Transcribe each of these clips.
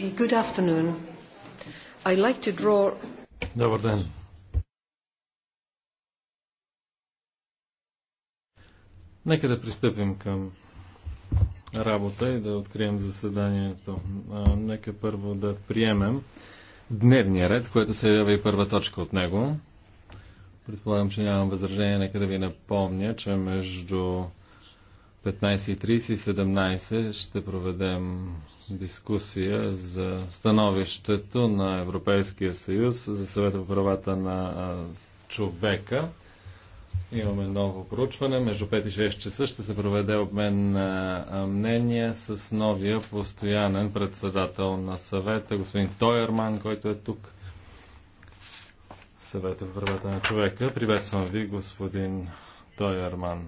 Good afternoon. I like to draw... Добър ден. Нека да пристъпим към работа и да открием заседанието. А, нека първо да приемем дневния ред, което се явява и първа точка от него. Предполагам, че нямам възражение. Нека да ви напомня, че между 15.30 и 17 ще проведем дискусия за становището на Европейския съюз за съвета по правата на човека. Имаме ново проучване. Между 5 и 6 часа ще се проведе обмен на мнения с новия постоянен председател на съвета, господин Тойерман, който е тук. Съвета по правата на човека. Приветствам ви, господин Тойерман.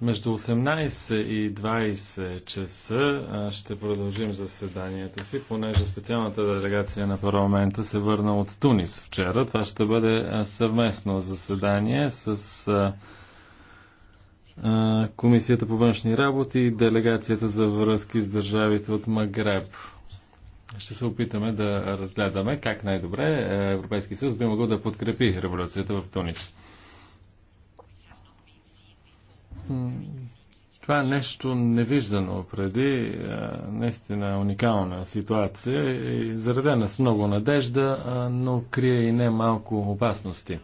Между 18 и 20 часа ще продължим заседанието си, понеже специалната делегация на парламента се върна от Тунис вчера. Това ще бъде съвместно заседание с Комисията по външни работи и делегацията за връзки с държавите от Магреб. Ще се опитаме да разгледаме как най-добре е, Европейски съюз би могъл да подкрепи революцията в Тунис. Това е нещо невиждано преди, наистина уникална ситуация и заредена с много надежда, но крие и не малко опасности.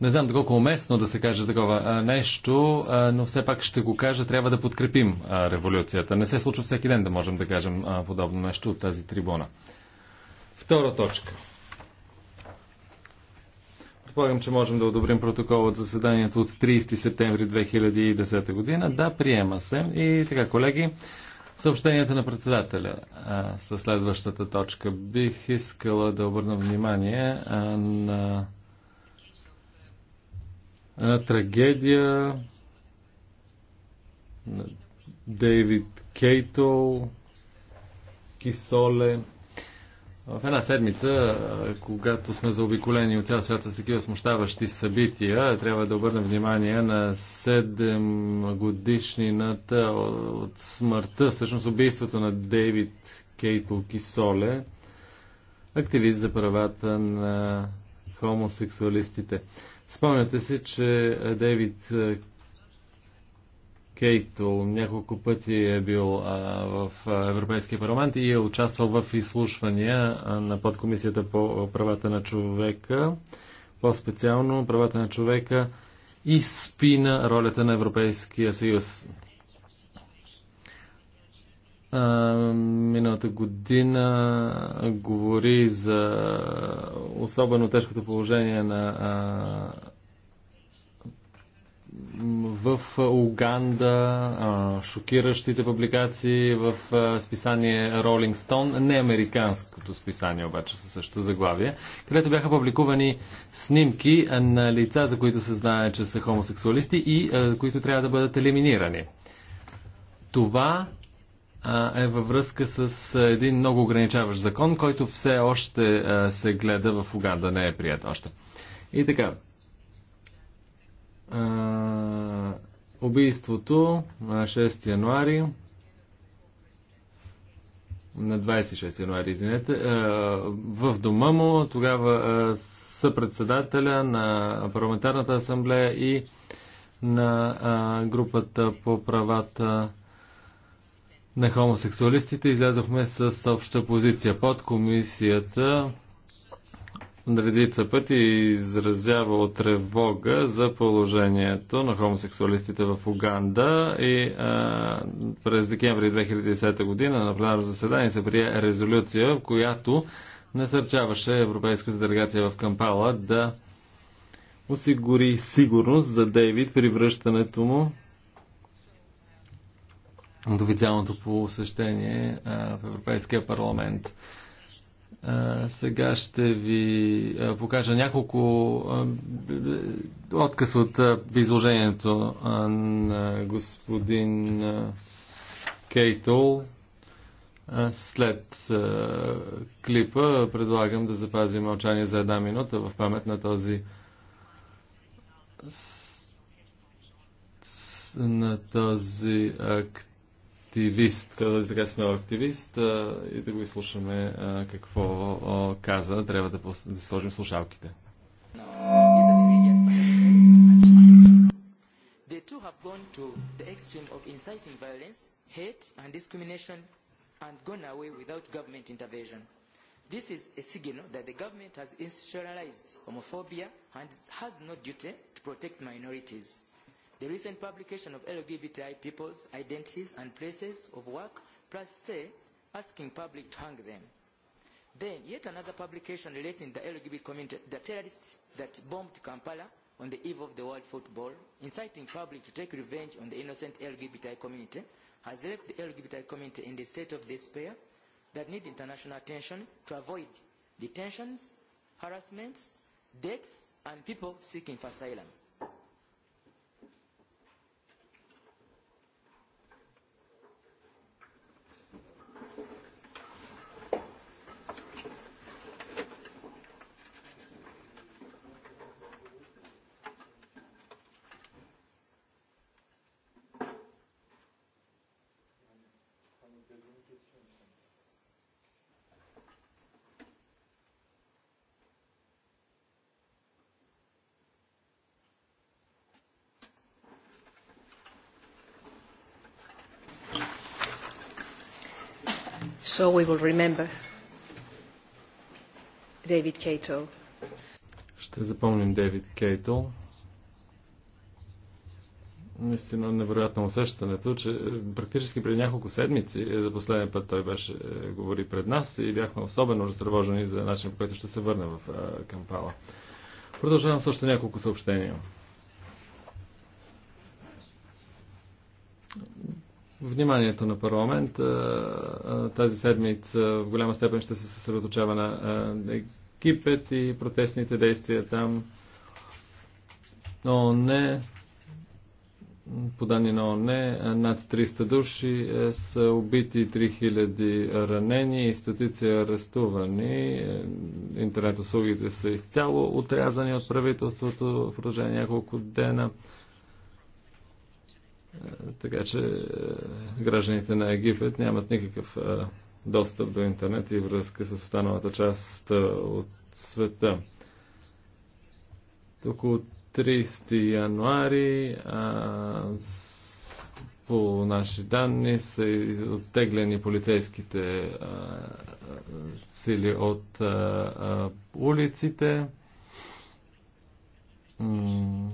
Не знам доколко уместно да се каже такова нещо, но все пак ще го кажа, трябва да подкрепим революцията. Не се случва всеки ден да можем да кажем подобно нещо от тази трибуна. Втора точка – Предполагам, че можем да одобрим протокол от заседанието от 30 септември 2010 година. Да, приема се. И така, колеги, съобщенията на председателя а, следващата точка. Бих искала да обърна внимание а, на, на трагедия на Дейвид Кейтол, Кисоле, в една седмица, когато сме заобиколени от цял свят с такива смущаващи събития, трябва да обърнем внимание на 7 годишнината от смъртта, всъщност убийството на Дейвид Кейтл Кисоле, активист за правата на хомосексуалистите. Спомняте си, че Дейвид Кейтъл няколко пъти е бил а, в Европейския парламент и е участвал в изслушвания на подкомисията по правата на човека, по-специално правата на човека и спина ролята на Европейския съюз. А, миналата година говори за особено тежкото положение на а, в Уганда, шокиращите публикации в списание Rolling Stone, не американското списание обаче със също заглавие, където бяха публикувани снимки на лица, за които се знае, че са хомосексуалисти и които трябва да бъдат елиминирани. Това е във връзка с един много ограничаващ закон, който все още се гледа в Уганда, не е прият още. И така, а, убийството на 6 януари на 26 януари, извинете, в дома му тогава съпредседателя на парламентарната асамблея и на групата по правата на хомосексуалистите излязохме с обща позиция. Под комисията редица пъти изразявал тревога за положението на хомосексуалистите в Уганда и а, през декември 2010 година на пленарно заседание се прие резолюция, която насърчаваше Европейската делегация в Кампала да осигури сигурност за Дейвид при връщането му от официалното посещение а, в Европейския парламент сега ще ви покажа няколко откъс от изложението на господин Кейтол. След клипа предлагам да запазим мълчание за една минута в памет на този на този акт активист, да сега сме активист и да го изслушаме какво каза. Трябва да, да сложим слушалките. They too have gone to the extreme of inciting violence, hate and discrimination and gone away without government intervention. This is a signal that the government has institutionalized homophobia and has no duty to protect minorities. The recent publication of LGBTI people's identities and places of work plus stay, asking public to hang them. Then, yet another publication relating the LGBT community, the terrorists that bombed Kampala on the eve of the World Football, inciting public to take revenge on the innocent LGBTI community, has left the LGBTI community in the state of despair that need international attention to avoid detentions, harassments, deaths, and people seeking for asylum. So we will remember David Cato. Ще запомним Дейвид Кейто. Наистина невероятно усещането, че практически преди няколко седмици, е, за последния път той беше е, говори пред нас и бяхме особено разтревожени за начинът, по който ще се върне в е, Кампала. Продължавам с още няколко съобщения. Вниманието на парламент тази седмица в голяма степен ще се съсредоточава на Египет и протестните действия там. Но не по данни на ОНЕ, над 300 души е, са убити, 3000 ранени и стотици арестувани. Е, интернет услугите са изцяло отрязани от правителството в продължение няколко дена. Е, така че е, гражданите на Египет нямат никакъв е, достъп до интернет и връзка с останалата част от света. Тук от 30 януари а, по наши данни са оттеглени полицейските сили от а, а, улиците. М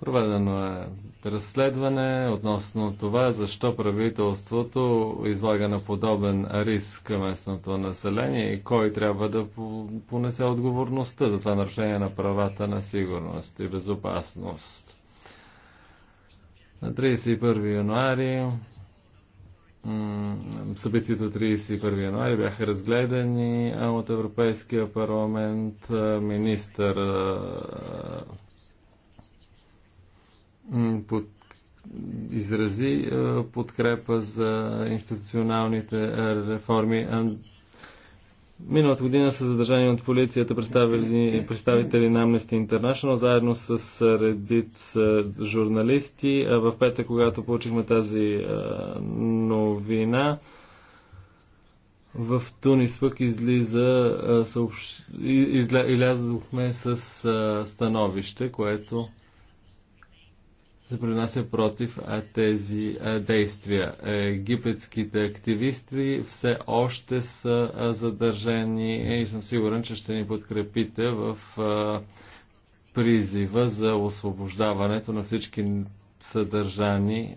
Проведено е разследване относно това, защо правителството излага на подобен риск към местното население и кой трябва да понесе отговорността за това нарушение на правата на сигурност и безопасност. На 31 януари събитието 31 януари бяха разгледани от Европейския парламент министър под, изрази подкрепа за институционалните реформи. Миналата година са задържани от полицията представители на Amnesty International, заедно с редит журналисти. В петък, когато получихме тази новина, в Тунис пък излиза, съобщ... изля... излязохме с становище, което се принася против а, тези а, действия. Египетските активисти все още са а, задържани и съм сигурен, че ще ни подкрепите в а, призива за освобождаването на всички съдържани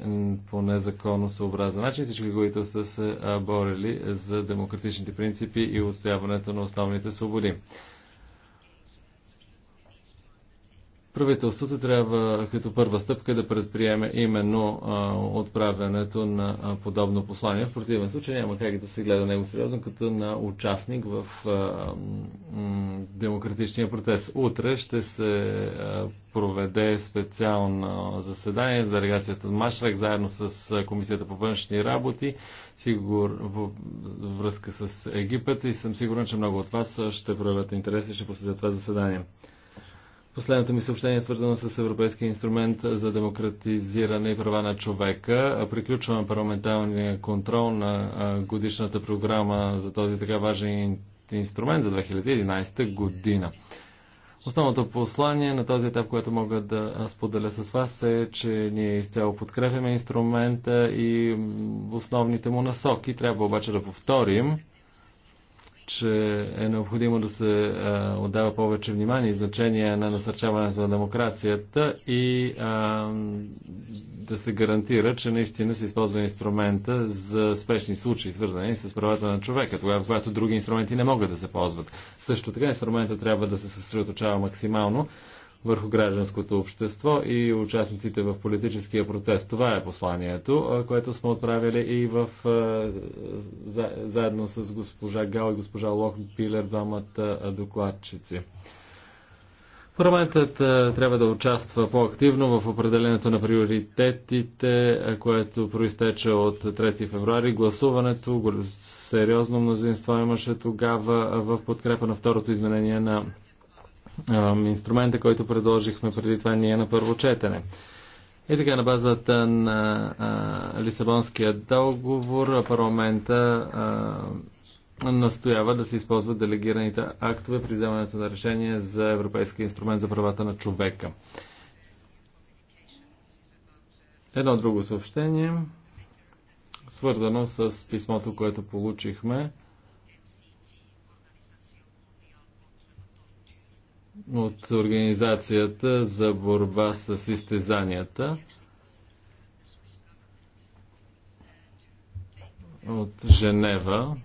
по незаконно, съобразен начин, всички, които са се борили за демократичните принципи и отстояването на основните свободи. правителството трябва като първа стъпка да предприеме именно а, отправянето на а, подобно послание. В противен случай няма как да се гледа него сериозно като на участник в а, демократичния процес. Утре ще се а, проведе специално заседание с делегацията Машрак, заедно с Комисията по външни работи, сигур, в връзка с Египет и съм сигурен, че много от вас ще проявят интерес и ще посетят това заседание. Последното ми съобщение е свързано с Европейския инструмент за демократизиране и права на човека. Приключваме парламентарния контрол на годишната програма за този така важен инструмент за 2011 година. Основното послание на този етап, което мога да споделя с вас е, че ние изцяло подкрепяме инструмента и основните му насоки. Трябва обаче да повторим, че е необходимо да се а, отдава повече внимание и значение на насърчаването на демокрацията и а, да се гарантира, че наистина се използва инструмента за спешни случаи, свързани с правата на човека, тогава, когато други инструменти не могат да се ползват. Също така инструмента трябва да се съсредоточава максимално върху гражданското общество и участниците в политическия процес. Това е посланието, което сме отправили и в, за, заедно с госпожа Гал и госпожа Лох Пилер, двамата докладчици. Парламентът трябва да участва по-активно в определенето на приоритетите, което проистече от 3 февруари. Гласуването, сериозно мнозинство имаше тогава в подкрепа на второто изменение на инструмента, който предложихме преди това ние на първо четене. И така, на базата на а, Лисабонския договор, парламента а, настоява да се използват делегираните актове при вземането на решение за Европейския инструмент за правата на човека. Едно друго съобщение, свързано с писмото, което получихме от Организацията за борба с изтезанията. от Женева.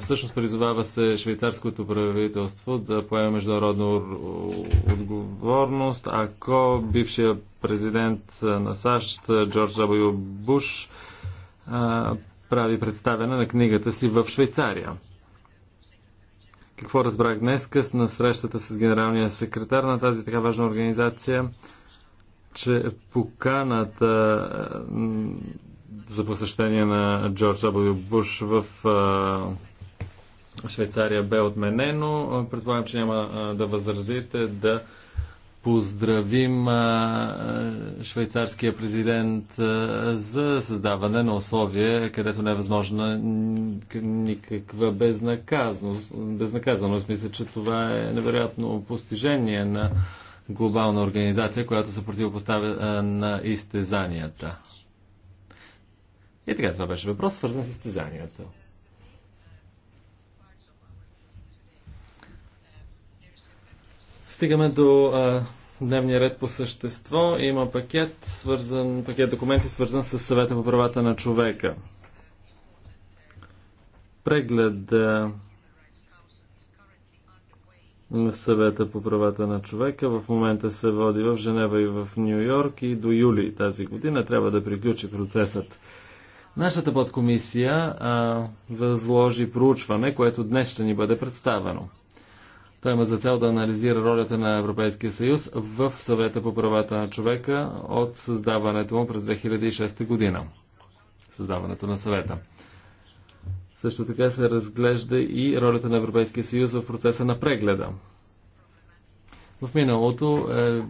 Всъщност призовава се швейцарското правителство да поеме международна отговорност, ако бившия президент на САЩ Джордж W. Буш прави представяне на книгата си в Швейцария какво разбрах днес къс на срещата с генералния секретар на тази така важна организация, че поканата за посещение на Джордж В. Буш в Швейцария бе отменено. Предполагам, че няма да възразите да поздравим швейцарския президент за създаване на условия, където не е възможна никаква безнаказаност. безнаказаност. Мисля, че това е невероятно постижение на глобална организация, която се противопоставя на изтезанията. И така, това беше въпрос, свързан с изтезанията. Стигаме до а, дневния ред по същество. Има пакет, свързан, пакет документи, свързан с съвета по правата на човека. Преглед а, на съвета по правата на човека в момента се води в Женева и в Нью Йорк и до юли тази година трябва да приключи процесът. Нашата подкомисия а, възложи проучване, което днес ще ни бъде представено. Той има за цел да анализира ролята на Европейския съюз в съвета по правата на човека от създаването му през 2006 година. Създаването на съвета. Също така се разглежда и ролята на Европейския съюз в процеса на прегледа. В миналото е,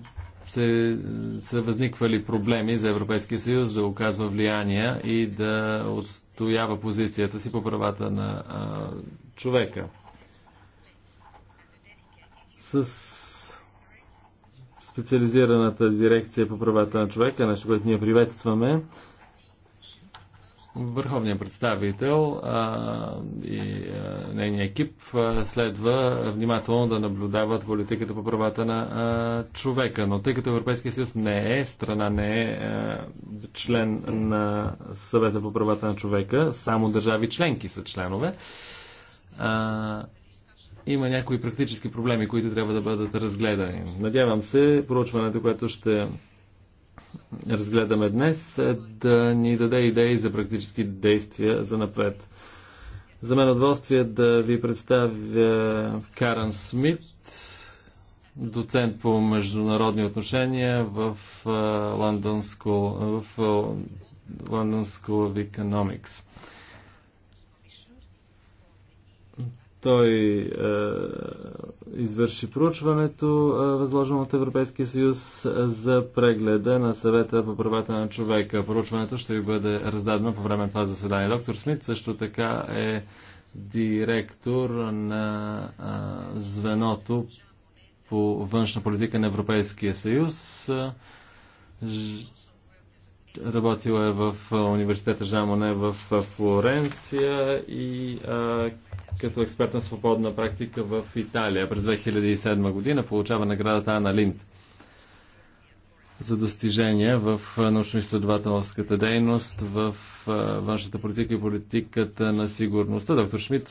се, са възниквали проблеми за Европейския съюз да оказва влияние и да отстоява позицията си по правата на а, човека с специализираната дирекция по правата на човека, нещо, което ние приветстваме. Върховният представител а, и а, нейният екип а, следва внимателно да наблюдават политиката по правата на а, човека. Но тъй като Европейския съюз не е страна, не е а, член на съвета по правата на човека, само държави членки са членове. А, има някои практически проблеми, които трябва да бъдат разгледани. Надявам се, проучването, което ще разгледаме днес, да ни даде идеи за практически действия за напред. За мен удоволствие е да ви представя Каран Смит, доцент по международни отношения в Лондон School, в London School of Economics. Той е, извърши проучването, е, възложено от Европейския съюз е, за прегледа на съвета по правата на човека. Проучването ще ви бъде раздадено по време на това заседание. Доктор Смит също така е директор на е, звеното по външна политика на Европейския съюз. Работила е в е, университета Жамоне в е, Флоренция и а, като експерт на свободна практика в Италия през 2007 година. Получава наградата Ана Линд за достижения в научно-изследователската дейност, в външната политика и политиката на сигурността. Доктор Шмидт,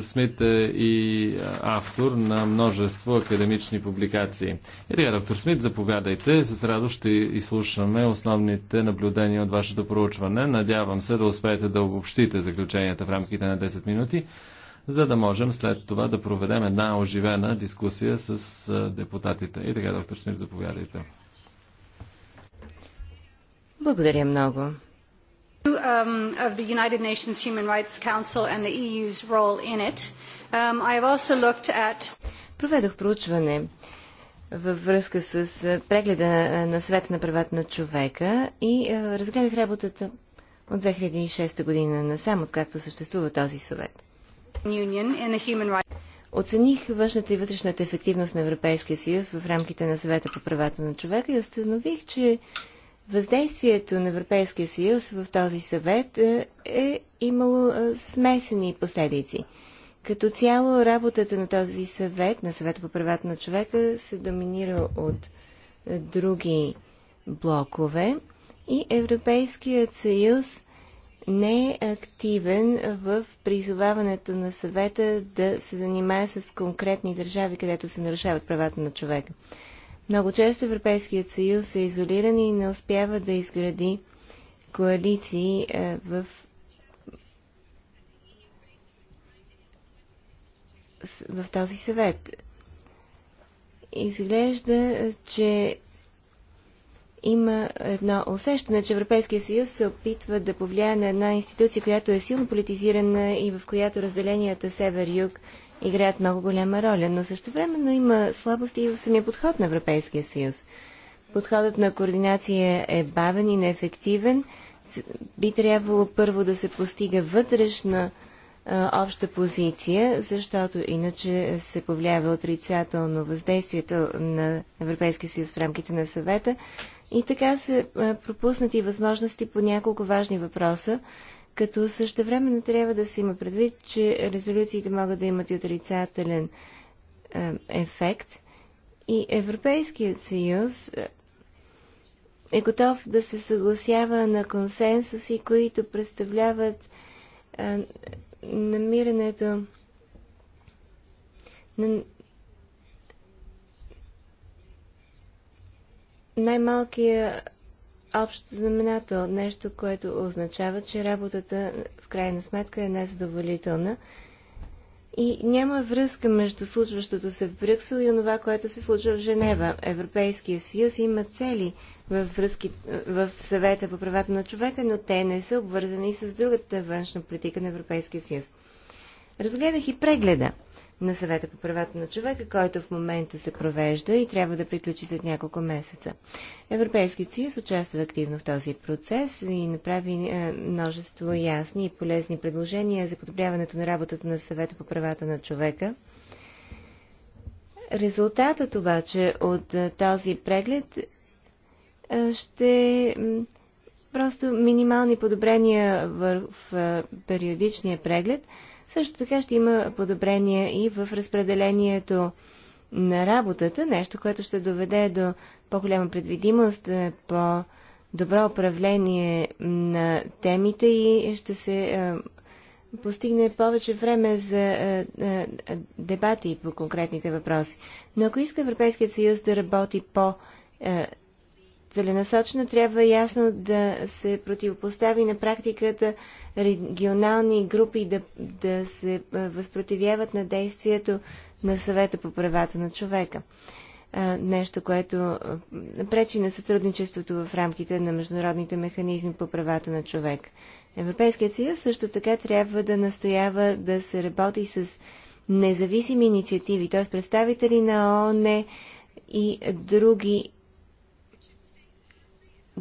Смит е и автор на множество академични публикации. И така, доктор Смит, заповядайте. С радост ще изслушаме основните наблюдения от вашето проучване. Надявам се да успеете да обобщите заключенията в рамките на 10 минути за да можем след това да проведем една оживена дискусия с депутатите. И така, доктор Смит, заповядайте. Благодаря много. Um, of the United Nations Human Rights Council and the EU's role in it. Um, I have also looked at... Проведох проучване във връзка с прегледа на Съвета на правата на човека и разгледах работата от 2006 година насам, откакто съществува този съвет. Оцених външната и вътрешната ефективност на Европейския съюз в рамките на съвета по правата на човека и установих, че въздействието на Европейския съюз в този съвет е, е имало е, смесени последици. Като цяло работата на този съвет, на съвета по правата на човека, се доминира от е, други блокове и Европейският съюз не е активен в призоваването на съвета да се занимае с конкретни държави, където се нарушават правата на човека. Много често Европейският съюз е изолиран и не успява да изгради коалиции е, в в този съвет. Изглежда, че има едно усещане, че Европейския съюз се опитва да повлияе на една институция, която е силно политизирана и в която разделенията север-юг играят много голяма роля. Но също времено има слабости и в самия подход на Европейския съюз. Подходът на координация е бавен и неефективен. Би трябвало първо да се постига вътрешна а, обща позиция, защото иначе се повлиява отрицателно въздействието на Европейския съюз в рамките на съвета и така са пропуснати възможности по няколко важни въпроса, като същевременно трябва да се има предвид, че резолюциите могат да имат и отрицателен ефект. И Европейският съюз е готов да се съгласява на консенсуси, които представляват намирането на най-малкия общ знаменател. Нещо, което означава, че работата в крайна сметка е незадоволителна. И няма връзка между случващото се в Брюксел и онова, което се случва в Женева. Европейския съюз има цели в връзки, в съвета по правата на човека, но те не са обвързани с другата външна политика на Европейския съюз. Разгледах и прегледа на съвета по правата на човека, който в момента се провежда и трябва да приключи след няколко месеца. Европейският съюз участва активно в този процес и направи е, множество ясни и полезни предложения за подобряването на работата на съвета по правата на човека. Резултатът обаче от е, този преглед е, ще просто минимални подобрения в е, периодичния преглед – също така ще има подобрения и в разпределението на работата, нещо, което ще доведе до по-голяма предвидимост, е, по-добро управление на темите и ще се е, постигне повече време за е, дебати по конкретните въпроси. Но ако иска Европейският съюз да работи по- целенасочено трябва ясно да се противопостави на практиката регионални групи да, да се възпротивяват на действието на съвета по правата на човека. Нещо, което пречи на сътрудничеството в рамките на международните механизми по правата на човек. Европейският съюз също така трябва да настоява да се работи с независими инициативи, т.е. представители на ООН и други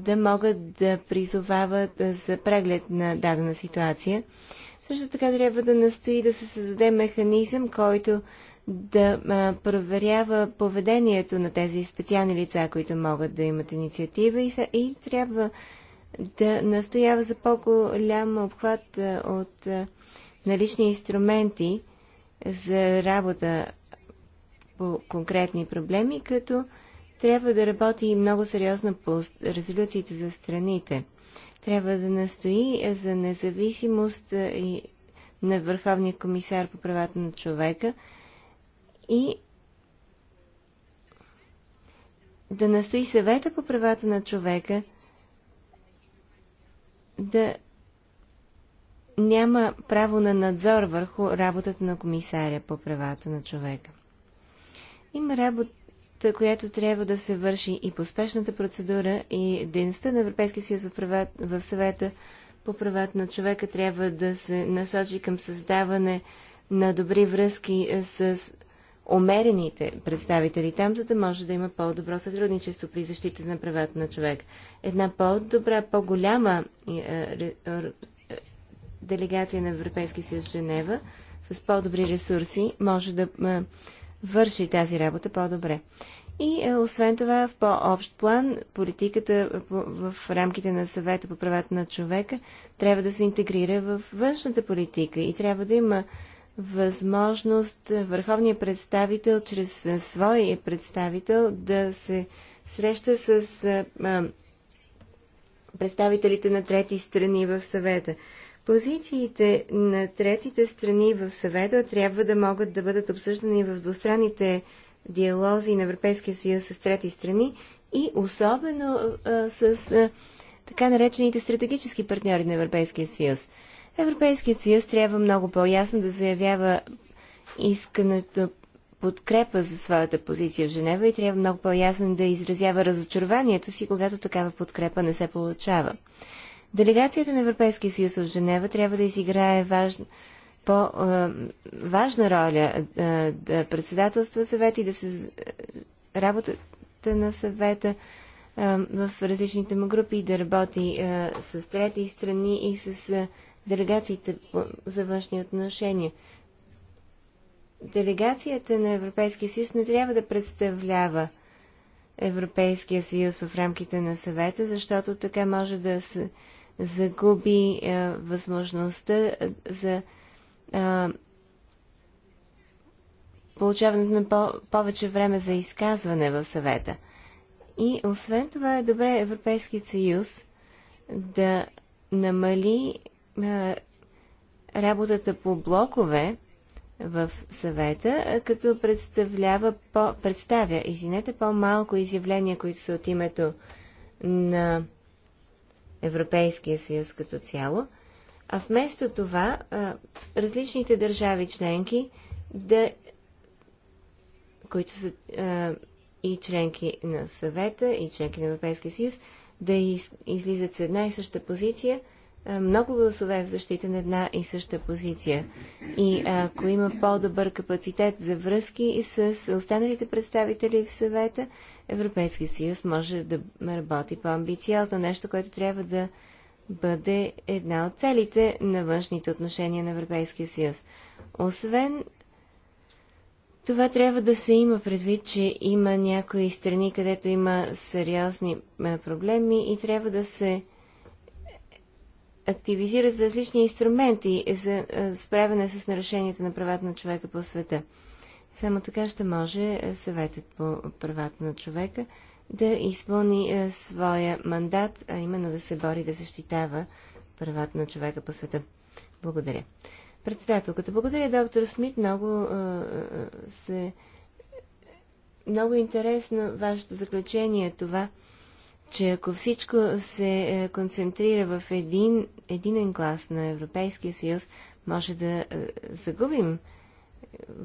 да могат да призовават за преглед на дадена ситуация. Също така трябва да настои да се създаде механизъм, който да проверява поведението на тези специални лица, които могат да имат инициатива и, са, и трябва да настоява за по-голям обхват от налични инструменти за работа по конкретни проблеми, като трябва да работи много сериозно по резолюциите за страните. Трябва да настои за независимост и на Върховния комисар по правата на човека и да настои съвета по правата на човека да няма право на надзор върху работата на комисаря по правата на човека. Има работа която трябва да се върши и по спешната процедура и дейността на Европейския съюз в, в съвета по правата на човека трябва да се насочи към създаване на добри връзки с умерените представители там, за да може да има по-добро сътрудничество при защита на правата на човек. Една по-добра, по-голяма е, е, делегация на Европейския съюз в Женева с по-добри ресурси може да е, върши тази работа по-добре. И е, освен това, в по-общ план, политиката в рамките на съвета по правата на човека трябва да се интегрира в външната политика и трябва да има възможност върховният представител чрез е, своя представител да се среща с е, представителите на трети страни в съвета. Позициите на третите страни в съвета трябва да могат да бъдат обсъждани в двустранните диалози на Европейския съюз с трети страни и особено а, с а, така наречените стратегически партньори на Европейския съюз. Европейският съюз трябва много по-ясно да заявява искането подкрепа за своята позиция в Женева и трябва много по-ясно да изразява разочарованието си, когато такава подкрепа не се получава. Делегацията на Европейския съюз в Женева трябва да изиграе важ... по-важна роля да председателства съвет и да се работата на съвета в различните му групи и да работи с трети страни и с делегациите за външни отношения. Делегацията на Европейския съюз не трябва да представлява Европейския съюз в рамките на съвета, защото така може да се загуби е, възможността е, за е, получаването на по- повече време за изказване в съвета. И освен това е добре Европейският съюз да намали е, работата по блокове в съвета, е, като представлява по, представя извинете, по-малко изявления, които са от името на Европейския съюз като цяло, а вместо това различните държави членки да които са и членки на съвета, и членки на Европейския съюз, да из, излизат с една и съща позиция – е, много гласове в защита на една и съща позиция. И е, ако има по-добър капацитет за връзки и с останалите представители в съвета, Европейски съюз може да работи по-амбициозно, нещо, което трябва да бъде една от целите на външните отношения на Европейския съюз. Освен това трябва да се има предвид, че има някои страни, където има сериозни е, проблеми и трябва да се активизират различни инструменти за справяне с нарушенията на правата на човека по света. Само така ще може съветът по правата на човека да изпълни своя мандат, а именно да се бори да защитава правата на човека по света. Благодаря. Председателката, благодаря доктор Смит, много се... Много интересно вашето заключение това, че ако всичко се е, концентрира в един единен глас на Европейския съюз, може да е, загубим е,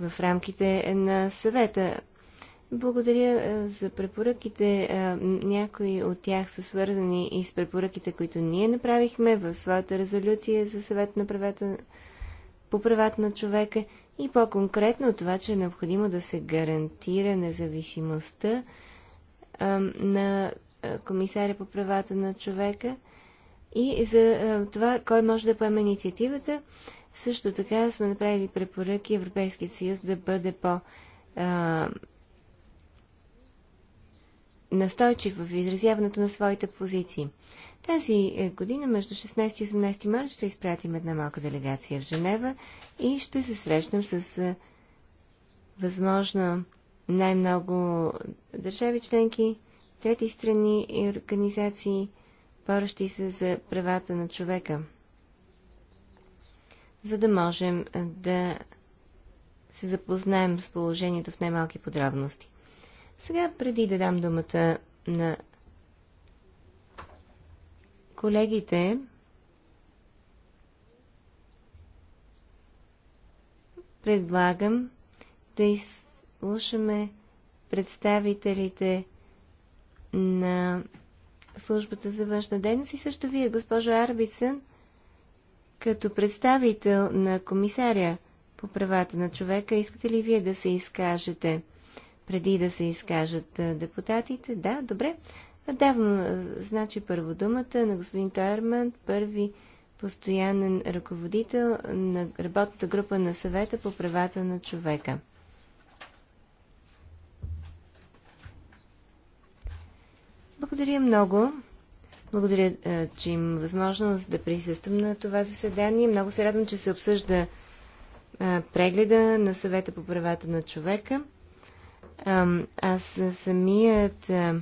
в рамките на съвета. Благодаря за препоръките. Някои от тях са свързани и с препоръките, които ние направихме в своята резолюция за съвет на правата по правата на човека и по-конкретно това, че е необходимо да се гарантира независимостта на е, комисаря по правата на човека и за е, това кой може да поеме инициативата. Също така сме направили препоръки Европейският съюз да бъде по е, настойчив в изразяването на своите позиции. Тази година, между 16 и 18 марта, ще изпратим една малка делегация в Женева и ще се срещнем с възможно най-много държави членки, трети страни и организации, борещи се за правата на човека, за да можем да се запознаем с положението в най-малки подробности. Сега, преди да дам думата на колегите, предлагам да изслушаме представителите на службата за външна дейност и също вие, госпожо Арбисън, като представител на комисаря по правата на човека, искате ли вие да се изкажете преди да се изкажат депутатите? Да, добре. Давам, значи, първо думата на господин Тойерман, първи постоянен ръководител на работната група на съвета по правата на човека. Благодаря много. Благодаря, е, че имам възможност да присъствам на това заседание. Много се радвам, че се обсъжда е, прегледа на съвета по правата на човека. Аз самият е,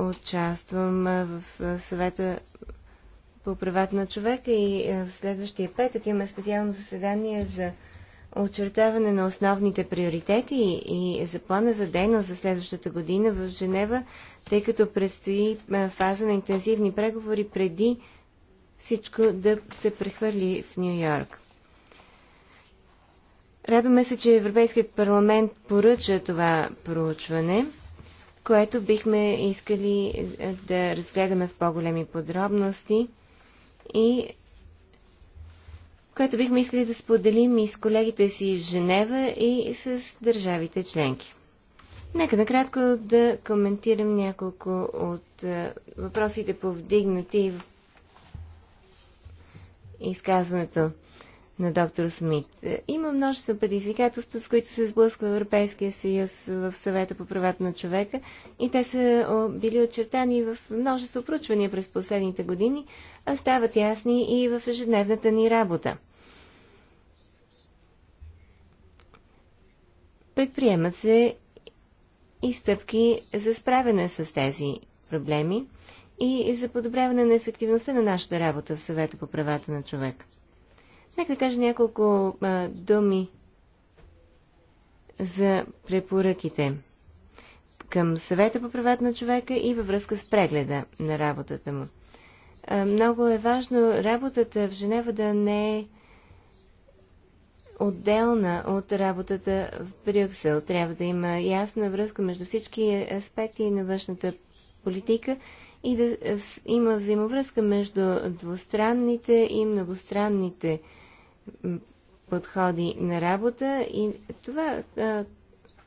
участвам в съвета по правата на човека и в следващия петък имаме специално заседание за очертаване на основните приоритети и за плана за дейност за следващата година в Женева, тъй като предстои фаза на интензивни преговори преди всичко да се прехвърли в Нью Йорк. Радваме се, че Европейският парламент поръча това проучване, което бихме искали да разгледаме в по-големи подробности и която бихме искали да споделим и с колегите си в Женева и с държавите членки. Нека накратко да коментирам няколко от е, въпросите повдигнати в изказването на доктор Смит. Е, има множество предизвикателства, с които се сблъсква Европейския съюз в съвета по правата на човека и те са били очертани в множество проучвания през последните години, а стават ясни и в ежедневната ни работа. Предприемат се и стъпки за справяне с тези проблеми и за подобряване на ефективността на нашата работа в съвета по правата на човек. Нека да кажа няколко а, думи за препоръките към съвета по правата на човека и във връзка с прегледа на работата му. А, много е важно работата в Женева да не е отделна от работата в Брюксел. Трябва да има ясна връзка между всички аспекти на външната политика и да има взаимовръзка между двустранните и многостранните подходи на работа и това,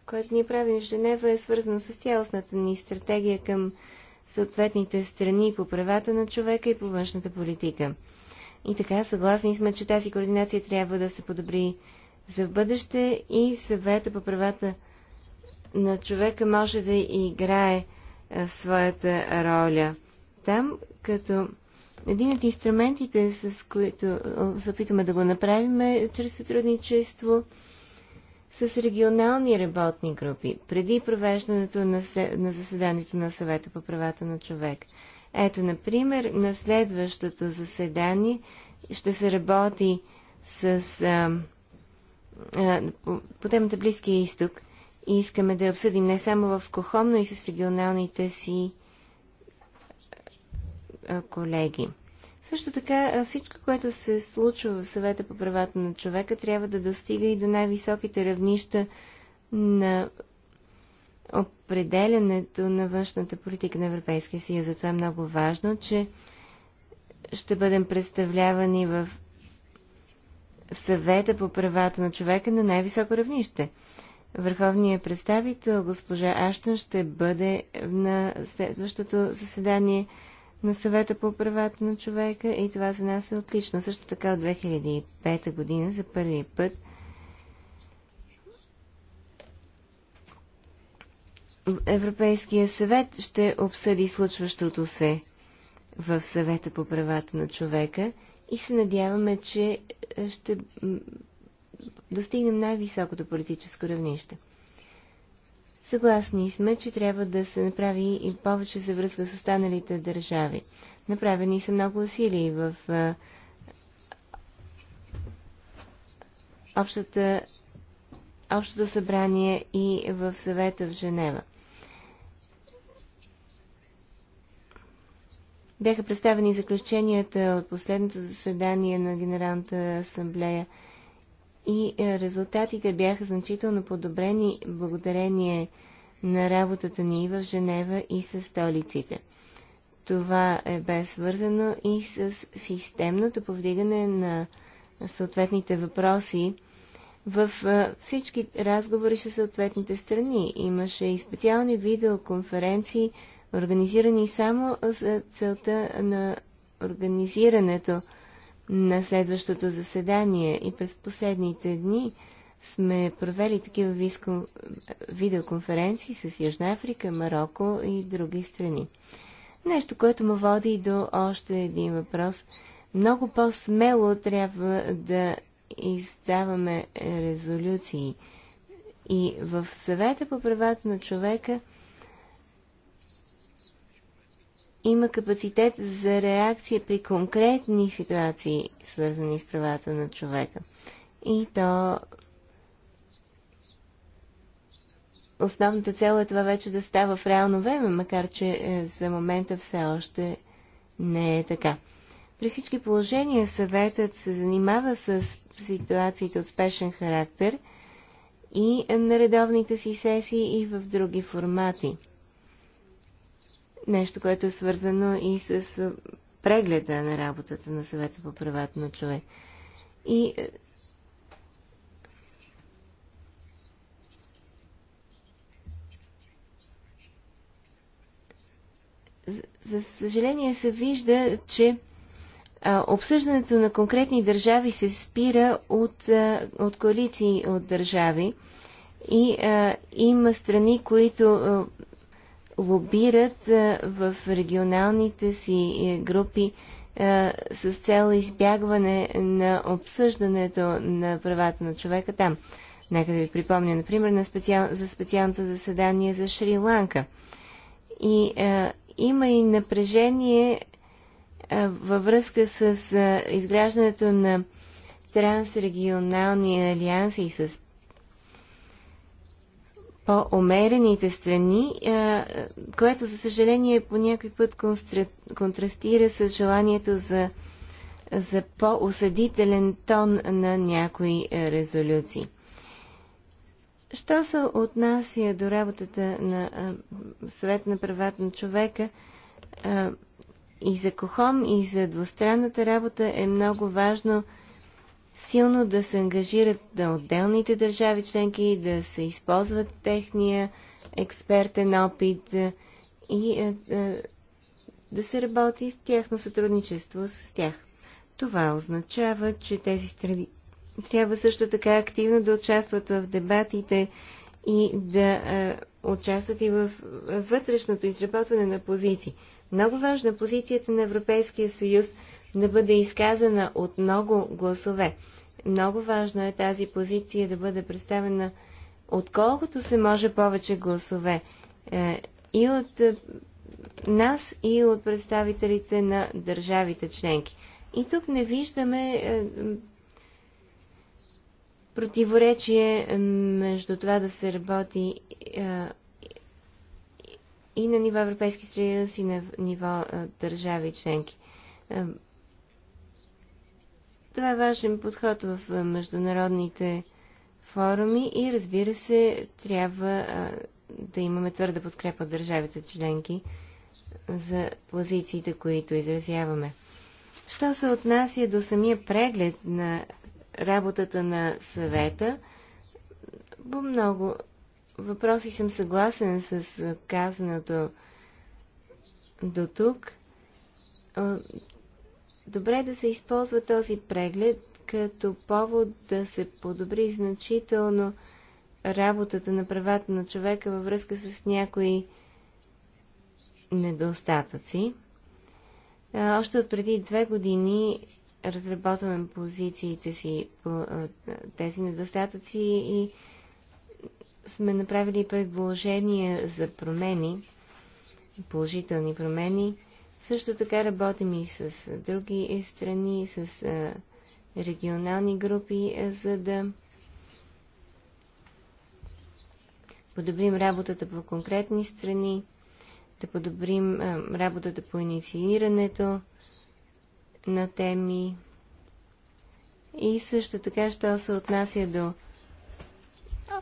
което ние правим в Женева е свързано с цялостната ни стратегия към съответните страни по правата на човека и по външната политика. И така, съгласни сме, че тази координация трябва да се подобри за в бъдеще и съвета по правата на човека може да играе своята роля. Там, като един от инструментите, с които се опитваме да го направим, е чрез сътрудничество с регионални работни групи, преди провеждането на, заседанието на съвета по правата на човека. Ето, например, на следващото заседание ще се работи с, а, а, по, по темата Близкия изток и искаме да обсъдим не само в Кохом, но и с регионалните си а, колеги. Също така всичко, което се случва в съвета по правата на човека, трябва да достига и до най-високите равнища на Определенето на външната политика на Европейския съюз. Затова е много важно, че ще бъдем представлявани в съвета по правата на човека на най-високо равнище. Върховният представител госпожа Аштън ще бъде на следващото заседание на съвета по правата на човека и това за нас е отлично. Също така от 2005 година за първи път – Европейския съвет ще обсъди случващото се в съвета по правата на човека и се надяваме, че е, ще достигнем най-високото политическо равнище. Съгласни сме, че трябва да се направи и повече за връзка с останалите държави. Направени са много усилия в а, е, общата, общото събрание и в съвета в Женева. бяха представени заключенията от последното заседание на Генералната асамблея и е, резултатите бяха значително подобрени благодарение на работата ни и в Женева и с столиците. Това е бе свързано и с системното повдигане на съответните въпроси в е, всички разговори с съответните страни. Имаше и специални видеоконференции организирани само за целта на организирането на следващото заседание и през последните дни сме провели такива виско... видеоконференции с Южна Африка, Марокко и други страни. Нещо, което му води до още един въпрос. Много по-смело трябва да издаваме резолюции. И в съвета по правата на човека – има капацитет за реакция при конкретни ситуации, свързани с правата на човека. И то основната цел е това вече да става в реално време, макар че е, за момента все още не е така. При всички положения съветът се занимава с ситуациите от спешен характер и на редовните си сесии и в други формати – нещо, което е свързано и с прегледа на работата на съвета по правата на човек. И за съжаление се вижда, че обсъждането на конкретни държави се спира от, от коалиции от държави и а, има страни, които а, лобират в регионалните си е, групи с цел избягване на обсъждането на правата на човека там. Нека да ви припомня, например, на специал... за специалното заседание за Шри-Ланка. И а, има и напрежение а, във връзка с а, изграждането на трансрегионални алианси и с по-умерените страни, е, което за съжаление по някой път контрастира с желанието за, за по-осъдителен тон на някои е, резолюции. Що се отнася до работата на е, Съвет на правата на човека, и за Кохом, и за двустранната работа е много важно – силно да се ангажират на отделните държави членки, да се използват техния експертен опит е, и е, е, да се работи в тяхно сътрудничество с тях. Това означава, че тези страни трябва също така активно да участват в дебатите и да участват и в вътрешното изработване на позиции. Много важна позицията на Европейския съюз да бъде изказана от много гласове. Много важно е тази позиция да бъде представена отколкото се може повече гласове е, и от е, нас, и от представителите на държавите членки. И тук не виждаме е, противоречие между това да се работи е, и на ниво Европейски съюз, и на ниво е, държави членки. Е, това е важен подход в международните форуми и разбира се, трябва да имаме твърда подкрепа от държавите членки за позициите, които изразяваме. Що се отнася до самия преглед на работата на съвета, по много въпроси съм съгласен с казаното до тук добре е да се използва този преглед като повод да се подобри значително работата на правата на човека във връзка с някои недостатъци. Още от преди две години разработваме позициите си по тези недостатъци и сме направили предложения за промени, положителни промени – също така работим и с други страни, с регионални групи, за да подобрим работата по конкретни страни, да подобрим работата по инициирането на теми. И също така, що се отнася до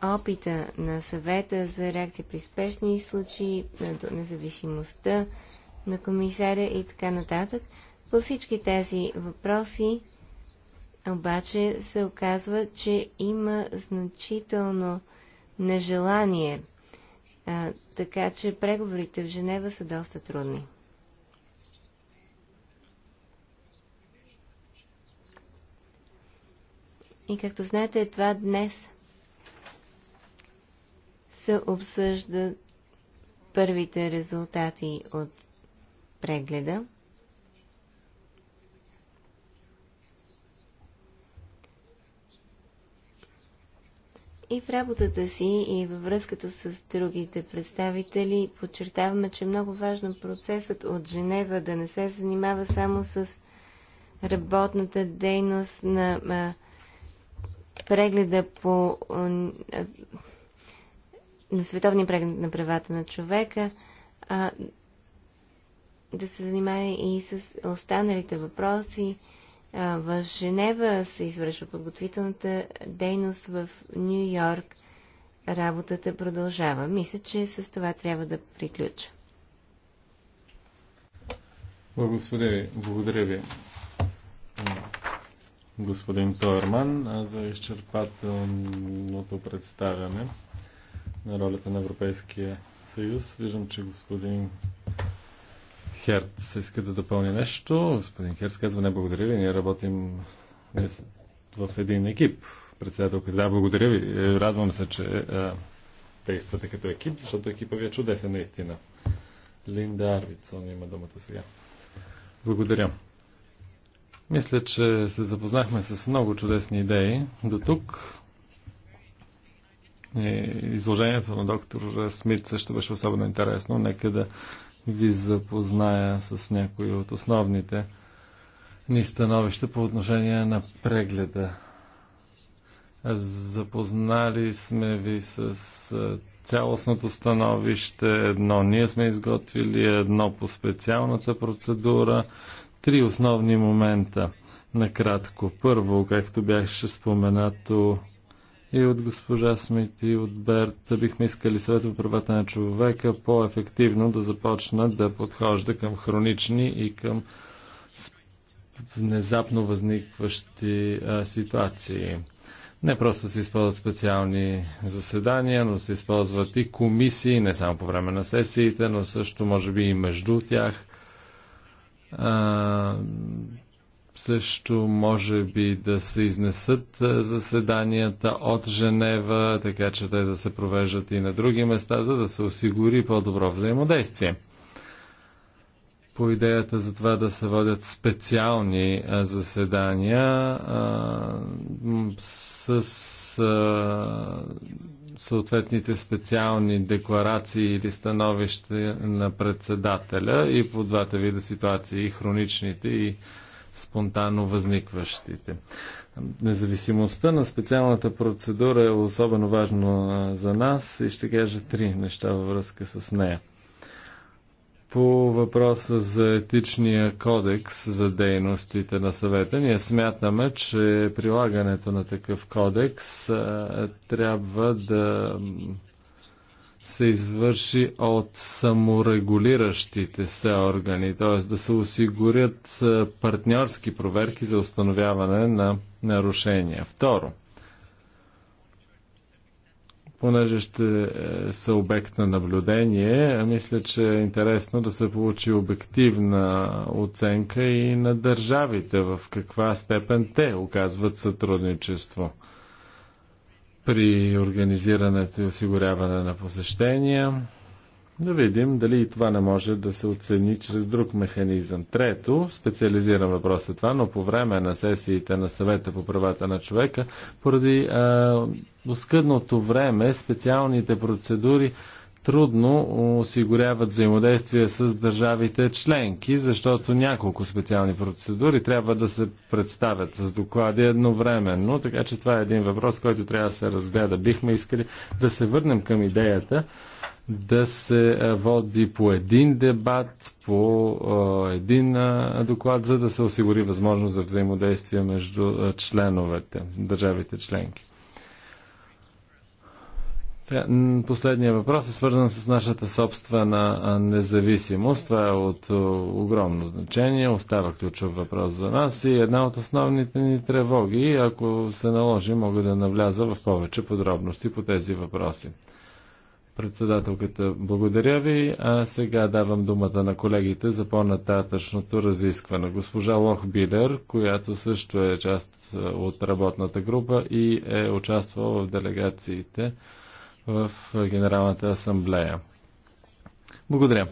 опита на съвета за реакция при спешни случаи, до независимостта на комисаря и така нататък. По всички тези въпроси обаче се оказва, че има значително нежелание, а, така че преговорите в Женева са доста трудни. И както знаете, това днес се обсъждат първите резултати от прегледа. И в работата си, и във връзката с другите представители, подчертаваме, че е много важно процесът от Женева да не се занимава само с работната дейност на а, прегледа по а, на световния преглед на правата на човека, а да се занимае и с останалите въпроси. В Женева се извършва подготвителната дейност, в Нью Йорк работата продължава. Мисля, че с това трябва да приключа. Благодаря ви. Благодаря ви господин Тойерман за изчерпателното представяне на ролята на Европейския съюз. Виждам, че господин Херц иска да допълни нещо. Господин Херц казва, не благодаря ви, ние работим в един екип. Председателка, да, благодаря ви. Е, радвам се, че а, е, действате като екип, защото екипа ви е чудесен наистина. Линда Арвицон има думата сега. Благодаря. Мисля, че се запознахме с много чудесни идеи до тук. Изложението на доктор Смит също беше особено интересно. Нека да ви запозная с някои от основните ни становища по отношение на прегледа. Запознали сме ви с цялостното становище, едно ние сме изготвили, едно по специалната процедура, три основни момента. Накратко. Първо, както бяхше споменато и от госпожа Смит и от Берт бихме искали съвет по правата на човека по-ефективно да започна да подхожда към хронични и към внезапно възникващи а, ситуации. Не просто се използват специални заседания, но се използват и комисии, не само по време на сесиите, но също може би и между тях. А, също може би да се изнесат заседанията от Женева, така че те да се провеждат и на други места, за да се осигури по-добро взаимодействие. По идеята за това да се водят специални заседания а, с а, съответните специални декларации или становища на председателя и по двата вида ситуации, и хроничните, и спонтанно възникващите. Независимостта на специалната процедура е особено важно за нас и ще кажа три неща във връзка с нея. По въпроса за етичния кодекс за дейностите на съвета, ние смятаме, че прилагането на такъв кодекс а, трябва да се извърши от саморегулиращите се органи, т.е. да се осигурят партньорски проверки за установяване на нарушения. Второ, понеже ще е, са обект на наблюдение, мисля, че е интересно да се получи обективна оценка и на държавите, в каква степен те оказват сътрудничество при организирането и осигуряване на посещения. Да видим дали и това не може да се оцени чрез друг механизъм. Трето, специализиран въпрос е това, но по време на сесиите на съвета по правата на човека, поради оскъдното време, специалните процедури трудно осигуряват взаимодействие с държавите членки, защото няколко специални процедури трябва да се представят с доклади едновременно, така че това е един въпрос, който трябва да се разгледа. Бихме искали да се върнем към идеята да се води по един дебат, по един доклад, за да се осигури възможност за взаимодействие между членовете, държавите членки. Е, последният въпрос е свързан с нашата собствена независимост. Това е от огромно значение. Остава ключов въпрос за нас и една от основните ни тревоги. Ако се наложи, мога да навляза в повече подробности по тези въпроси. Председателката, благодаря ви. А сега давам думата на колегите за по-нататъчното разискване. Госпожа Лох Билер, която също е част е, от работната група и е участвала в делегациите в Генералната асамблея. Благодаря.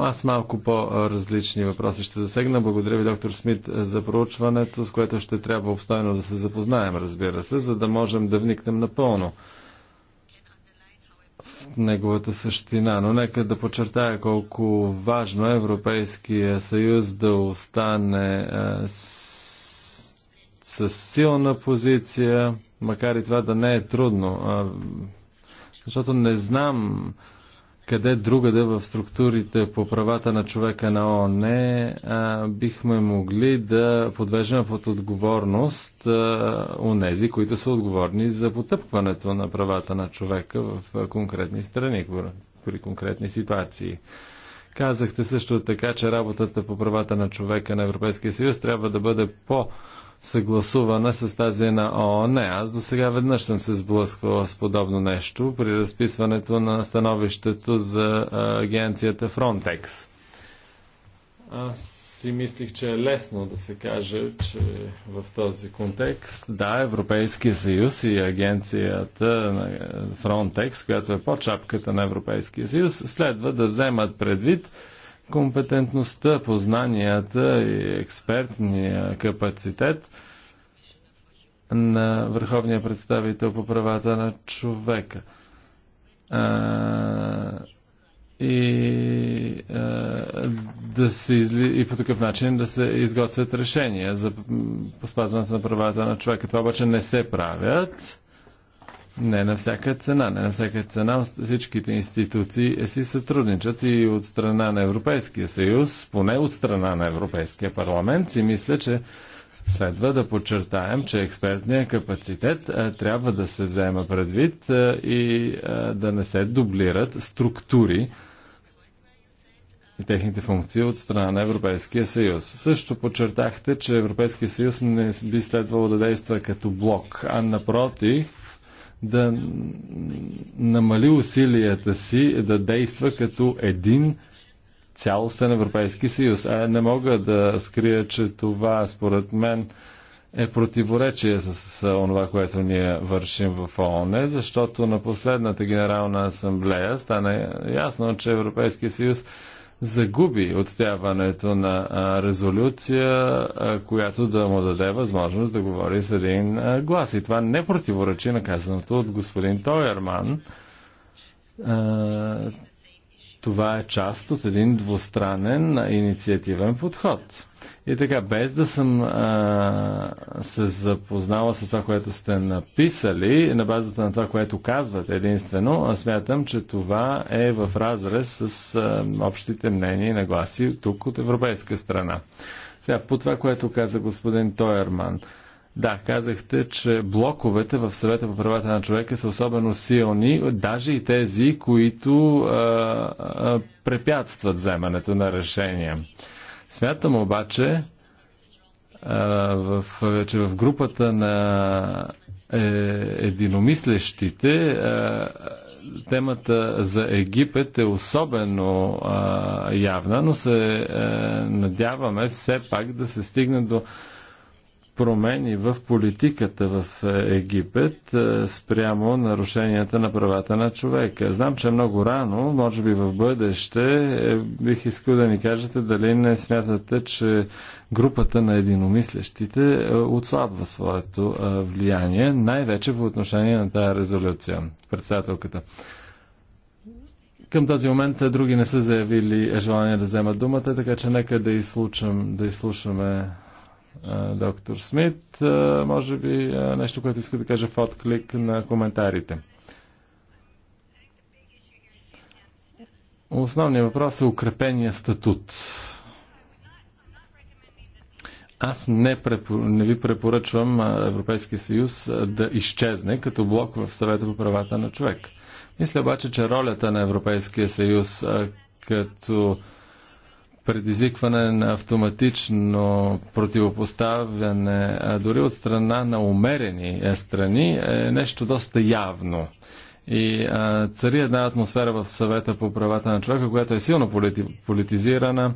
Аз малко по-различни въпроси ще засегна. Благодаря ви, доктор Смит, за проучването, с което ще трябва обстойно да се запознаем, разбира се, за да можем да вникнем напълно в неговата същина. Но нека да подчертая колко важно е Европейския съюз да остане с, с силна позиция, макар и това да не е трудно. Защото не знам къде другаде в структурите по правата на човека на ООН бихме могли да подвеждаме под отговорност у нези, които са отговорни за потъпкването на правата на човека в конкретни страни, при конкретни ситуации. Казахте също така, че работата по правата на човека на Европейския съюз трябва да бъде по- съгласувана с тази на ООН. Аз до сега веднъж съм се сблъсквала с подобно нещо при разписването на становището за агенцията Frontex. Аз си мислих, че е лесно да се каже, че в този контекст, да, Европейския съюз и агенцията на Frontex, която е по-чапката на Европейския съюз, следва да вземат предвид компетентността, познанията и експертния капацитет на върховния представител по правата на човека. А, и, а, да се изли... и по такъв начин да се изготвят решения за спазването на правата на човека. Това обаче не се правят не на всяка цена. Не на всяка цена всичките институции си сътрудничат и от страна на Европейския съюз, поне от страна на Европейския парламент, си мисля, че Следва да подчертаем, че експертният капацитет трябва да се взема предвид и да не се дублират структури и техните функции от страна на Европейския съюз. Също подчертахте, че Европейския съюз не би следвало да действа като блок, а напротив да намали усилията си да действа като един цялостен Европейски съюз. А не мога да скрия, че това според мен е противоречие с, с това, което ние вършим в ООН, защото на последната генерална асамблея стана ясно, че Европейския съюз загуби отстояването на резолюция, която да му даде възможност да говори с един глас. И това не противоречи на казаното от господин Тойерман. Това е част от един двустранен инициативен подход. И така, без да съм а, се запознала с това, което сте написали, на базата на това, което казвате единствено, аз смятам, че това е в разрез с а, общите мнения и нагласи тук от европейска страна. Сега, по това, което каза господин Тойерман. А, да, казахте, че блоковете в съвета по правата на човека са особено силни, даже и тези, които а, а, препятстват вземането на решения. Смятам обаче, а, в, че в групата на е, единомислещите а, темата за Египет е особено а, явна, но се а, е, надяваме все пак да се стигне до промени в политиката в е, Египет е, спрямо нарушенията на правата на човека. Знам, че е много рано, може би в бъдеще, бих искал да ни кажете дали не смятате, че групата на единомислещите отслабва своето влияние, най-вече по отношение на тази резолюция. Председателката. Към този момент други не са заявили желание да вземат думата, така че нека да, изслушам, да изслушаме доктор Смит. Може би нещо, което иска да кажа в отклик на коментарите. Основният въпрос е укрепения статут. Аз не, препор... не ви препоръчвам Европейския съюз да изчезне като блок в съвета по правата на човек. Мисля обаче, че ролята на Европейския съюз като предизвикване на автоматично противопоставяне, дори от страна на умерени е, страни, е нещо доста явно. И а, цари една атмосфера в съвета по правата на човека, която е силно полити, политизирана.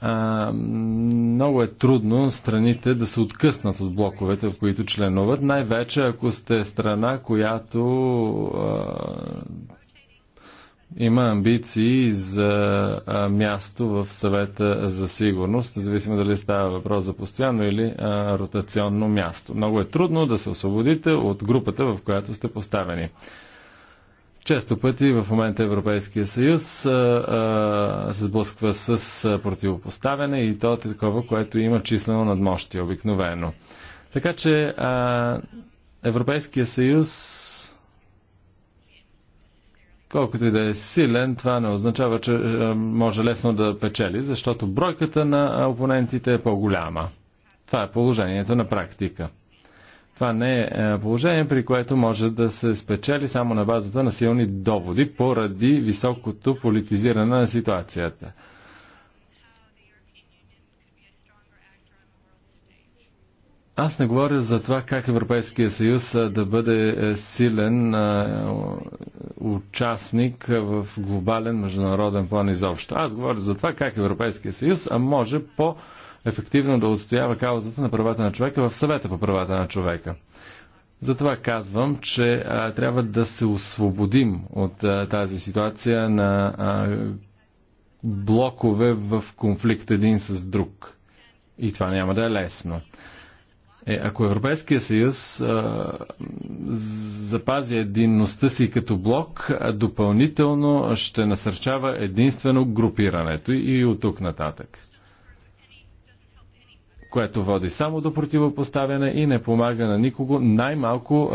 А, много е трудно страните да се откъснат от блоковете, в които членуват, най-вече ако сте страна, която а, има амбиции за място в съвета за сигурност, независимо дали става въпрос за постоянно или а, ротационно място. Много е трудно да се освободите от групата, в която сте поставени. Често пъти в момента Европейския съюз а, а, се сблъсква с противопоставяне и то е такова, което има числено надмощие обикновено. Така че а, Европейския съюз Колкото и да е силен, това не означава, че е, може лесно да печели, защото бройката на е, опонентите е по-голяма. Това е положението на практика. Това не е, е положение, при което може да се спечели само на базата на силни доводи, поради високото политизиране на ситуацията. Аз не говоря за това как Европейския съюз да бъде е, силен е, участник в глобален международен план изобщо. Аз говоря за това как Европейския съюз може по- ефективно да отстоява каузата на правата на човека в съвета по правата на човека. Затова казвам, че а, трябва да се освободим от а, тази ситуация на а, блокове в конфликт един с друг. И това няма да е лесно. Е, ако Европейския съюз а, запази единността си като блок, допълнително ще насърчава единствено групирането и от тук нататък което води само до противопоставяне и не помага на никого, най-малко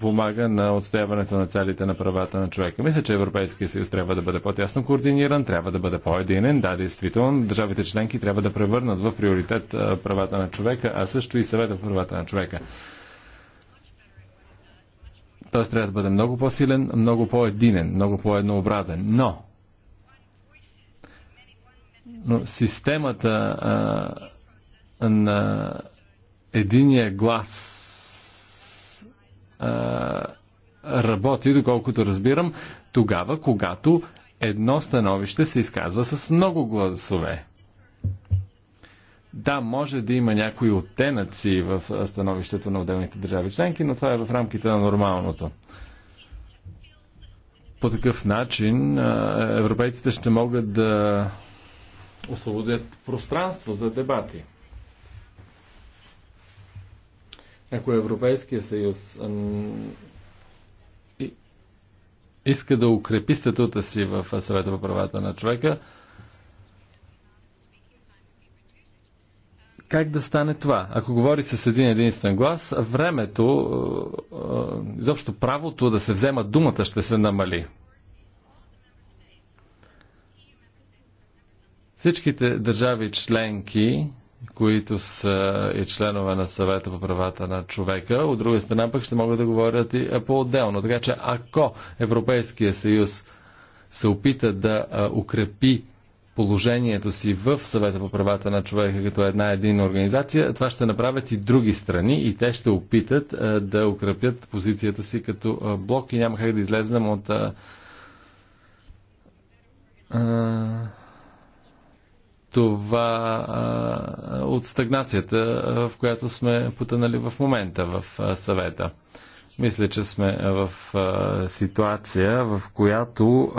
помага на отстояването на целите на правата на човека. Мисля, че Европейския съюз трябва да бъде по-тясно координиран, трябва да бъде по-единен. Да, действително, държавите членки трябва да превърнат в приоритет правата на човека, а също и съвета в правата на човека. Той трябва да бъде много по-силен, много по-единен, много по-еднообразен. Но, но системата а, на единия глас работи, доколкото разбирам, тогава, когато едно становище се изказва с много гласове. Да, може да има някои оттенъци в становището на отделните държави членки, но това е в рамките на нормалното. По такъв начин европейците ще могат да освободят пространство за дебати. Ако Европейския съюз иска да укрепи статута си в съвета по правата на човека, как да стане това? Ако говори с един единствен глас, времето, изобщо правото да се взема думата ще се намали. Всичките държави членки които са и членове на съвета по правата на човека. От друга страна пък ще могат да говорят и по-отделно. Така че ако Европейския съюз се опита да укрепи положението си в съвета по правата на човека като една единна организация, това ще направят и други страни и те ще опитат да укрепят позицията си като блок и няма как да излезнем от това от стагнацията, в която сме потънали в момента в съвета. Мисля, че сме в ситуация, в която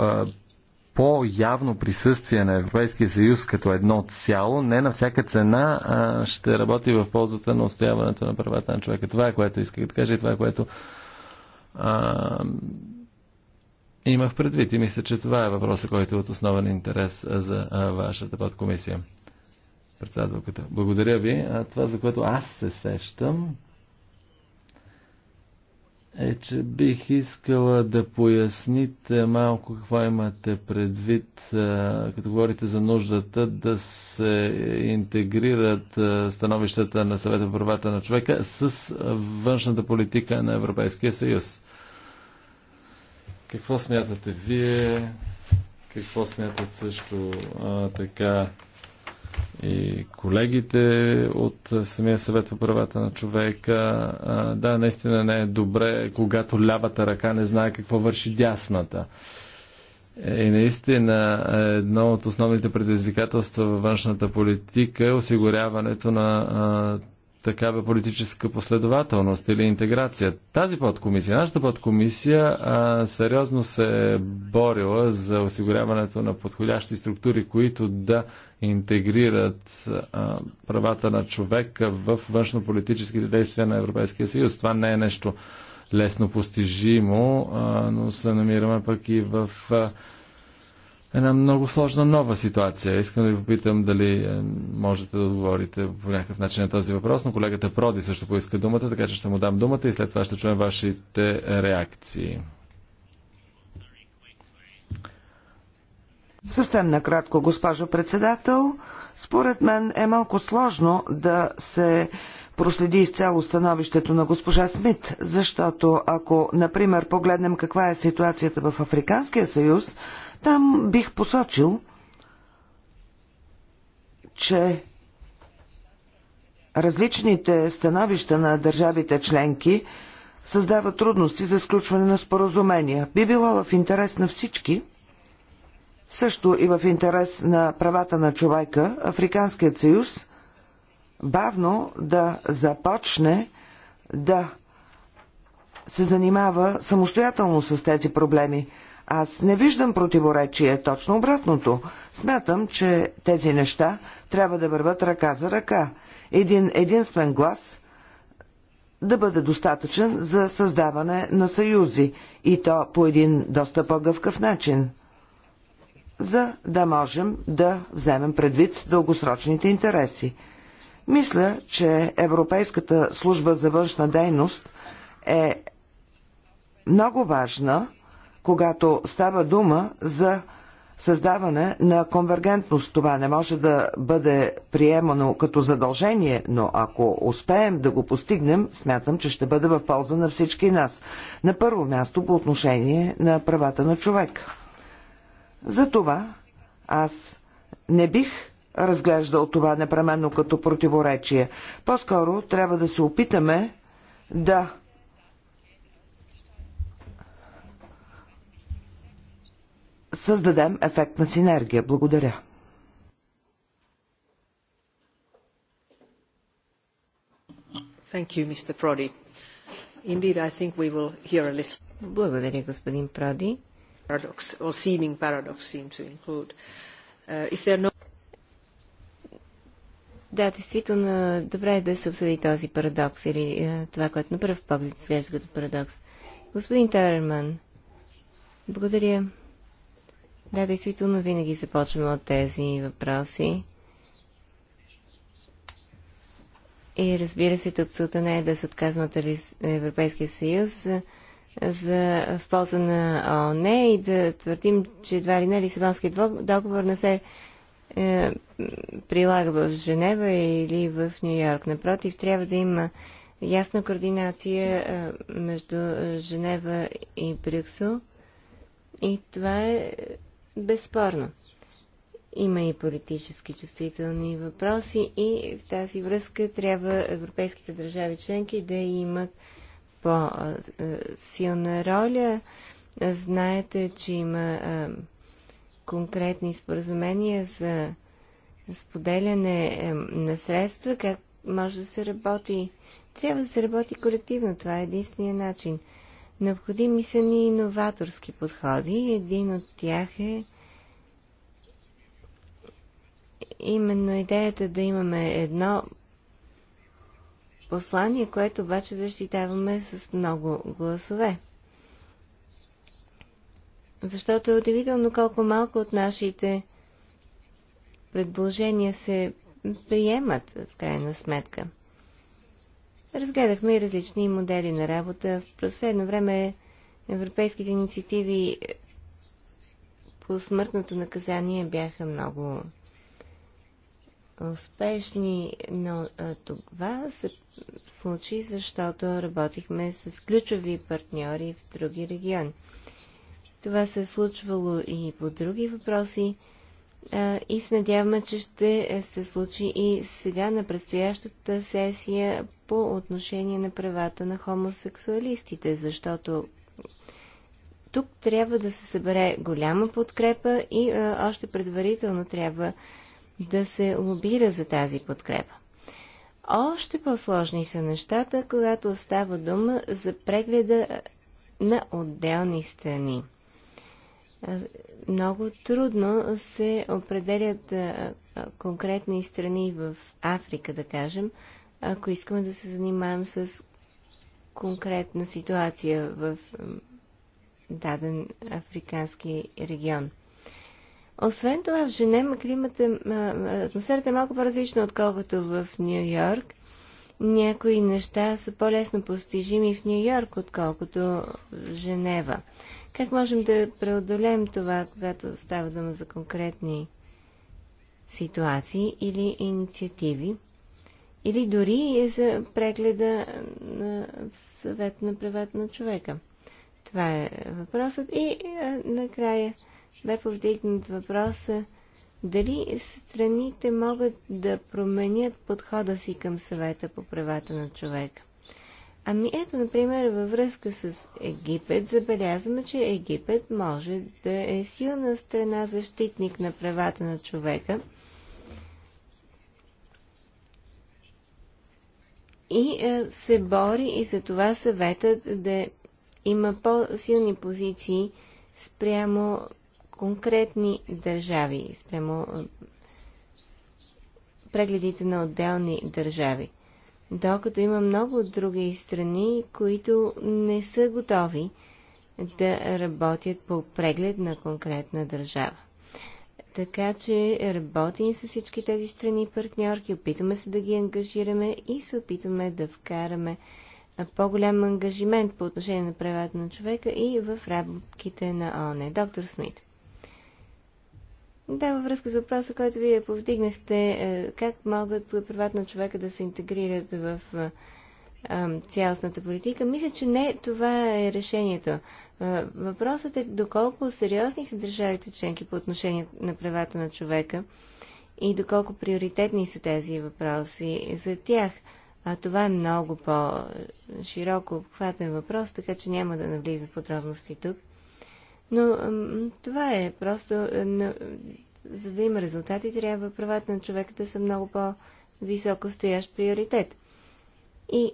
по-явно присъствие на Европейския съюз като едно цяло, не на всяка цена а, ще работи в ползата на устояването на правата на човека. Това е което исках да кажа и това е което а, имах предвид и мисля, че това е въпросът, който е от основен интерес за вашата подкомисия. Председателката. Благодаря ви. А това, за което аз се сещам, е, че бих искала да поясните малко какво имате предвид, като говорите за нуждата да се интегрират становищата на съвета в правата на човека с външната политика на Европейския съюз. Какво смятате вие? Какво смятат също а, така и колегите от самия съвет по правата на човека. А, да, наистина не е добре, когато лявата ръка не знае какво върши дясната. И е, наистина едно от основните предизвикателства във външната политика е осигуряването на а, такава политическа последователност или интеграция. Тази подкомисия, нашата подкомисия, а, сериозно се е борила за осигуряването на подходящи структури, които да интегрират а, правата на човека в политическите действия на Европейския съюз. Това не е нещо лесно постижимо, а, но се намираме пък и в. А, една много сложна нова ситуация. Искам да ви попитам дали е, можете да отговорите по някакъв начин на този въпрос, но колегата Проди също поиска думата, така че ще му дам думата и след това ще чуем вашите реакции. Съвсем накратко, госпожо председател. Според мен е малко сложно да се проследи изцяло становището на госпожа Смит, защото ако, например, погледнем каква е ситуацията в Африканския съюз, там бих посочил, че различните становища на държавите членки създават трудности за сключване на споразумения. Би било в интерес на всички, също и в интерес на правата на човека, Африканският съюз бавно да започне да се занимава самостоятелно с тези проблеми – аз не виждам противоречие, точно обратното. Смятам, че тези неща трябва да върват ръка за ръка. Един единствен глас да бъде достатъчен за създаване на съюзи и то по един доста по-гъвкав начин, за да можем да вземем предвид дългосрочните интереси. Мисля, че Европейската служба за външна дейност е много важна когато става дума за създаване на конвергентност. Това не може да бъде приемано като задължение, но ако успеем да го постигнем, смятам, че ще бъде в полза на всички нас. На първо място по отношение на правата на човек. Затова аз не бих разглеждал това непременно като противоречие. По-скоро трябва да се опитаме да създадем ефект на синергия. Благодаря. Thank you, Mr. Prodi. Indeed, I think we will hear a little... Благодаря, господин Проди. Paradox, or seeming paradox seem to include. Uh, if there are no... Да, действително, добре е да се обсъди този парадокс или е, това, което на първ поглед изглежда като парадокс. Господин Тайерман, благодаря. Да, действително винаги започваме от тези въпроси. И разбира се, тук целта не е да се отказваме от Европейския съюз за, в полза на ОНЕ и да твърдим, че едва ли не Лисабонския договор не се е, прилага в Женева или в Нью Йорк. Напротив, трябва да има ясна координация е, между Женева и Брюксел. И това е Безспорно. Има и политически чувствителни въпроси и в тази връзка трябва европейските държави членки да имат по-силна роля. Знаете, че има конкретни споразумения за споделяне на средства, как може да се работи. Трябва да се работи колективно. Това е единствения начин. Необходими са ни иноваторски подходи. Един от тях е именно идеята да имаме едно послание, което обаче защитаваме с много гласове. Защото е удивително колко малко от нашите предложения се приемат в крайна сметка. Разгледахме различни модели на работа. В последно време европейските инициативи по смъртното наказание бяха много успешни, но това се случи, защото работихме с ключови партньори в други региони. Това се е случвало и по други въпроси и се надяваме, че ще е, се случи и сега на предстоящата сесия по отношение на правата на хомосексуалистите, защото тук трябва да се събере голяма подкрепа и а, още предварително трябва да се лобира за тази подкрепа. Още по-сложни са нещата, когато става дума за прегледа на отделни страни много трудно се определят конкретни страни в Африка, да кажем, ако искаме да се занимаем с конкретна ситуация в даден африкански регион. Освен това, в Женема климата, атмосферата е малко по-различна, отколкото в Нью Йорк – някои неща са по-лесно постижими в Нью Йорк, отколкото в Женева. Как можем да преодолем това, когато става дума за конкретни ситуации или инициативи? Или дори е за прегледа на съвет на правата на човека? Това е въпросът. И накрая бе повдигнат въпроса дали страните могат да променят подхода си към съвета по правата на човека? Ами ето, например, във връзка с Египет, забелязваме, че Египет може да е силна страна защитник на правата на човека. И е, се бори и за това съветът да има по-силни позиции спрямо конкретни държави, спрямо прегледите на отделни държави. Докато има много други страни, които не са готови да работят по преглед на конкретна държава. Така че работим с всички тези страни партньорки, опитваме се да ги ангажираме и се опитваме да вкараме по-голям ангажимент по отношение на правата на човека и в работките на ООН. Доктор Смит. Да, във връзка с въпроса, който вие повдигнахте, е, как могат правата на човека да се интегрират в е, е, цялостната политика, мисля, че не това е решението. Въпросът е доколко сериозни са държавите членки по отношение на правата на човека и доколко приоритетни са тези въпроси за тях. А това е много по-широко обхватен въпрос, така че няма да навлиза в подробности тук. Но това е просто, е, за да има резултати, трябва правата на човека да са много по-високо стоящ приоритет. И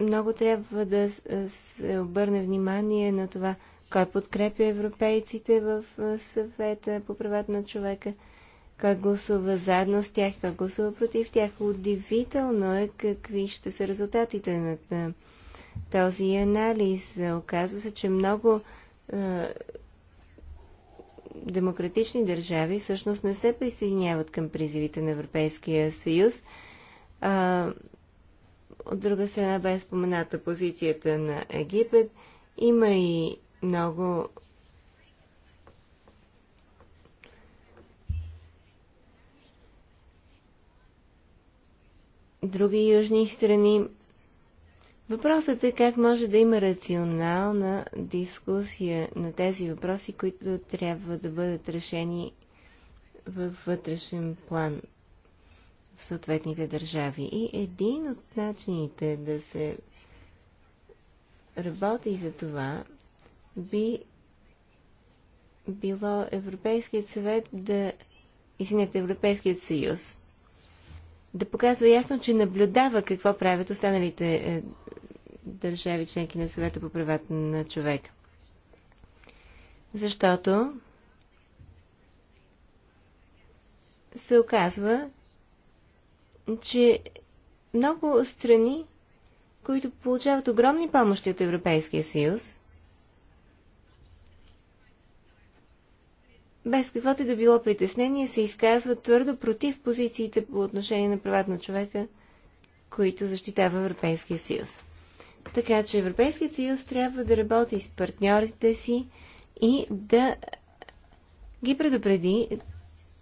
много трябва да се обърне внимание на това, кой подкрепя европейците в съвета по правата на човека, кой гласува заедно с тях, кой гласува против тях. Удивително е какви ще са резултатите на този анализ. Оказва се, че много е, демократични държави всъщност не се присъединяват към призивите на Европейския съюз. Е, от друга страна бе спомената позицията на Египет. Има и много други южни страни, Въпросът е как може да има рационална дискусия на тези въпроси, които трябва да бъдат решени във вътрешен план в съответните държави. И един от начините да се работи за това би било Европейският съвет да извинете, Европейският съюз да показва ясно, че наблюдава какво правят останалите е, държави членки на съвета по правата на човек. Защото се оказва, че много страни, които получават огромни помощи от Европейския съюз, без каквото и да било притеснение, се изказват твърдо против позициите по отношение на правата на човека, които защитава Европейския съюз. Така че Европейският съюз трябва да работи с партньорите си и да ги предупреди,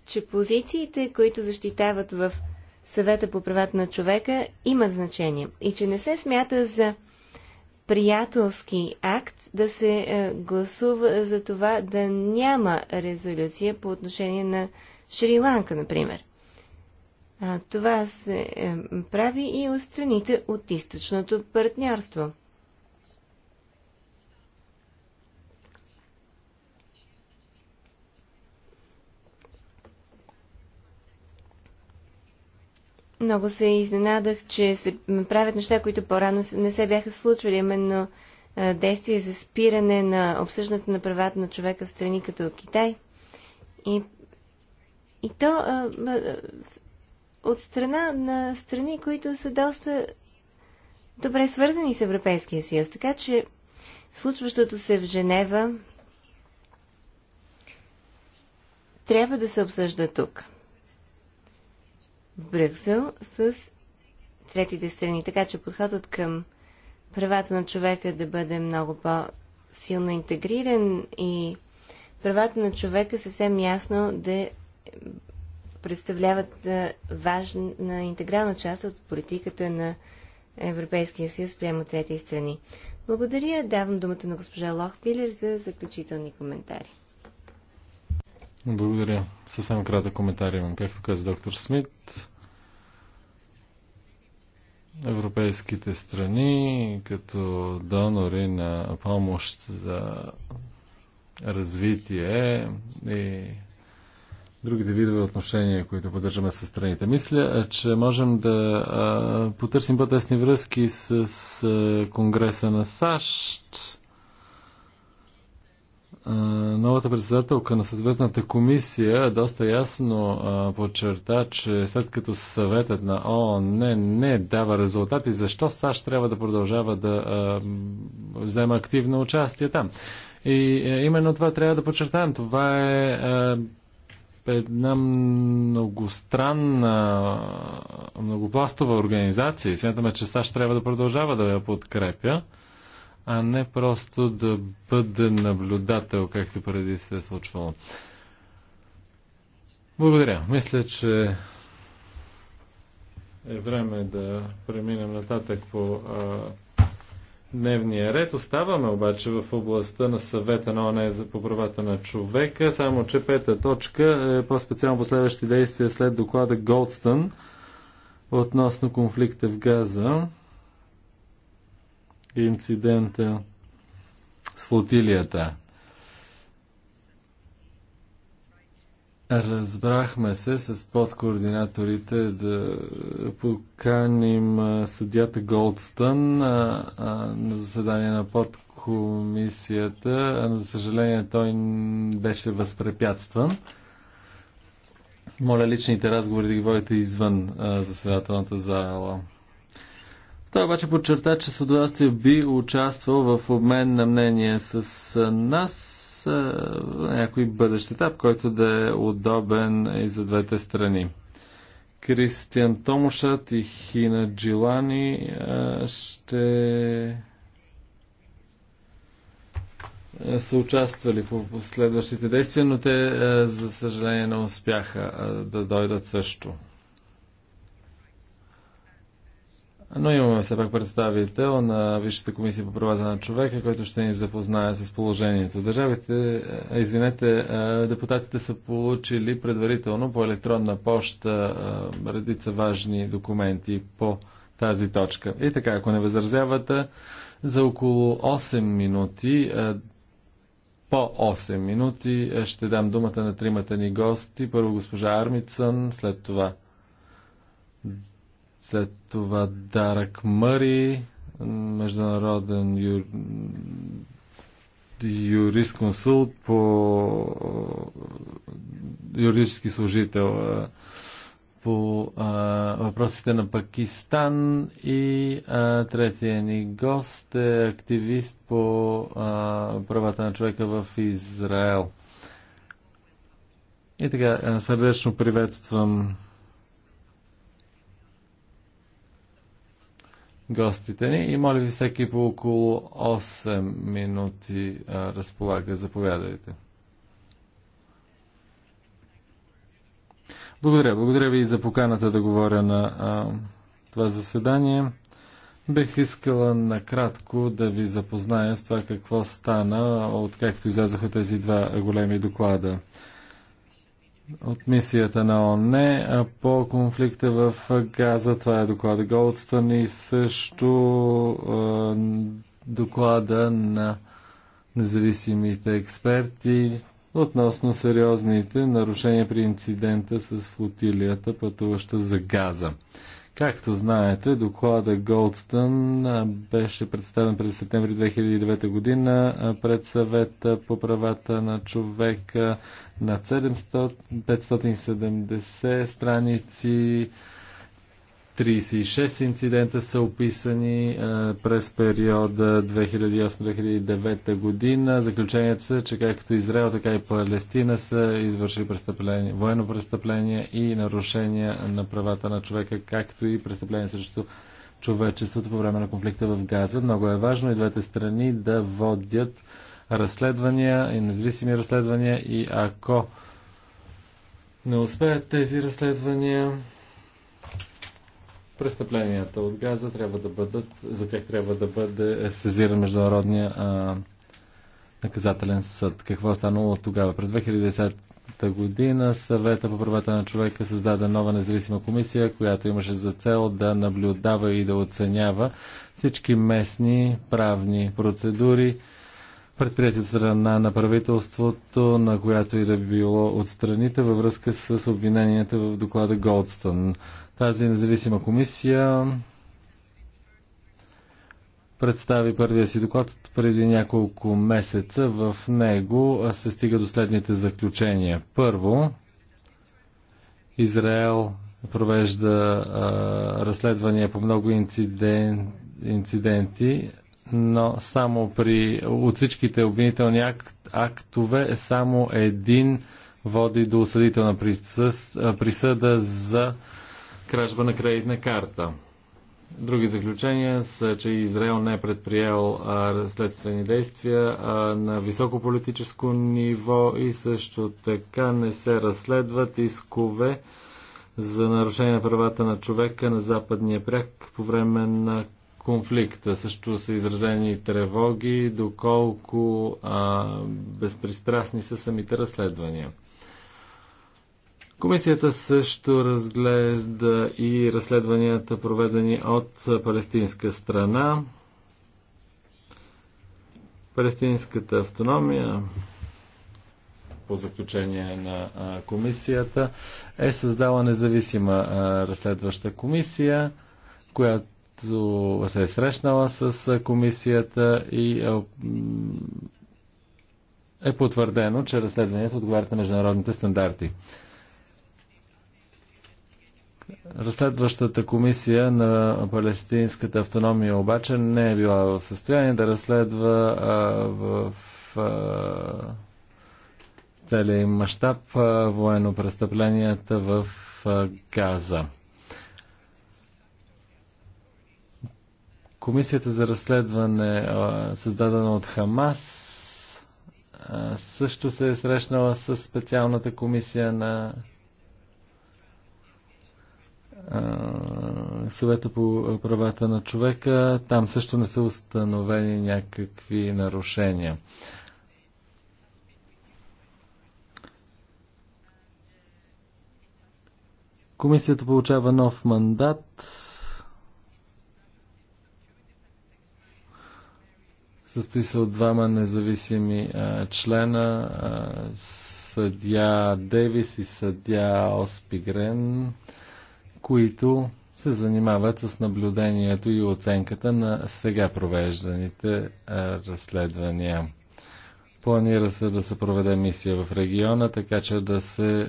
че позициите, които защитават в съвета по правата на човека, имат значение и че не се смята за приятелски акт да се е, гласува за това да няма резолюция по отношение на Шри-Ланка, например. А, това се е, прави и от страните от източното партньорство. Много се изненадах, че се правят неща, които по-рано не се бяха случвали, именно действия за спиране на обсъждането на правата на човека в страни като Китай. И, и то а, а, от страна на страни, които са доста добре свързани с Европейския съюз. Така че случващото се в Женева трябва да се обсъжда тук. Брюксел с третите страни. Така че подходът към правата на човека да бъде много по-силно интегриран и правата на човека съвсем ясно да представляват важна интегрална част от политиката на Европейския съюз прямо трети страни. Благодаря. Давам думата на госпожа Лохпилер за заключителни коментари. Благодаря. Съвсем кратък коментар имам. Както каза доктор Смит, европейските страни като донори на помощ за развитие и другите видове отношения, които поддържаме с страните. Мисля, е, че можем да потърсим по-тесни връзки с е, Конгреса на САЩ. Новата председателка на съответната комисия доста ясно подчерта, че след като съветът на ООН не, не дава резултати, защо САЩ трябва да продължава да а, взема активно участие там? И е, именно това трябва да подчертаем. Това е а, една многостранна, многопластова организация и смятаме, че САЩ трябва да продължава да я подкрепя, а не просто да бъде наблюдател, както преди се е случвало. Благодаря. Мисля, че е време да преминем нататък по а, дневния ред. Оставаме обаче в областта на съвета на ОНЕ за по правата на човека, само че пета точка е по-специално последващи действия след доклада Голдстън относно конфликта в Газа и инцидента с флотилията. Разбрахме се с подкоординаторите да поканим съдята Голдстън на заседание на подкомисията. Но, за съжаление, той беше възпрепятстван. Моля личните разговори да ги водите извън заседателната зала. Той обаче подчерта, че с удоволствие би участвал в обмен на мнение с нас е, някой бъдещ етап, който да е удобен и за двете страни. Кристиан Томушат и Хина Джилани е, ще е, са участвали по последващите действия, но те, за съжаление, не успяха да дойдат също. Но имаме все пак представител на Висшата комисия по правата на човека, който ще ни запознае с положението. Държавите, е, извинете, е, депутатите са получили предварително по електронна поща е, редица важни документи по тази точка. И така, ако не възразявате, за около 8 минути, по 8 минути, ще дам думата на тримата ни гости. Първо госпожа Армицън, след това след това Дарък Мъри, международен юр... консулт по юридически служител по а, въпросите на Пакистан и а, третия ни гост е активист по а, правата на човека в Израел. И така, сърдечно приветствам гостите ни и моля ви всеки по около 8 минути а, разполага. Заповядайте. Благодаря. Благодаря ви и за поканата да говоря на а, това заседание. Бих искала накратко да ви запозная с това какво стана, откакто излязоха тези два големи доклада от мисията на ООН по конфликта в Газа. Това е доклада Голдстън и също е, доклада на независимите експерти относно сериозните нарушения при инцидента с флотилията, пътуваща за Газа. Както знаете, доклада Голдстън беше представен през септември 2009 година пред съвета по правата на човека на 700, 570 страници 36 инцидента са описани а, е, през периода 2008-2009 година. Заключението са, че както Израел, така и Палестина са извършили престъпления, военно престъпление и нарушения на правата на човека, както и престъпления срещу човечеството по време на конфликта в Газа. Много е важно и двете страни да водят разследвания и независими разследвания и ако не успеят тези разследвания, престъпленията от газа трябва да бъдат, за тях трябва да бъде сезиран Международния а, наказателен съд. Какво е станало тогава? През 2010 година съвета по правата на човека създаде нова независима комисия, която имаше за цел да наблюдава и да оценява всички местни правни процедури, предприятие от страна на правителството, на която и да било отстраните във връзка с обвиненията в доклада Голдстън. Тази независима комисия представи първия си доклад преди няколко месеца. В него се стига до следните заключения. Първо, Израел провежда а, разследвания по много инциден, инциденти, но само при от всичките обвинителни акт, актове само един води до осъдителна присъс, присъда за кражба на кредитна карта. Други заключения са, че Израел не е предприел следствени действия а, на високо политическо ниво и също така не се разследват искове за нарушение на правата на човека на западния бряг по време на конфликта. Също са изразени тревоги, доколко а, безпристрастни са самите разследвания. Комисията също разглежда и разследванията, проведени от палестинска страна, палестинската автономия, по заключение на комисията, е създала независима разследваща комисия, която се е срещнала с комисията и е потвърдено, че разследването отговарят на международните стандарти. Разследващата комисия на палестинската автономия обаче не е била в състояние да разследва а, в а, целия им мащаб военно-престъпленията в а, Газа. Комисията за разследване, а, създадена от Хамас, а, също се е срещнала с специалната комисия на съвета по правата на човека. Там също не са установени някакви нарушения. Комисията получава нов мандат състои се от двама независими а, члена, а, съдя Девис и съдя Оспигрен които се занимават с наблюдението и оценката на сега провежданите разследвания. Планира се да се проведе мисия в региона, така че да се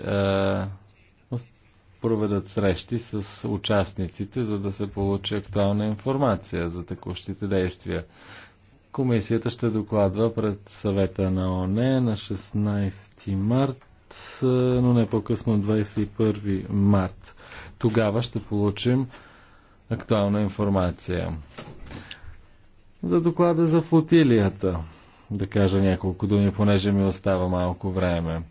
проведат срещи с участниците, за да се получи актуална информация за текущите действия. Комисията ще докладва пред съвета на ОНЕ на 16 март, но не по-късно 21 март тогава ще получим актуална информация. За доклада за флотилията да кажа няколко думи, понеже ми остава малко време.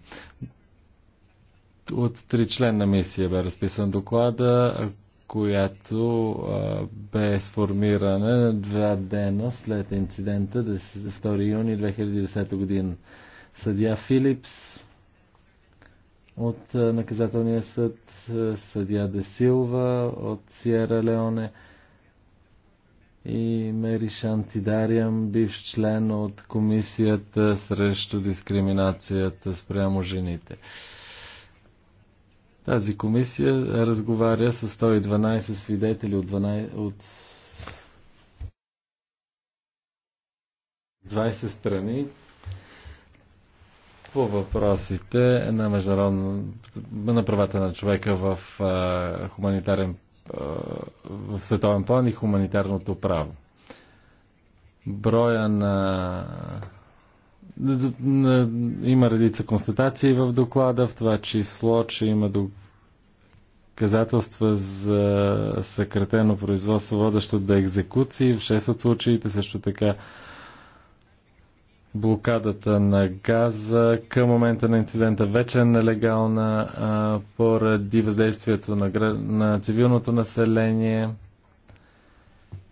От три тричленна мисия бе разписан доклада, която а, бе сформирана два дена след инцидента 2 юни 2010 година. Съдя Филипс от е, наказателния съд, е, съдия Десилва от Сиера Леоне и Мери Шантидариам, бивш член от Комисията срещу дискриминацията спрямо жените. Тази комисия разговаря с 112 свидетели от, 12, от 20 страни, по въпросите на международно, на правата на човека в хуманитарен в световен план и хуманитарното право. Броя на има редица констатации в доклада, в това число, че има доказателства за съкратено производство, водещо до екзекуции. В 6 от случаите също така блокадата на газа към момента на инцидента вече е нелегална а, поради въздействието на, на цивилното население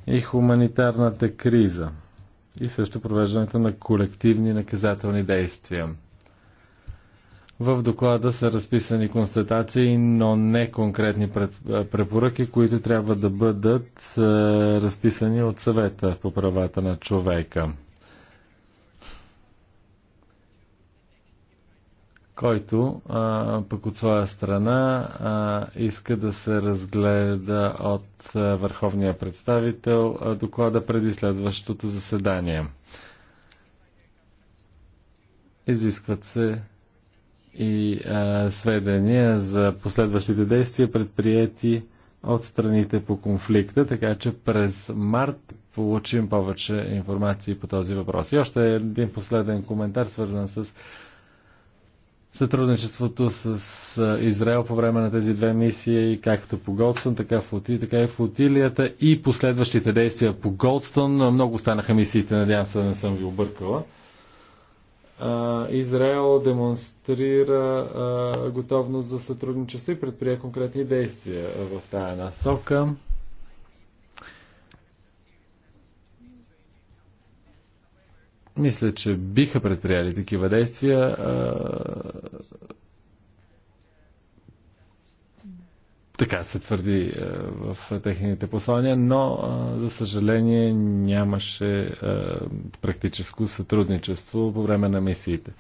и хуманитарната криза и също провеждането на колективни наказателни действия. В доклада са разписани констатации, но не конкретни препоръки, които трябва да бъдат разписани от съвета по правата на човека. който а, пък от своя страна а, иска да се разгледа от а, върховния представител а, доклада преди следващото заседание. Изискват се и а, сведения за последващите действия, предприяти от страните по конфликта, така че през март получим повече информации по този въпрос. И още един последен коментар, свързан с сътрудничеството с Израел по време на тези две мисии, както по Голдстон, така, флоти, така и флотилията и последващите действия по Голдстон. Много останаха мисиите, надявам се да не съм ви объркала. Израел демонстрира готовност за сътрудничество и предприе конкретни действия в тая насока. мисля, че биха предприяли такива действия. така се твърди в техните послания, но за съжаление нямаше практическо сътрудничество по време на мисиите.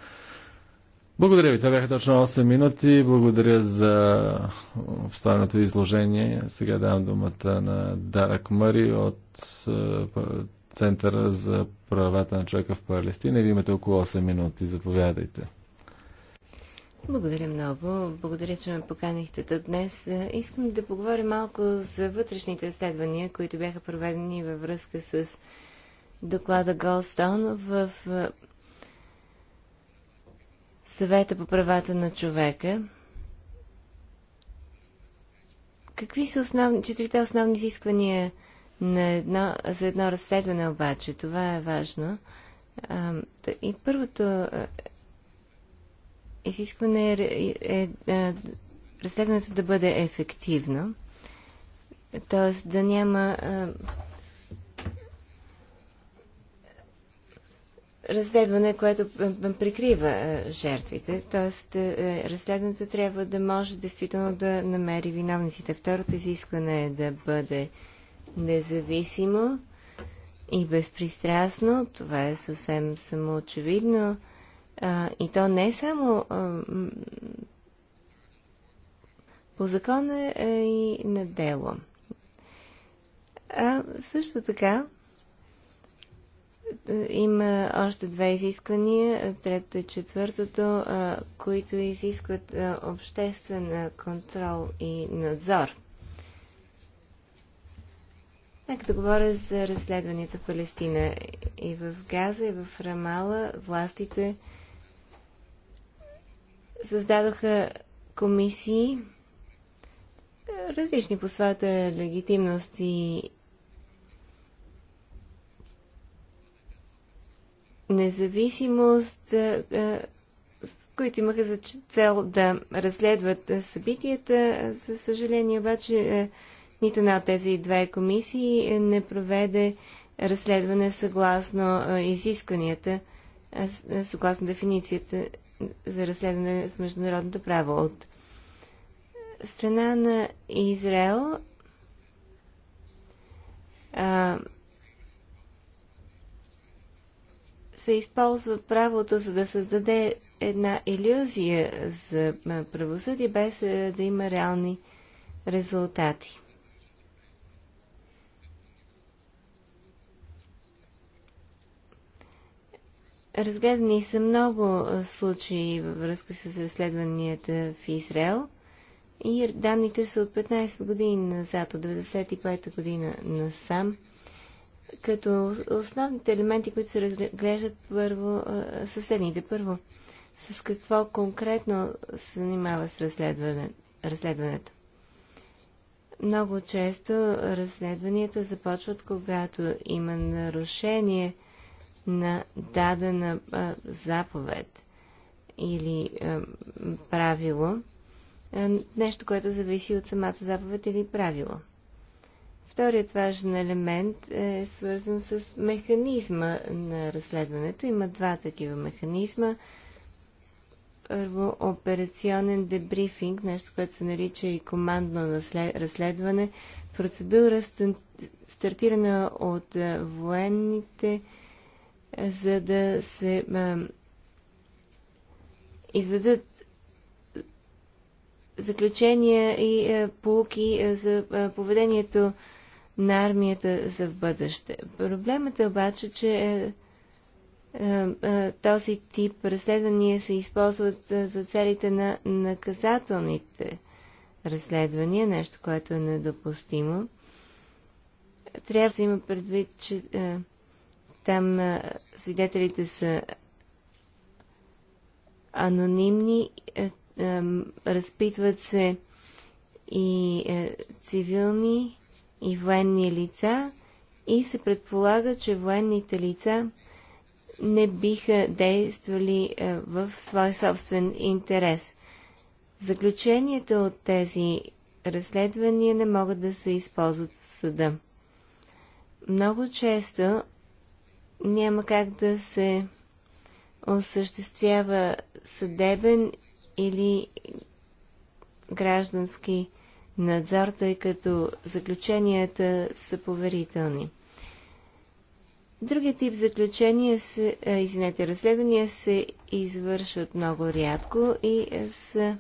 Благодаря ви. Това бяха точно 8 минути. Благодаря за обставеното изложение. Сега давам думата на Дарак Мъри от Центъра за правата на човека в Палестина. Вие имате около 8 минути. Заповядайте. Благодаря много. Благодаря, че ме поканихте до днес. Искам да поговоря малко за вътрешните разследвания, които бяха проведени във връзка с доклада Голстон в съвета по правата на човека. Какви са основни, четирите основни изисквания на едно, за едно разследване обаче. Това е важно. А, и първото изискване е, е, е, разследването да бъде ефективно, т.е. да няма разследване, което прикрива жертвите. Т.е. Е, разследването трябва да може действително да намери виновниците. Второто изискване е да бъде а, независимо и безпристрастно. Това е съвсем самоочевидно. А, и то не само а, по закона а и на дело. А също така има още две изисквания, трето и четвъртото, а, които изискват а, обществен контрол и надзор. Нека да говоря за разследванията в Палестина. И в Газа, и в Рамала властите създадоха комисии, различни по своята легитимност и независимост, които имаха за цел да разследват събитията. За съжаление обаче нито една от тези две комисии не проведе разследване съгласно изискванията, съгласно дефиницията за разследване в международното право. От страна на Израел а, се използва правото, за да създаде една иллюзия за правосъдие, без да има реални резултати. Разгледани са много случаи във връзка с разследванията в Израел и данните са от 15 години назад, от 95-та година насам, като основните елементи, които се разглеждат първо, съседните. Първо, с какво конкретно се занимава с разследване, разследването? Много често разследванията започват, когато има нарушение на дадена а, заповед или а, правило, а, нещо, което зависи от самата заповед или правило. Вторият важен елемент е свързан с механизма на разследването. Има два такива механизма. Първо, операционен дебрифинг, нещо, което се нарича и командно разследване, процедура стартирана от военните за да се а, изведат заключения и а, полуки а, за а, поведението на армията за в бъдеще. Проблемът е обаче, че е, е, е, този тип разследвания се използват за целите на наказателните разследвания, нещо, което е недопустимо. Трябва да се има предвид, че там свидетелите са анонимни, е, разпитват се и е, цивилни, и военни лица и се предполага, че военните лица не биха действали е, в свой собствен интерес. Заключенията от тези разследвания не могат да се използват в съда. Много често няма как да се осъществява съдебен или граждански надзор, тъй като заключенията са поверителни. Другият тип заключения се, извинете, разследвания се извършват много рядко и са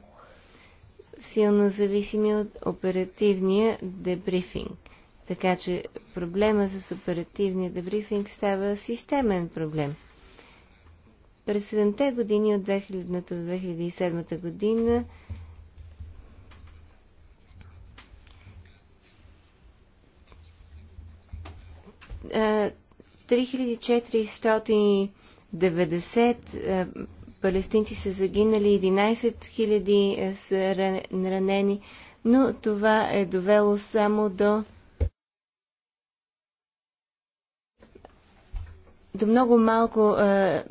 силно зависими от оперативния дебрифинг. Така че проблема с оперативния дебрифинг става системен проблем. През 7-те години от 2000 до 2007 година а, 3490 палестинци са загинали, 11 000 са ранени, но това е довело само до до много малко е,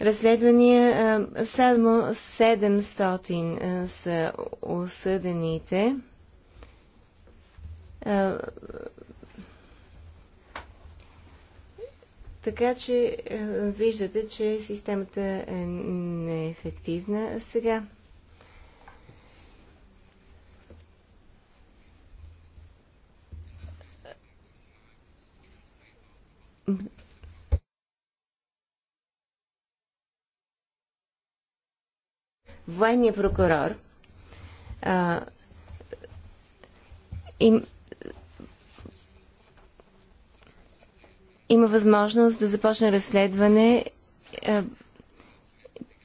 разследвания. Е, само 700 е, са осъдените. Е, така че виждате, че системата е неефективна. Сега. военния прокурор а, им, има възможност да започне разследване. А,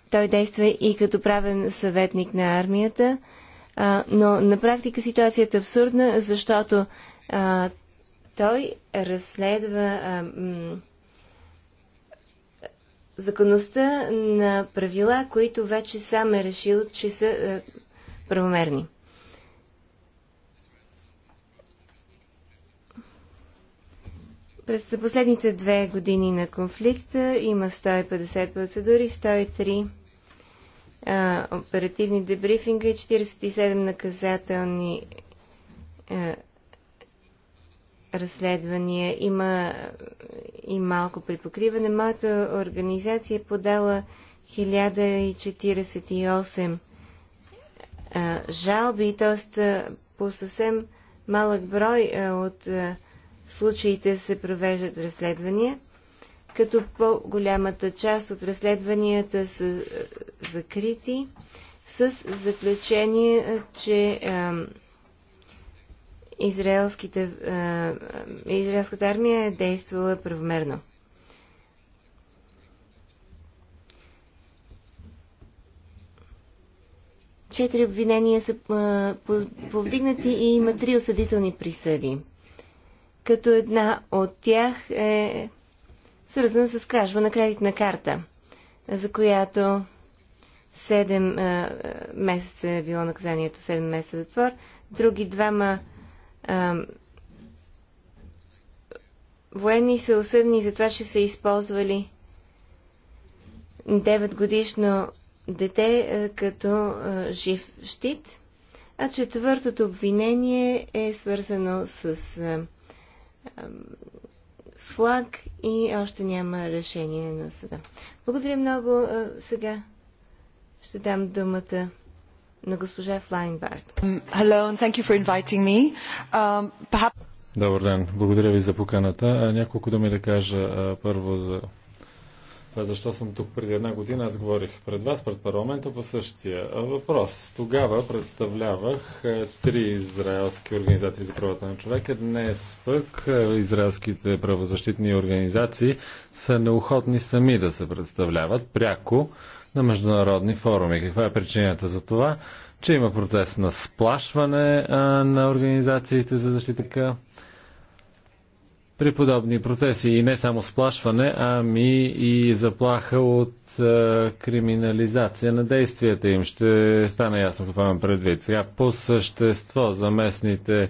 той действа и като правен съветник на армията, а, но на практика ситуацията е абсурдна, защото а, той разследва а, законността на правила, които вече сам е решил, че са е, правомерни. През последните две години на конфликта има 150 процедури, 103 е, оперативни дебрифинга и 47 наказателни а, е, разследвания. Има и малко припокриване. Моята организация е подала 1048 а, жалби, т.е. по съвсем малък брой а, от а, случаите се провеждат разследвания, като по-голямата част от разследванията са закрити с заключение, че израелските, а, израелската армия е действала правомерно. Четири обвинения са а, повдигнати и има три осъдителни присъди. Като една от тях е свързана с кражба на кредитна карта, за която 7 а, месеца е било наказанието 7 месеца затвор. Други двама военни са осъдни за това, че са използвали 9 годишно дете като жив щит, а четвъртото обвинение е свързано с флаг и още няма решение на съда. Благодаря много. сега ще дам думата на госпожа Флайнбард. Um, Добър ден. Благодаря ви за поканата. Няколко думи да кажа първо за това защо съм тук преди една година. Аз говорих пред вас, пред парламента по същия въпрос. Тогава представлявах три израелски организации за правата на човека. Днес пък израелските правозащитни организации са неохотни сами да се представляват пряко на международни форуми. Каква е причината за това? Че има процес на сплашване а, на организациите за защита при подобни процеси и не само сплашване, ами и заплаха от а, криминализация на действията им. Ще стане ясно какво имам предвид. Сега по същество за местните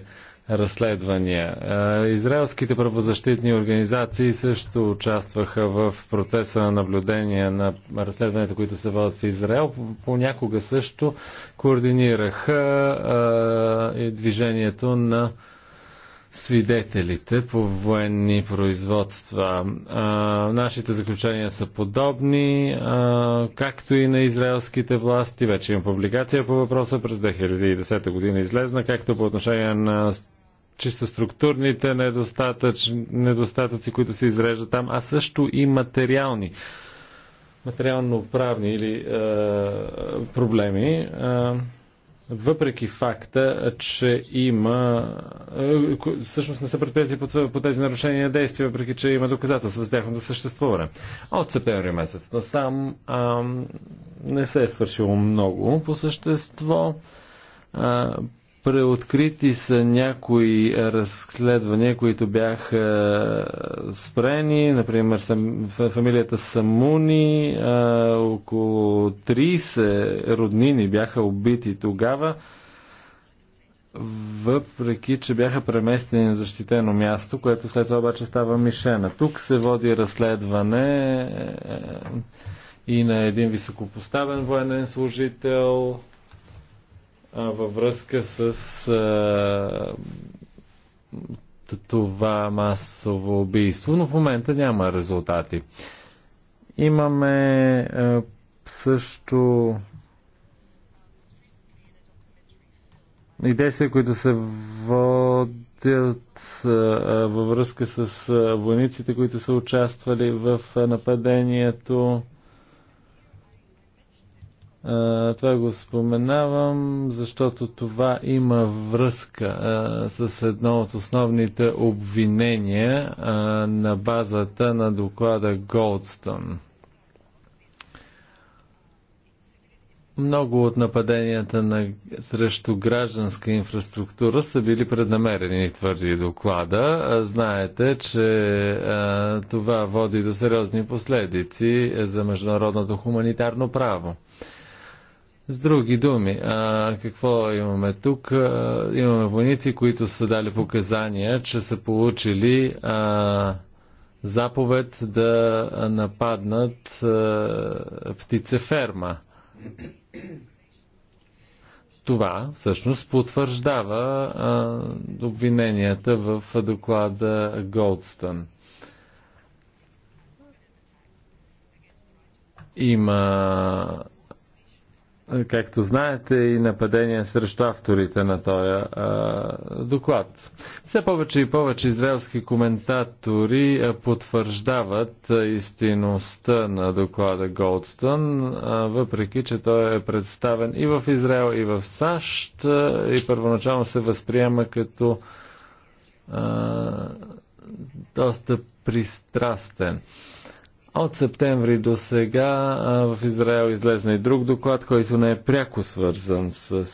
разследвания. Е, израелските правозащитни организации също участваха в процеса на наблюдение на разследванията, които се водят в Израел. Понякога също координираха е, движението на свидетелите по военни производства. А, е, нашите заключения са подобни, а, както и на израелските власти. Вече има публикация по въпроса през 2010 година излезна, както по отношение на чисто структурните недостатъч, недостатъци, които се изреждат там, а също и материални, материално-правни или е, проблеми. Е, въпреки факта, че има. Е, всъщност не са предприяти по, по тези нарушения действия, въпреки че има доказателства за тяхното съществуване. От септември месец насам а, е, не се е свършило много по същество. А, е, Преоткрити са някои разследвания, които бяха спрени, например фамилията Самуни, около 30 роднини бяха убити тогава, въпреки че бяха преместени на защитено място, което след това обаче става мишена. Тук се води разследване и на един високопоставен военен служител, във връзка с а, това масово убийство, но в момента няма резултати. Имаме а, също и действия, които се водят а, във връзка с войниците, които са участвали в нападението. Това го споменавам, защото това има връзка а, с едно от основните обвинения а, на базата на доклада Голдстън. Много от нападенията на, срещу гражданска инфраструктура са били преднамерени, твърди доклада. Знаете, че а, това води до сериозни последици за международното хуманитарно право. С други думи, а, какво имаме тук? А, имаме войници, които са дали показания, че са получили а, заповед да нападнат а, птицеферма. Това всъщност потвърждава а, обвиненията в доклада Голдстън. Има както знаете, и нападения срещу авторите на този доклад. Все повече и повече израелски коментатори потвърждават истинността на доклада Голдстън, въпреки че той е представен и в Израел, и в САЩ и първоначално се възприема като а, доста пристрастен. От септември до сега в Израел излезна и друг доклад, който не е пряко свързан с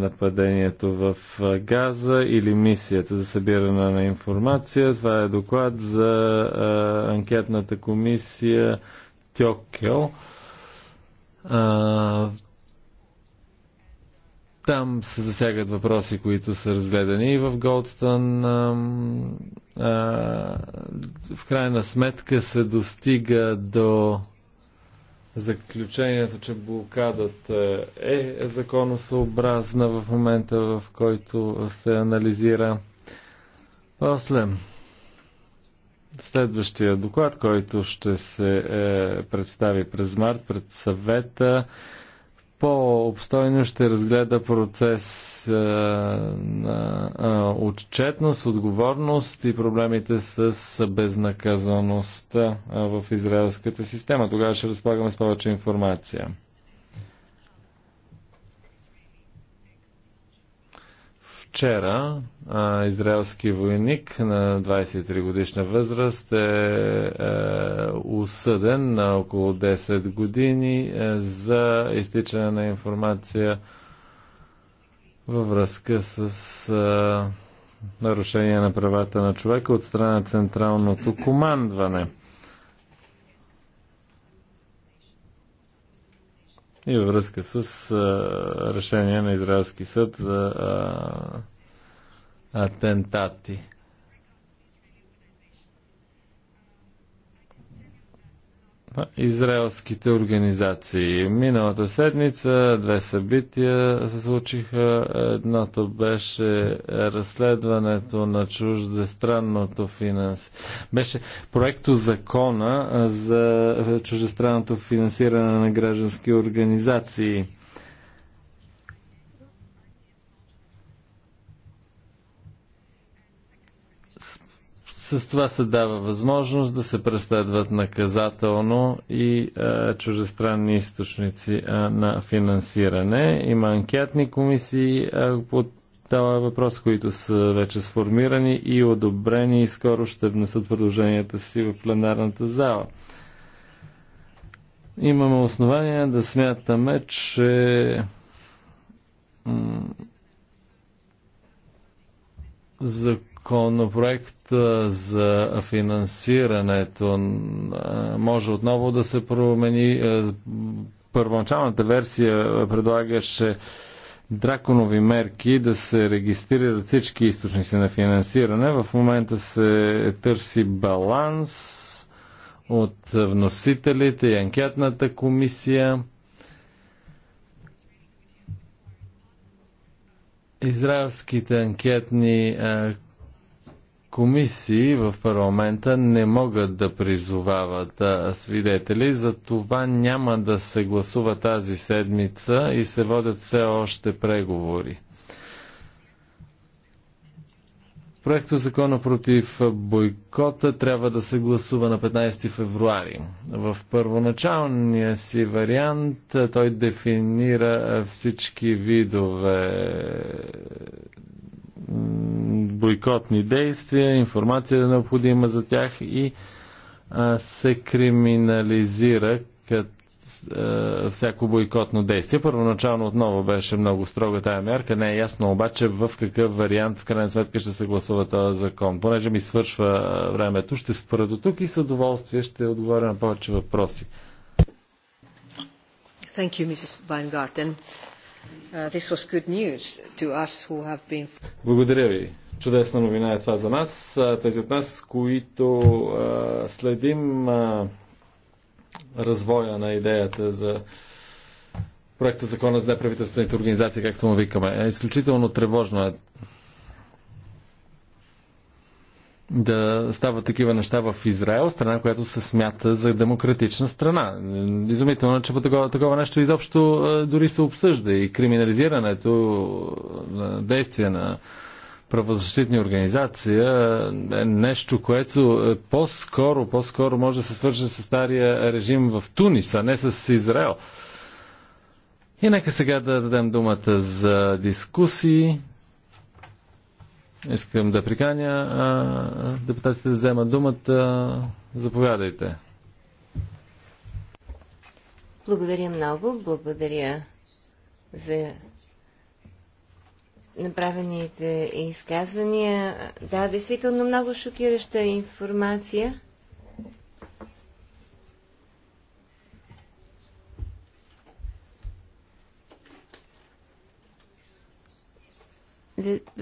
нападението в Газа или мисията за събиране на информация. Това е доклад за анкетната комисия Тьокел. Там се засягат въпроси, които са разгледани и в Голдстън. В крайна сметка се достига до заключението, че блокадата е законосъобразна в момента, в който се анализира. После, следващия доклад, който ще се е, представи през март пред съвета, по-обстойно ще разгледа процес а, е, на а, е, отчетност, отговорност и проблемите с безнаказаността е, в израелската система. Тогава ще разполагаме с повече информация. Вчера а, израелски войник на 23 годишна възраст е, е осъден на около 10 години е, за изтичане на информация във връзка с е, нарушение на правата на човека от страна на Централното командване. и във връзка с а, решение на Израелски съд за а, атентати. израелските организации. Миналата седмица две събития се случиха. Едното беше разследването на чуждестранното финанс. Беше проекто закона за чуждестранното финансиране на граждански организации. С това се дава възможност да се преследват наказателно и а, чужестранни източници а, на финансиране. Има анкетни комисии а, по този е въпрос, които са вече сформирани и одобрени и скоро ще внесат предложенията си в пленарната зала. Имаме основания да смятаме, че за законопроект за финансирането може отново да се промени. Първоначалната версия предлагаше драконови мерки да се регистрират всички източници на финансиране. В момента се търси баланс от вносителите и анкетната комисия. Израелските анкетни а, комисии в парламента не могат да призовават свидетели, за това няма да се гласува тази седмица и се водят все още преговори. Проекто закона против бойкота трябва да се гласува на 15 февруари. В първоначалния си вариант той дефинира всички видове бойкотни действия, информация е необходима за тях и а, се криминализира като всяко бойкотно действие. Първоначално отново беше много строга тая мярка. Не е ясно обаче в какъв вариант в крайна сметка ще се гласува този закон. Понеже ми свършва времето, ще спра до тук и с удоволствие ще отговоря на повече въпроси. Thank you, Mrs. Weingarten. Uh, this was good news to us who have been... Благодаря ви, Чудесна новина е това за нас. Тези от нас, които а, следим а, развоя на идеята за проекта закона за неправителствените организации, както му викаме, е изключително тревожно е да стават такива неща в Израел, страна, която се смята за демократична страна. Изумително, че по такова, такова нещо изобщо дори се обсъжда и криминализирането на действия на правозащитни организация е нещо, което е по-скоро, по-скоро може да се свърже с стария режим в Тунис, а не с Израел. И нека сега да дадем думата за дискусии. Искам да приканя депутатите да вземат думата. Заповядайте. Благодаря много. Благодаря за направените изказвания. Да, действително много шокираща информация.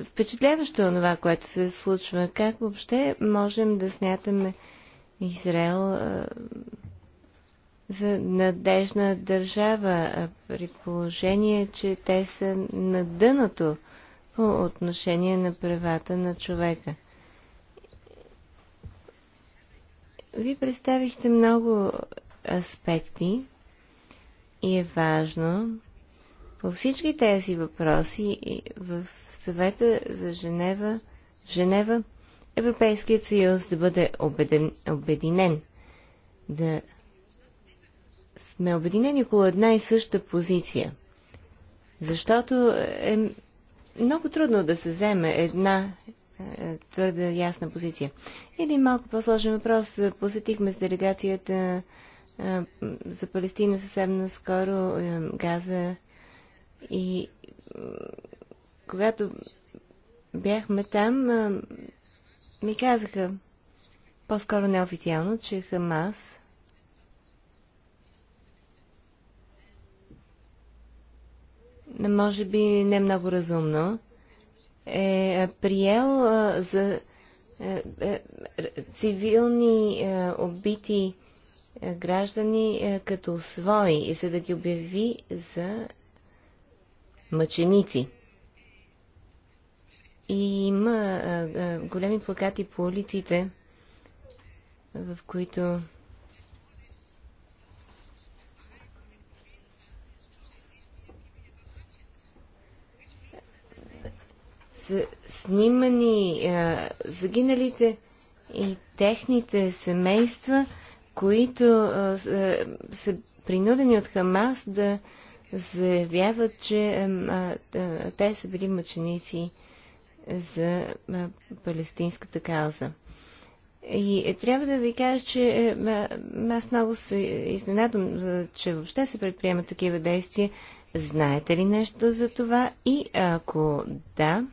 Впечатляващо е това, което се случва. Как въобще можем да смятаме Израел за надежна държава при положение, че те са на дъното по отношение на правата на човека. Вие представихте много аспекти и е важно по всички тези въпроси в съвета за Женева, Женева Европейският съюз да бъде обеден, обединен, да сме обединени около една и съща позиция. Защото е много трудно да се вземе една е, твърда ясна позиция. Един малко по-сложен въпрос. Посетихме с делегацията е, за Палестина съвсем наскоро е, Газа и когато бяхме там, е, ми казаха по-скоро неофициално, че Хамас може би не много разумно, е, е приел за е, е, цивилни убити граждани като свои, за да ги обяви за мъченици. И има големи плакати по улиците, в които са снимани а, е, загиналите и техните семейства, които а, е, са, са принудени от Хамас да заявяват, че е, а, а, те са били мъченици за а, палестинската кауза. И е, трябва да ви кажа, че а, аз много се изненадам, че въобще се предприемат такива действия. Знаете ли нещо за това? И ако да,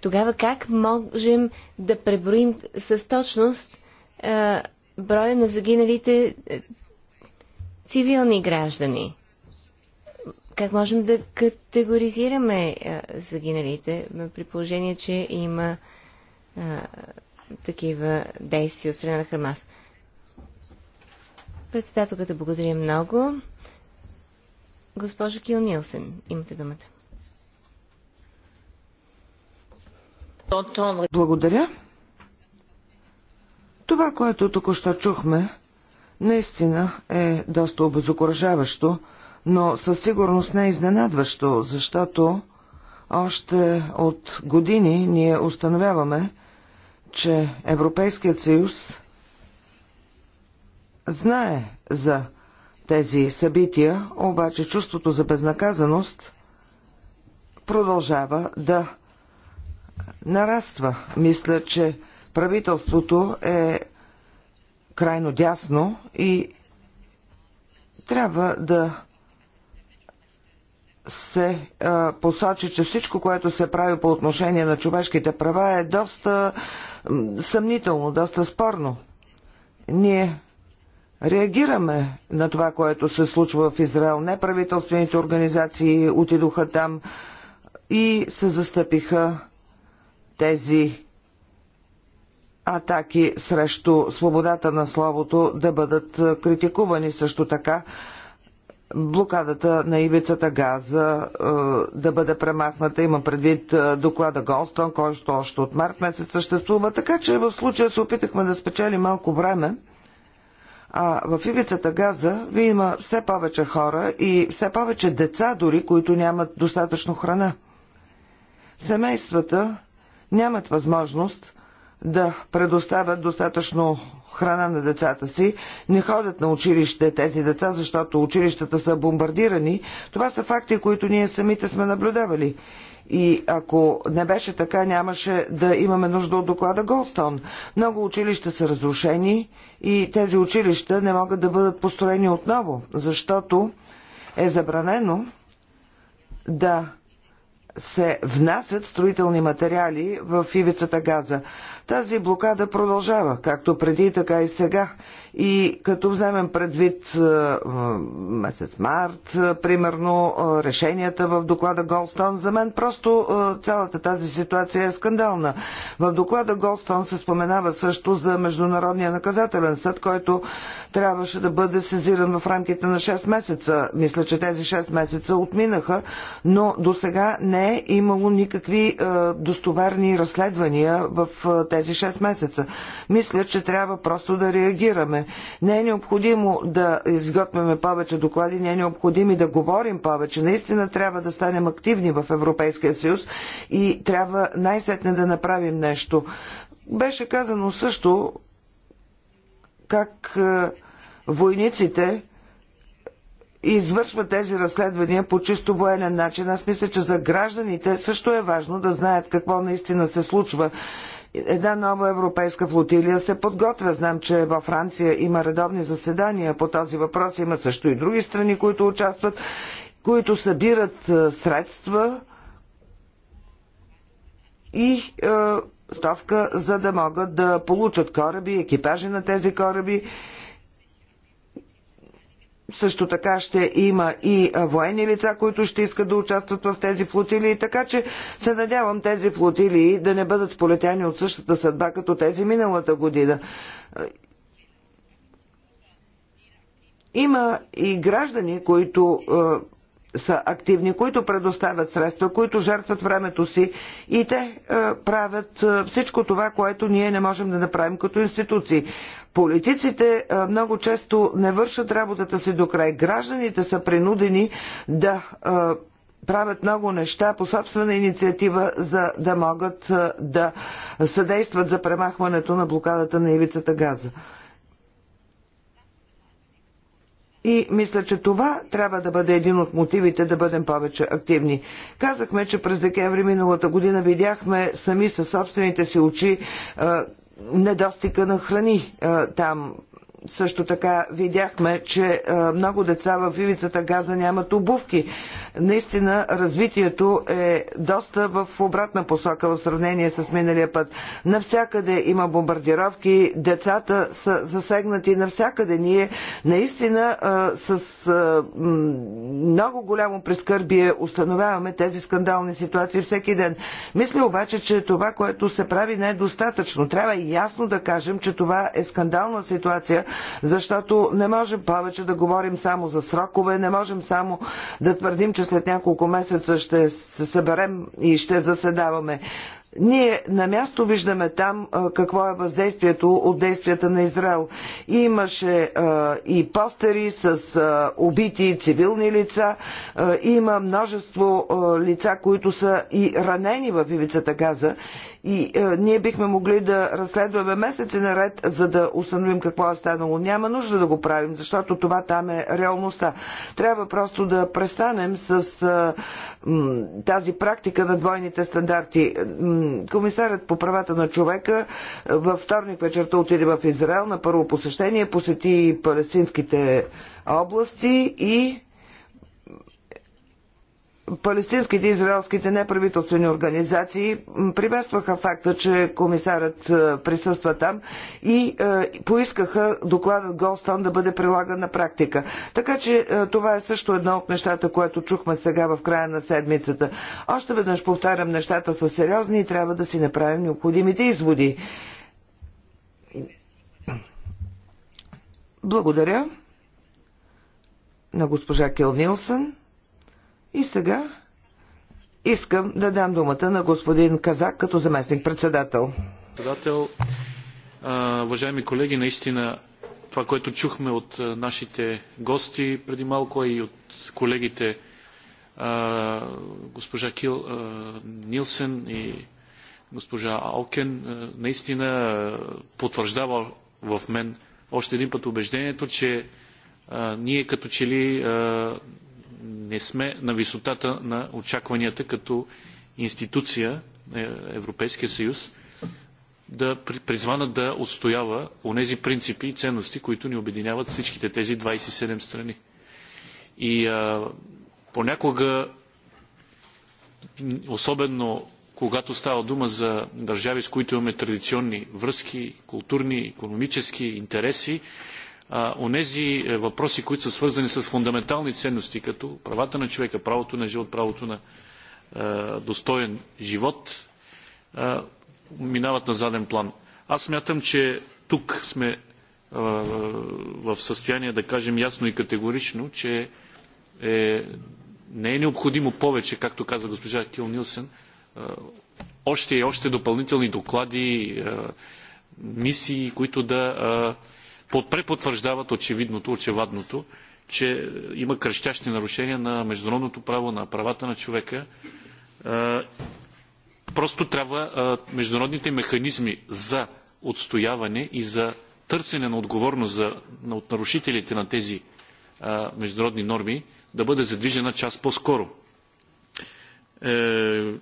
тогава как можем да преброим с точност а, броя на загиналите е, цивилни граждани? Как можем да категоризираме а, загиналите при положение, че има а, такива действия от страна на Хамас? Председателката благодаря много. Госпожа Кил Нилсен, имате думата. Благодаря. Това, което току-що чухме, наистина е доста обезокоръжаващо, но със сигурност не е изненадващо, защото още от години ние установяваме, че Европейският съюз знае за тези събития, обаче чувството за безнаказаност продължава да нараства. Мисля, че правителството е крайно дясно и трябва да се а, посочи, че всичко, което се прави по отношение на човешките права е доста съмнително, доста спорно. Ние реагираме на това, което се случва в Израел. Неправителствените организации отидоха там и се застъпиха тези атаки срещу свободата на словото да бъдат е, критикувани също така блокадата на ивицата Газа е, да бъде премахната. Има предвид е, доклада Голстон, който още от март месец съществува. Така че в случая се опитахме да спечели малко време. А в ивицата Газа ви има все повече хора и все повече деца дори, които нямат достатъчно храна. Семействата нямат възможност да предоставят достатъчно храна на децата си, не ходят на училище тези деца, защото училищата са бомбардирани. Това са факти, които ние самите сме наблюдавали. И ако не беше така, нямаше да имаме нужда от доклада Голстон. Много училища са разрушени и тези училища не могат да бъдат построени отново, защото е забранено да се внасят строителни материали в ивицата Газа. Тази блокада продължава, както преди, така и сега. И като вземем предвид е, месец март, е, примерно, е, решенията в доклада Голстон, за мен просто цялата тази ситуация е скандална. В доклада Голстон се споменава също за Международния наказателен съд, който трябваше да бъде сезиран в рамките на 6 месеца. Мисля, че тези 6 месеца отминаха, но до сега не е имало никакви достоверни разследвания в тези 6 месеца. Мисля, че трябва просто да реагираме. Не е необходимо да изготвяме повече доклади, не е необходимо и да говорим повече. Наистина трябва да станем активни в Европейския съюз и трябва най-сетне да направим нещо. Беше казано също как е, войниците извършва тези разследвания по чисто военен начин. Аз мисля, че за гражданите също е важно да знаят какво наистина се случва. Една нова европейска флотилия се подготвя. Знам, че във Франция има редовни заседания по този въпрос. Има също и други страни, които участват, които събират е, средства и е, стовка, за да могат да получат кораби, екипажи на тези кораби също така ще има и военни лица, които ще искат да участват в тези флотилии, така че се надявам тези флотилии да не бъдат сполетяни от същата съдба, като тези миналата година. Има и граждани, които са активни, които предоставят средства, които жертват времето си и те е, правят е, всичко това, което ние не можем да направим като институции. Политиците много често не вършат работата си до край. Гражданите са принудени да правят много неща по собствена инициатива, за да могат да съдействат за премахването на блокадата на ивицата Газа. И мисля, че това трябва да бъде един от мотивите да бъдем повече активни. Казахме, че през декември миналата година видяхме сами със собствените си очи недостига на храни там. Също така видяхме, че много деца в вивицата Газа нямат обувки наистина развитието е доста в обратна посока в сравнение с миналия път. Навсякъде има бомбардировки, децата са засегнати навсякъде. Ние наистина с много голямо прескърбие установяваме тези скандални ситуации всеки ден. Мисля обаче, че това, което се прави не е достатъчно. Трябва ясно да кажем, че това е скандална ситуация, защото не можем повече да говорим само за срокове, не можем само да твърдим, че след няколко месеца ще се съберем и ще заседаваме. Ние на място виждаме там какво е въздействието от действията на Израел. Имаше и постери с убити цивилни лица, има множество лица, които са и ранени в ивицата Газа и е, ние бихме могли да разследваме месеци наред, за да установим какво е станало. Няма нужда да го правим, защото това там е реалността. Трябва просто да престанем с е, тази практика на двойните стандарти. Е, комисарът по правата на човека е, във вторник вечерта отиде в Израел на първо посещение, посети палестинските области и палестинските и израелските неправителствени организации приветстваха факта, че комисарът е, присъства там и е, поискаха докладът Голстон да бъде прилаган на практика. Така че е, това е също едно от нещата, което чухме сега в края на седмицата. Още веднъж повтарям, нещата са сериозни и трябва да си направим необходимите изводи. Благодаря на госпожа Кел Нилсън. И сега искам да дам думата на господин Казак като заместник-председател. Председател, уважаеми колеги, наистина това, което чухме от нашите гости преди малко и от колегите госпожа Кил Нилсен и госпожа Алкен, наистина потвърждава в мен още един път убеждението, че ние като че ли не сме на висотата на очакванията като институция е, Европейския съюз да призвана да отстоява онези принципи и ценности, които ни обединяват всичките тези 27 страни. И а, понякога, особено когато става дума за държави, с които имаме традиционни връзки, културни, економически интереси, онези е, въпроси, които са свързани с фундаментални ценности, като правата на човека, правото на живот, правото на е, достоен живот, минават на заден план. Аз смятам, че тук сме е, в състояние да кажем ясно и категорично, че е, не е необходимо повече, както каза госпожа Кил Нилсен, още и още допълнителни доклади, мисии, които да препотвърждават очевидното, очевадното, че е, има крещящи нарушения на международното право, на правата на човека. Е, просто трябва е, международните механизми за отстояване и за търсене на отговорност за, от нарушителите на тези международни норми да бъде задвижена част по-скоро.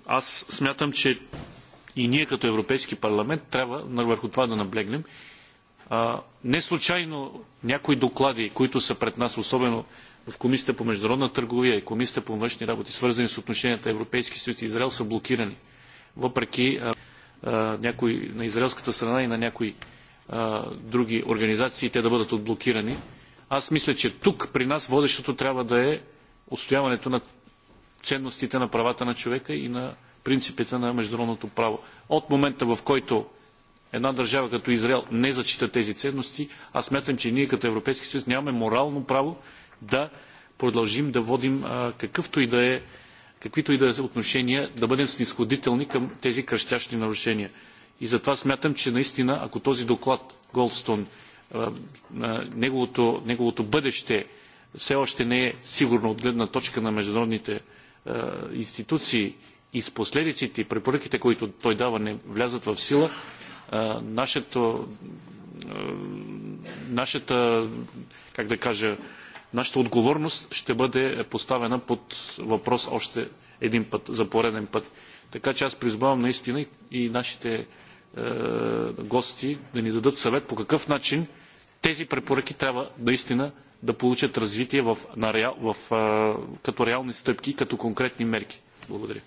аз смятам, че и ние като Европейски парламент трябва върху това да наблегнем Неслучайно някои доклади, които са пред нас, особено в Комисията по международна търговия и Комисията по външни работи, свързани с отношенията Европейски съюз и Израел, са блокирани. Въпреки а, а, някой, на израелската страна и на някои а, други организации те да бъдат отблокирани. Аз мисля, че тук при нас водещото трябва да е отстояването на ценностите на правата на човека и на принципите на международното право. От момента, в който една държава като Израел не зачита тези ценности, аз смятам, че ние като Европейски съюз нямаме морално право да продължим да водим какъвто и да е каквито и да е отношения, да бъдем снисходителни към тези кръщящи нарушения. И затова смятам, че наистина, ако този доклад Голдстон, неговото, неговото бъдеще все още не е сигурно от гледна точка на международните институции и с последиците и препоръките, които той дава, не влязат в сила, нашето, нашата, как да кажа, нашата отговорност ще бъде поставена под въпрос още един път, за пореден път. Така че аз призовавам наистина и нашите е, гости да ни дадат съвет по какъв начин тези препоръки трябва наистина да получат развитие в, на реал, в, е, като реални стъпки, като конкретни мерки. Благодаря.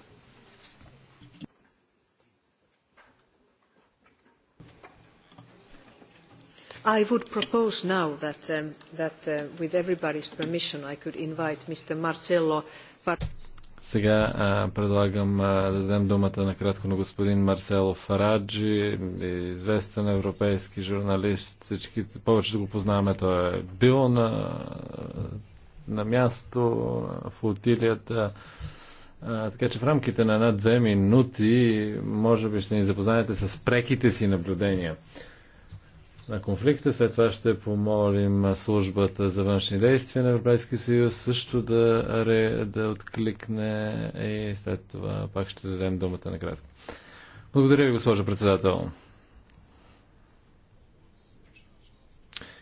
I would propose now that, um, uh, with everybody's permission, I could invite Mr. Marcelo сега а, предлагам а, да дадем думата накратко на господин Марсело Фараджи, известен европейски журналист. Всички, повечето го познаваме. Той е бил на, на място, на флотилията. А, така че в рамките на една-две минути, може би ще ни запознаете с преките си наблюдения на конфликта. След това ще помолим службата за външни действия на Европейския съюз също да, ре, да откликне и след това пак ще дадем думата накратко. Благодаря ви, госпожо председател.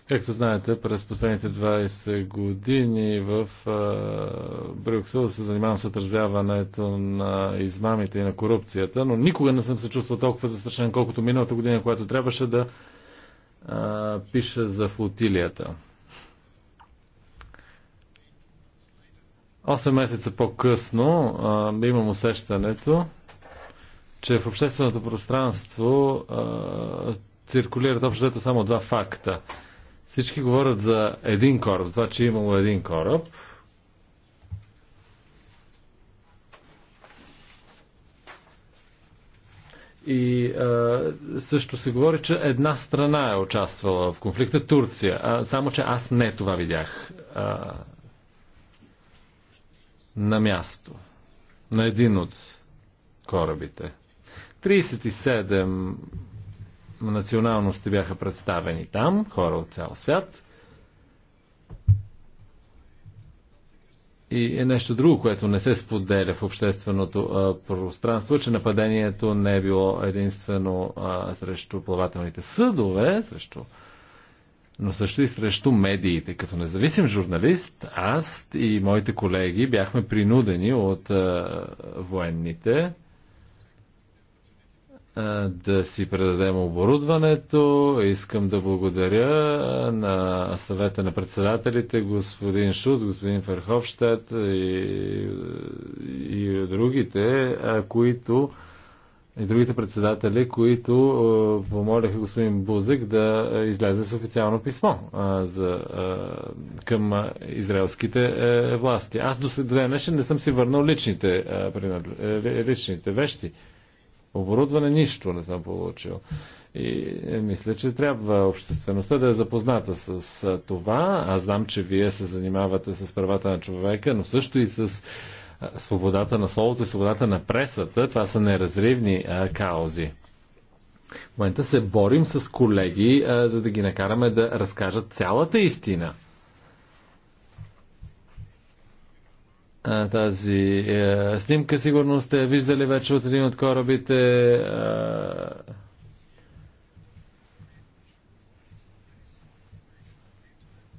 Както знаете, през последните 20 години в Брюксел се занимавам с отразяването на измамите и на корупцията, но никога не съм се чувствал толкова застрашен, колкото миналата година, когато трябваше да пише пиша за флотилията. Осем месеца по-късно а, имам усещането, че в общественото пространство а, циркулират общо само два факта. Всички говорят за един кораб, за това, че е имало един кораб – И а, също се говори, че една страна е участвала в конфликта Турция. А, само, че аз не това видях а, на място, на един от корабите. 37 националности бяха представени там, хора от цял свят и е нещо друго, което не се споделя в общественото а, пространство, че нападението не е било единствено а, срещу плавателните съдове, срещу, но също и срещу медиите. Като независим журналист, аз и моите колеги бяхме принудени от а, военните да си предадем оборудването. Искам да благодаря на съвета на председателите, господин Шус, господин Ферховщет и, и другите, които и другите председатели, които помоляха господин Бузик да излезе с официално писмо за, към израелските власти. Аз до днешен не съм си върнал личните, личните вещи оборудване, нищо не съм получил. И е, мисля, че трябва обществеността да е запозната с това. Аз знам, че вие се занимавате с правата на човека, но също и с свободата на словото и свободата на пресата. Това са неразривни а, каузи. В момента се борим с колеги, а, за да ги накараме да разкажат цялата истина – тази е, снимка. Сигурно сте виждали вече от един от корабите. Е,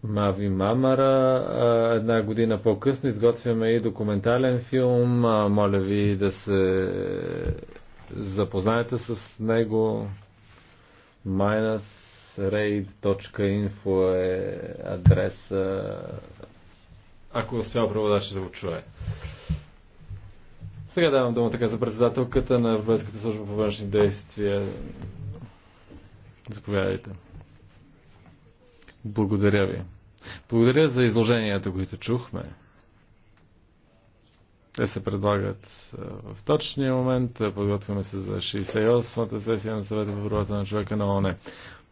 Мави Мамара. Една година по-късно изготвяме и документален филм. Моля ви да се запознаете с него. minusraid.info е адреса ако успял преводача да го чуе. Сега давам дума така за председателката на Европейската служба по външни действия. Заповядайте. Благодаря ви. Благодаря за изложенията, които чухме. Те се предлагат в точния момент. Подготвяме се за 68-та сесия на съвета по правата на човека на ОНЕ.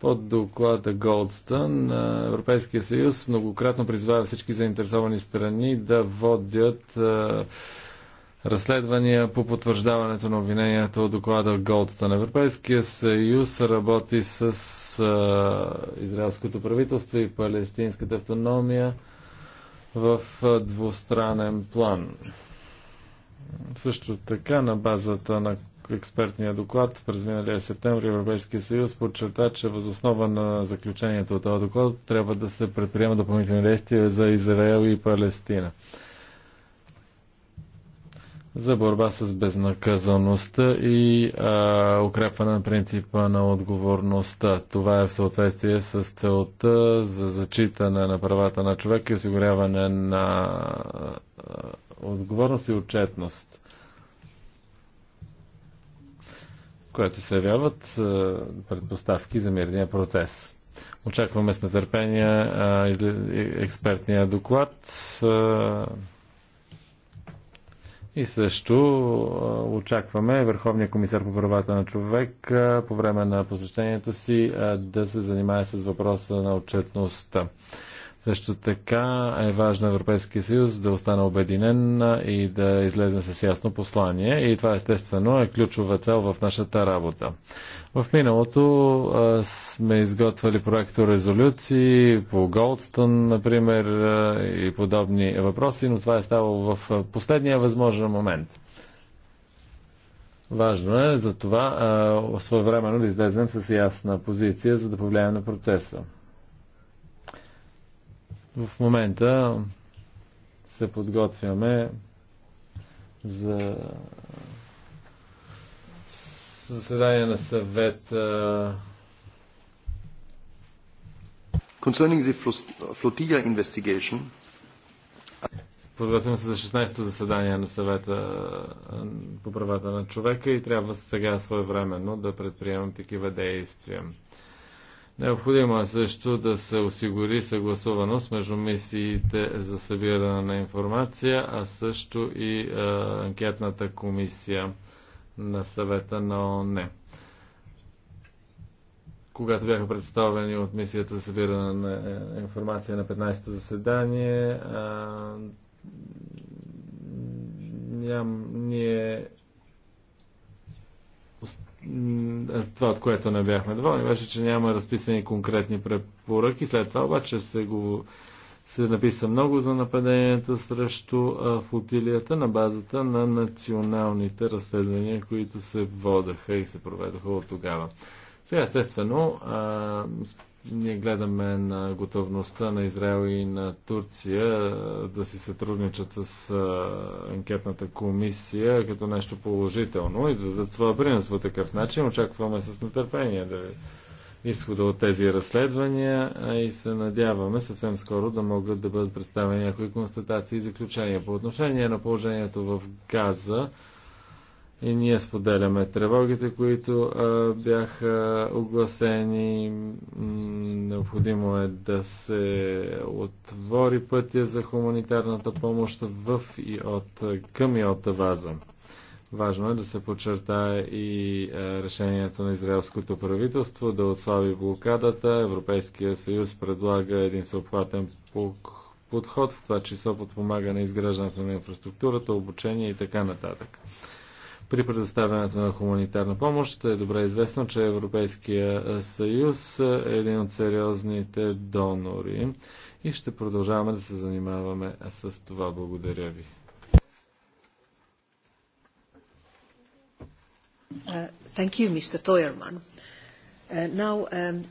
От доклада Голдстън Европейския съюз многократно призвава всички заинтересовани страни да водят разследвания по потвърждаването на обвиненията от доклада Голдстън. Европейския съюз работи с израелското правителство и палестинската автономия в двустранен план. Също така на базата на експертния доклад през миналия септември Европейския съюз подчерта, че възоснова на заключението от този доклад трябва да се предприема допълнителни действия за Израел и Палестина за борба с безнаказаността и а, укрепване на принципа на отговорността. Това е в съответствие с целта за зачитане на правата на човека и осигуряване на а, отговорност и отчетност. което се явяват е, предпоставки за мирния процес. Очакваме с нетърпение е, е, експертния доклад и също очакваме Върховния комисар по правата на човек по време на посещението си да се занимае с въпроса на отчетността. Също така е важно Европейския съюз да остане обединен и да излезе с ясно послание. И това естествено е ключова цел в нашата работа. В миналото сме изготвили проекто резолюции по Голдстън, например, и подобни въпроси, но това е ставало в последния възможен момент. Важно е за това своевременно да излезем с ясна позиция, за да повлияем на процеса. В момента се подготвяме за заседание на съвета Concerning the flotilla investigation, Подготвяме се за 16-то заседание на съвета по правата на човека и трябва сега своевременно да предприемам такива действия. Необходимо е също да се осигури съгласуваност между мисиите за събиране на информация, а също и е, анкетната комисия на съвета на ОНЕ. Когато бяха представени от мисията за събиране на е, информация на 15-то заседание, е, ням, ние е, това, от което не бяхме доволни, беше, че няма разписани конкретни препоръки. След това обаче се го се написа много за нападението срещу флотилията на базата на националните разследвания, които се водеха и се проведоха от тогава. Сега, естествено, а, ние гледаме на готовността на Израел и на Турция да си сътрудничат с анкетната комисия като нещо положително и да дадат своя принос по такъв начин. Очакваме с нетърпение да изхода от тези разследвания а и се надяваме съвсем скоро да могат да бъдат представени някои констатации и заключения. По отношение на положението в Газа, и ние споделяме тревогите, които а, бяха огласени. Необходимо е да се отвори пътя за хуманитарната помощ в и от, към и от ваза. Важно е да се подчертае и решението на израелското правителство да отслаби блокадата. Европейския съюз предлага един съобхватен подход, в това число подпомагане изграждането на инфраструктурата, обучение и така нататък при предоставянето на хуманитарна помощ. Е добре известно, че Европейския съюз е един от сериозните донори и ще продължаваме да се занимаваме с това. Благодаря ви. Uh,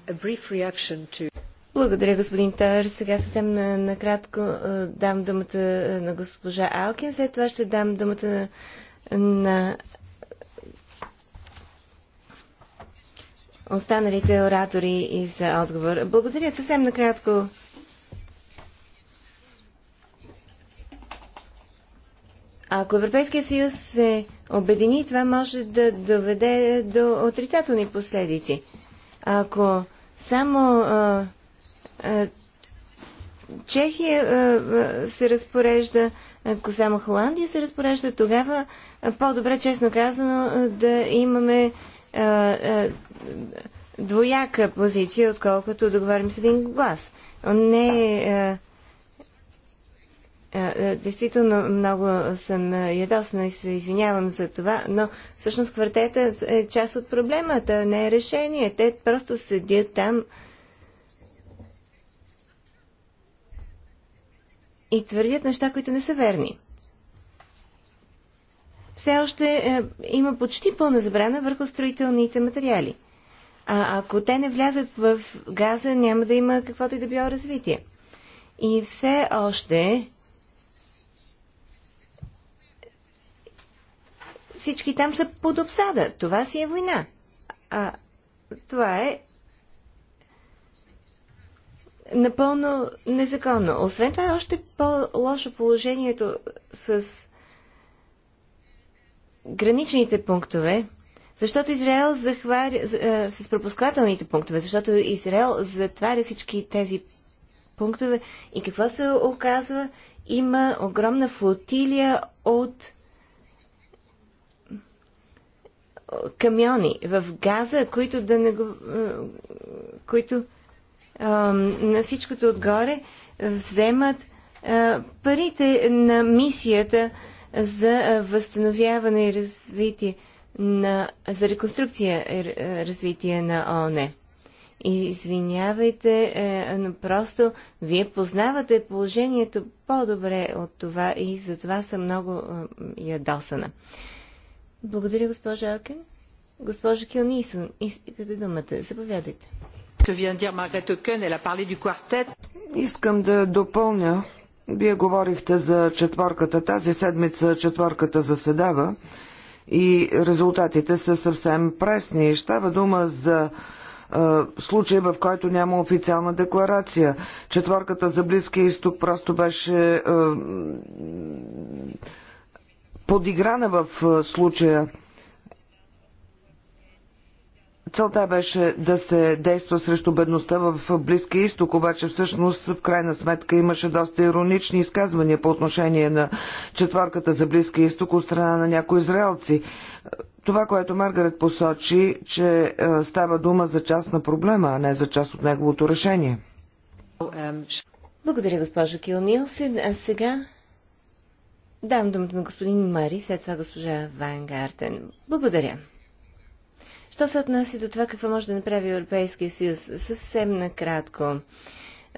uh, um, Благодаря, господин Тойер. Сега съвсем накратко uh, дам думата на госпожа Алкин, след това ще дам думата на на останалите оратори и за отговор. Благодаря съвсем накратко. Ако Европейския съюз се обедини, това може да доведе до отрицателни последици. Ако само а, а, Чехия а, се разпорежда ако само Холандия се разпорежда, тогава по-добре, честно казано, да имаме а, а, двояка позиция, отколкото да говорим с един глас. Не. Е, а, Действително много съм ядосна и се извинявам за това, но всъщност квартета е част от проблемата, не е решение. Те просто седят там и твърдят неща, които не са верни. Все още е, има почти пълна забрана върху строителните материали. А ако те не влязат в газа, няма да има каквото и да било развитие. И все още всички там са под обсада. Това си е война. А това е напълно незаконно. Освен това е още по-лошо положението с граничните пунктове, защото Израел захваря с пропускателните пунктове, защото Израел затваря всички тези пунктове и какво се оказва? Има огромна флотилия от камиони в Газа, които да не го... които на всичкото отгоре вземат парите на мисията за възстановяване и развитие на, за реконструкция и развитие на ООН. Извинявайте, е, но просто вие познавате положението по-добре от това и за това съм много ядосана. Благодаря, госпожа Окен. Госпожа Килнисън, искате думата. Заповядайте. Искам да допълня. Вие говорихте за четворката. Тази седмица четворката заседава и резултатите са съвсем пресни. Става дума за случай, в който няма официална декларация. Четворката за Близкия изток просто беше подиграна в случая. Целта беше да се действа срещу бедността в Близкия изток, обаче всъщност в крайна сметка имаше доста иронични изказвания по отношение на четворката за Близкия изток от страна на някои израелци. Това, което Маргарет посочи, че е, става дума за част на проблема, а не за част от неговото решение. Благодаря, госпожо Кил Нилсен. А сега дам думата на господин Мари, след това госпожа Вайнгартен. Благодаря. Що се отнася до това, какво може да направи Европейския съюз? Съвсем накратко.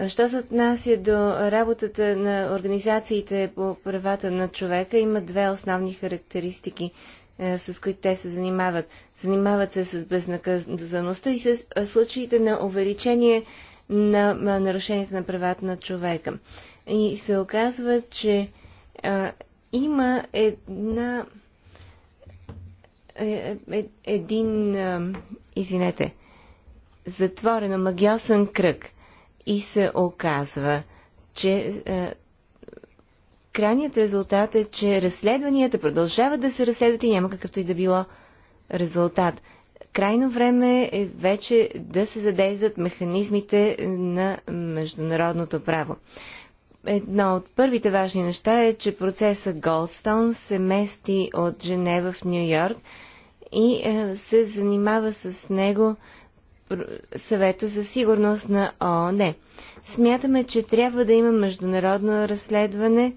Що се отнася до работата на организациите по правата на човека, има две основни характеристики, е, с които те се занимават. Занимават се с безнаказаността и с е, случаите на увеличение на нарушението на правата на човека. И се оказва, че а, е, има една е, е, е, един, извинете, затворен, магиосен кръг и се оказва, че крайният резултат е, че разследванията продължават да се разследват и няма какъвто и да било резултат. Крайно време е вече да се задействат механизмите на международното право. Едно от първите важни неща е, че процесът Голдстоун се мести от Женева в Нью Йорк и е, се занимава с него съвета за сигурност на ООН. Смятаме, че трябва да има международно разследване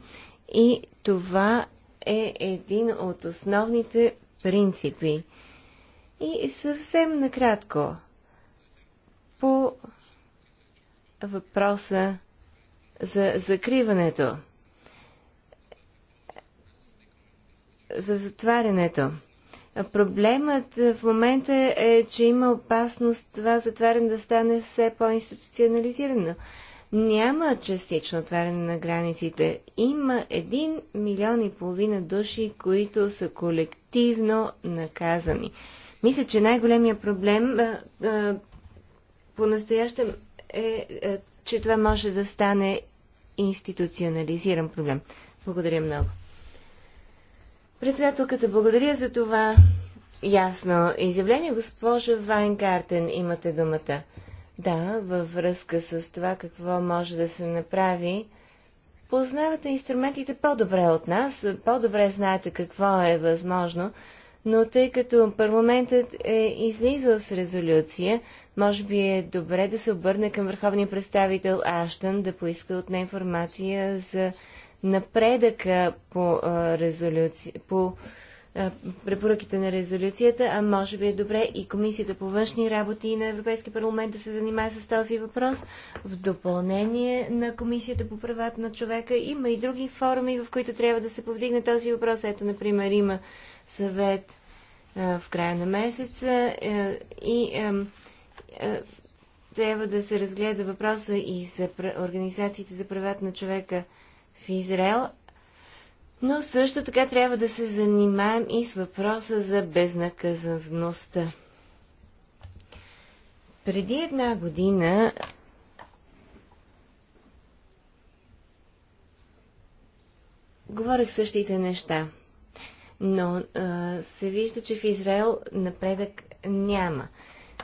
и това е един от основните принципи. И съвсем накратко по въпроса за закриването, за затварянето. Проблемът в момента е, че има опасност това затваряне да стане все по-институционализирано. Няма частично отваряне на границите. Има един милион и половина души, които са колективно наказани. Мисля, че най-големия проблем по-настоящем е, че това може да стане институционализиран проблем. Благодаря много. Председателката благодаря за това ясно изявление. Госпожа Вайнгартен, имате думата. Да, във връзка с това какво може да се направи, познавате инструментите по-добре от нас, по-добре знаете какво е възможно, но тъй като парламентът е излизал с резолюция, може би е добре да се обърне към върховния представител Аштън да поиска от нея информация за напредъка по, резолюци... по препоръките на резолюцията, а може би е добре и Комисията по външни работи на Европейския парламент да се занимае с този въпрос. В допълнение на Комисията по правата на човека има и други форуми, в които трябва да се повдигне този въпрос. Ето, например, има съвет а, в края на месеца а, и а, трябва да се разгледа въпроса и за организациите за правата на човека – в Израел, но също така трябва да се занимаем и с въпроса за безнаказаността. Преди една година говорех същите неща, но а, се вижда, че в Израел напредък няма.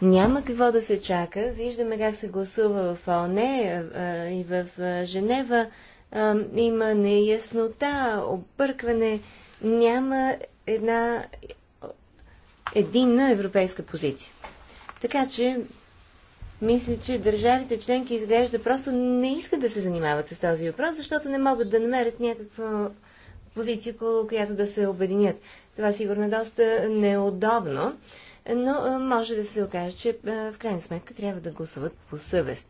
Няма какво да се чака. Виждаме как се гласува в ОНЕ и в Женева а, има неяснота, объркване, няма една единна европейска позиция. Така че, мисля, че държавите членки изглежда просто не искат да се занимават с този въпрос, защото не могат да намерят някаква позиция, около която да се обединят. Това сигурно е доста неудобно, но може да се окаже, че в крайна сметка трябва да гласуват по съвест.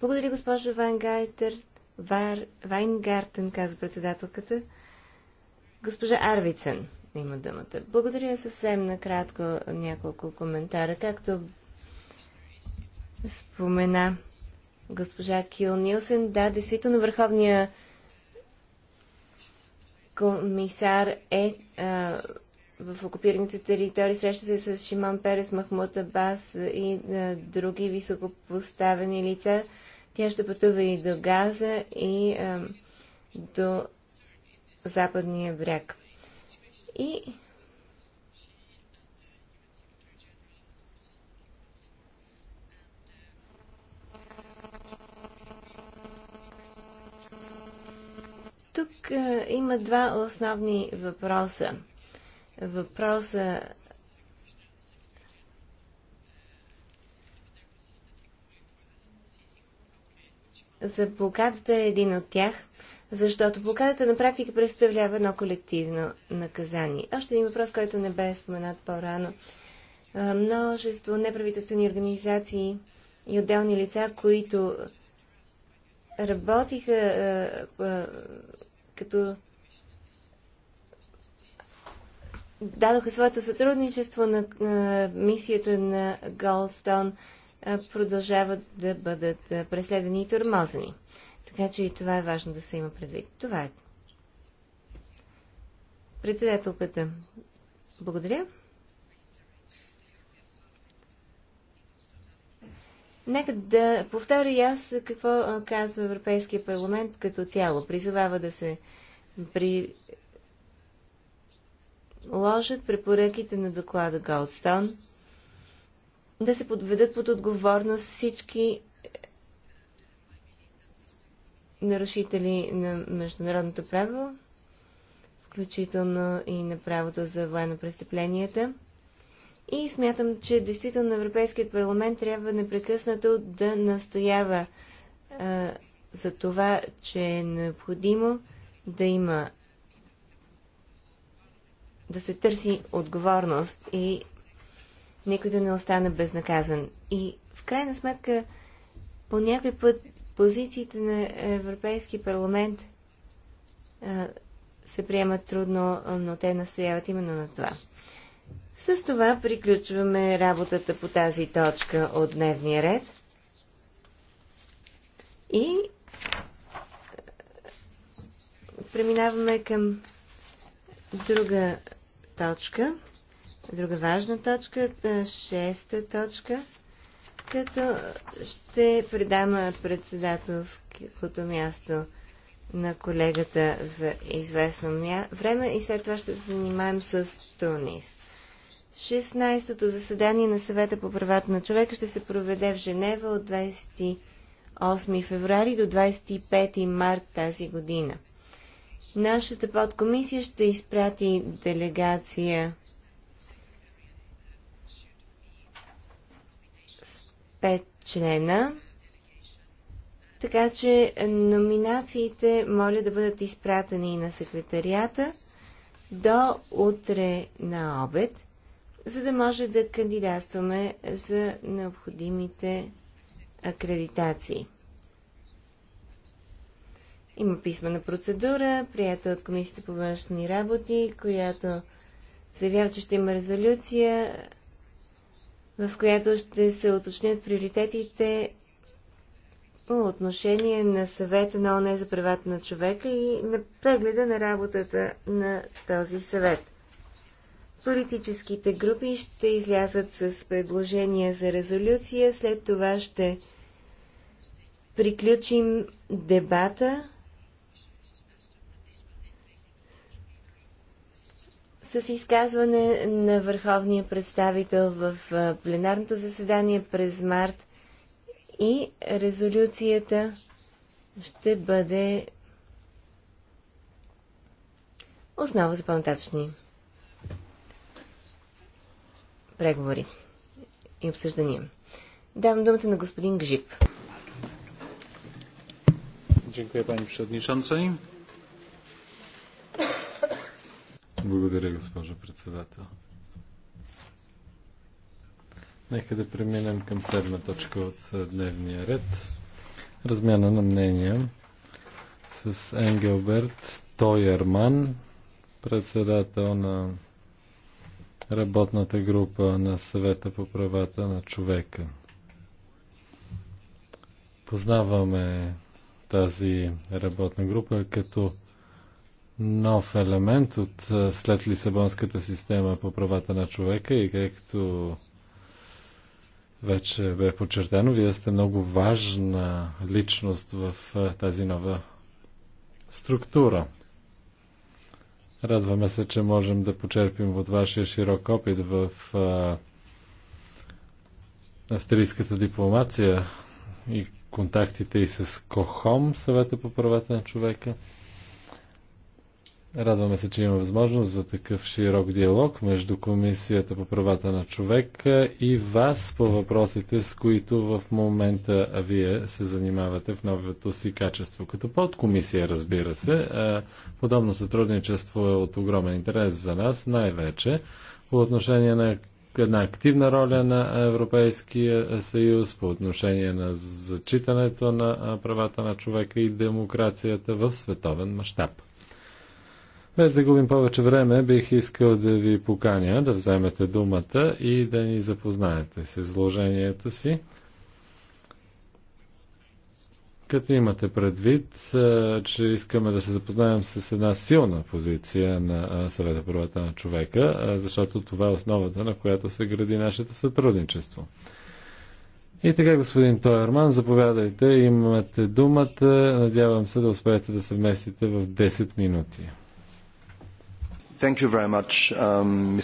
Благодаря, госпожо Ван Гайтер. Вар... Вайнгартен, каза председателката. Госпожа Арвицен има думата. Благодаря съвсем накратко няколко коментара. Както спомена госпожа Кил Нилсен, да, действително Върховния комисар е а, в окупираните територии, среща се с Шиман Перес, Махмута Абас и а, други високопоставени лица. Тя ще пътува и до Газа, и а, до западния бряг. И Тук а, има два основни въпроса. Въпроса за блокадата е един от тях, защото блокадата на практика представлява едно колективно наказание. Още един въпрос, който не бе споменат по-рано. Множество неправителствени организации и отделни лица, които работиха като дадоха своето сътрудничество на, на мисията на Голдстон продължават да бъдат преследвани и тормозени. Така че и това е важно да се има предвид. Това е. Председателката, благодаря. Нека да повторя и аз какво казва Европейския парламент като цяло. Призовава да се при... ложат препоръките на доклада Голдстон – да се подведат под отговорност всички нарушители на международното право, включително и на правото за военно престъпленията. И смятам, че действително Европейският парламент трябва непрекъснато да настоява а, за това, че е необходимо да има да се търси отговорност и никой да не остана безнаказан. И в крайна сметка, по някой път позициите на Европейски парламент а, се приемат трудно, но те настояват именно на това. С това приключваме работата по тази точка от дневния ред. И преминаваме към друга точка друга важна точка, шеста точка, като ще предам председателското място на колегата за известно време и след това ще се занимаем с Тунис. 16-то заседание на съвета по правата на човека ще се проведе в Женева от 28 феврари до 25 март тази година. Нашата подкомисия ще изпрати делегация 5 члена. Така че номинациите моля да бъдат изпратени на секретарията до утре на обед, за да може да кандидатстваме за необходимите акредитации. Има писмена процедура, прията от Комисията по външни работи, която заявява, че ще има резолюция в която ще се уточнят приоритетите по отношение на съвета на ОНЕ за правата на човека и на прегледа на работата на този съвет. Политическите групи ще излязат с предложения за резолюция, след това ще приключим дебата с изказване на върховния представител в пленарното заседание през март и резолюцията ще бъде основа за по преговори и обсъждания. Давам думата на господин Гжип. Dziękuję Panie Przewodniczącej. Благодаря, госпожо председател. Нека да преминем към седма точка от дневния ред. Размяна на мнения с Енгелберт Тойерман, председател на работната група на съвета по правата на човека. Познаваме тази работна група като нов елемент от след Лисабонската система по правата на човека и както вече бе подчертано, вие сте много важна личност в тази нова структура. Радваме се, че можем да почерпим от вашия широк опит в австрийската дипломация и контактите и с КОХОМ, съвета по правата на човека. Радваме се, че има възможност за такъв широк диалог между Комисията по правата на човека и вас по въпросите, с които в момента вие се занимавате в новото си качество. Като подкомисия, разбира се, подобно сътрудничество е от огромен интерес за нас, най-вече по отношение на една активна роля на Европейския съюз по отношение на зачитането на правата на човека и демокрацията в световен мащаб. Без да губим повече време, бих искал да ви поканя да вземете думата и да ни запознаете с изложението си. Като имате предвид, че искаме да се запознаем с една силна позиция на Съвета правата на човека, защото това е основата, на която се гради нашето сътрудничество. И така, господин Тойерман, заповядайте, имате думата. Надявам се да успеете да се вместите в 10 минути. Um,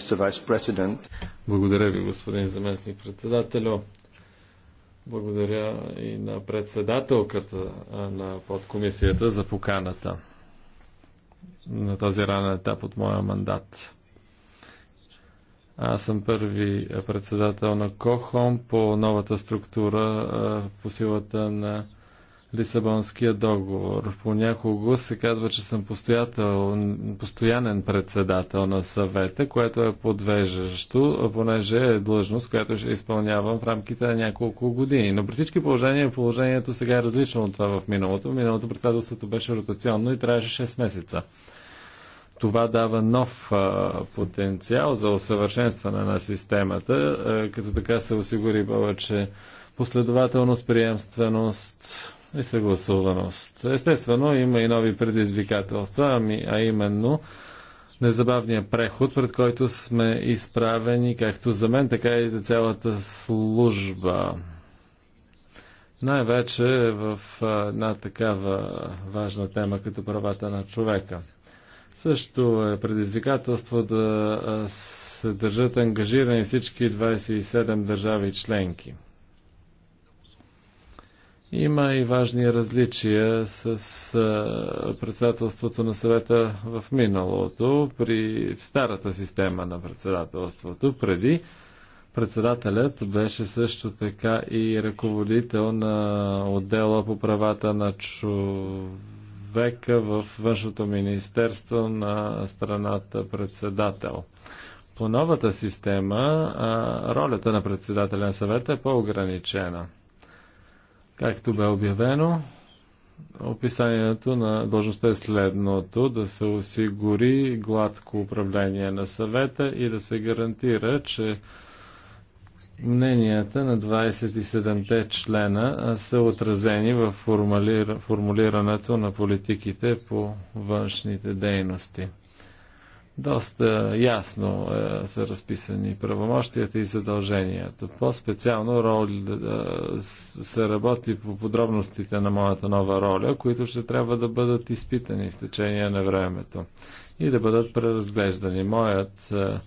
Благодаря ви, господин заместник председателю. Благодаря и на председателката на подкомисията за поканата на този ранен етап от моя мандат. Аз съм първи председател на КОХОМ по новата структура по силата на Лисабонския договор. Понякога се казва, че съм постоянен председател на съвета, което е подвеждащо, понеже е длъжност, която ще изпълнявам в рамките на няколко години. Но при всички положения положението сега е различно от това в миналото. Миналото председателството беше ротационно и трябваше 6 месеца. Това дава нов а, потенциал за усъвършенстване на системата, а, като така се осигури повече последователност, приемственост, несъгласуваност. Естествено, има и нови предизвикателства, ами, а именно незабавния преход, пред който сме изправени както за мен, така и за цялата служба. Най-вече в една такава важна тема, като правата на човека. Също е предизвикателство да се държат ангажирани всички 27 държави членки – има и важни различия с председателството на съвета в миналото. При старата система на председателството преди председателят беше също така и ръководител на отдела по правата на човека в външното министерство на страната председател. По новата система ролята на председателя на съвета е по-ограничена – Както бе обявено, описанието на должността е следното да се осигури гладко управление на съвета и да се гарантира, че мненията на 27-те члена са отразени в формулирането на политиките по външните дейности. Доста ясно е, са разписани правомощията и задълженията. По-специално роли е, се работи по подробностите на моята нова роля, които ще трябва да бъдат изпитани в течение на времето и да бъдат преразглеждани. Моят е,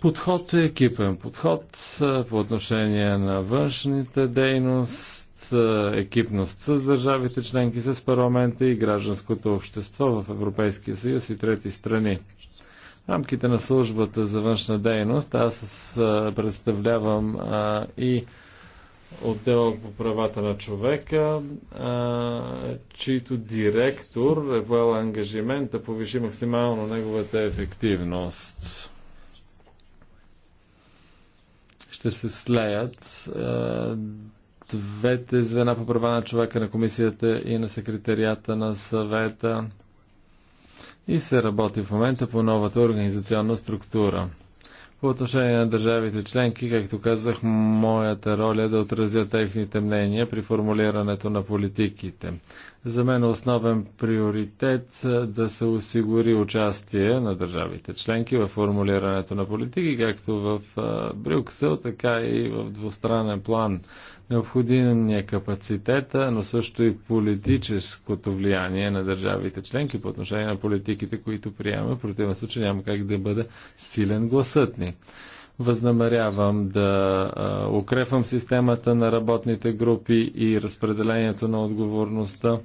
подход е екипен подход е, по отношение на външните дейности екипност с държавите членки, с парламента и гражданското общество в Европейския съюз и трети страни. В рамките на службата за външна дейност аз представлявам а, и отдел по правата на човека, а, чийто директор е поел ангажимент да повиши максимално неговата ефективност. Ще се слеят а, двете звена по права на човека на комисията и на секретарията на съвета и се работи в момента по новата организационна структура. По отношение на държавите членки, както казах, моята роля е да отразя техните мнения при формулирането на политиките. За мен основен приоритет да се осигури участие на държавите членки в формулирането на политики, както в Брюксел, така и в двустранен план Необходим ни е капацитета, но също и политическото влияние на държавите членки по отношение на политиките, които приемаме. В противен случай няма как да бъде силен гласът ни възнамерявам да укрепвам системата на работните групи и разпределението на отговорността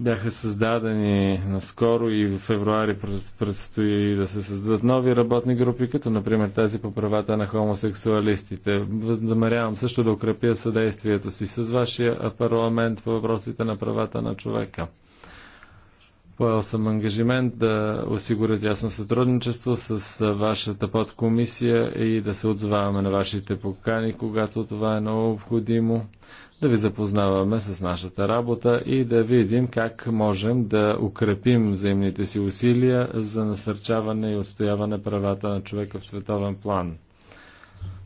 бяха създадени наскоро и в февруари предстои да се създадат нови работни групи, като например тази по правата на хомосексуалистите. Възнамерявам също да укрепя съдействието си с вашия парламент по въпросите на правата на човека. Поел съм ангажимент да осигуря тясно сътрудничество с вашата подкомисия и да се отзоваваме на вашите покани, когато това е необходимо да ви запознаваме с нашата работа и да видим как можем да укрепим взаимните си усилия за насърчаване и отстояване правата на човека в световен план.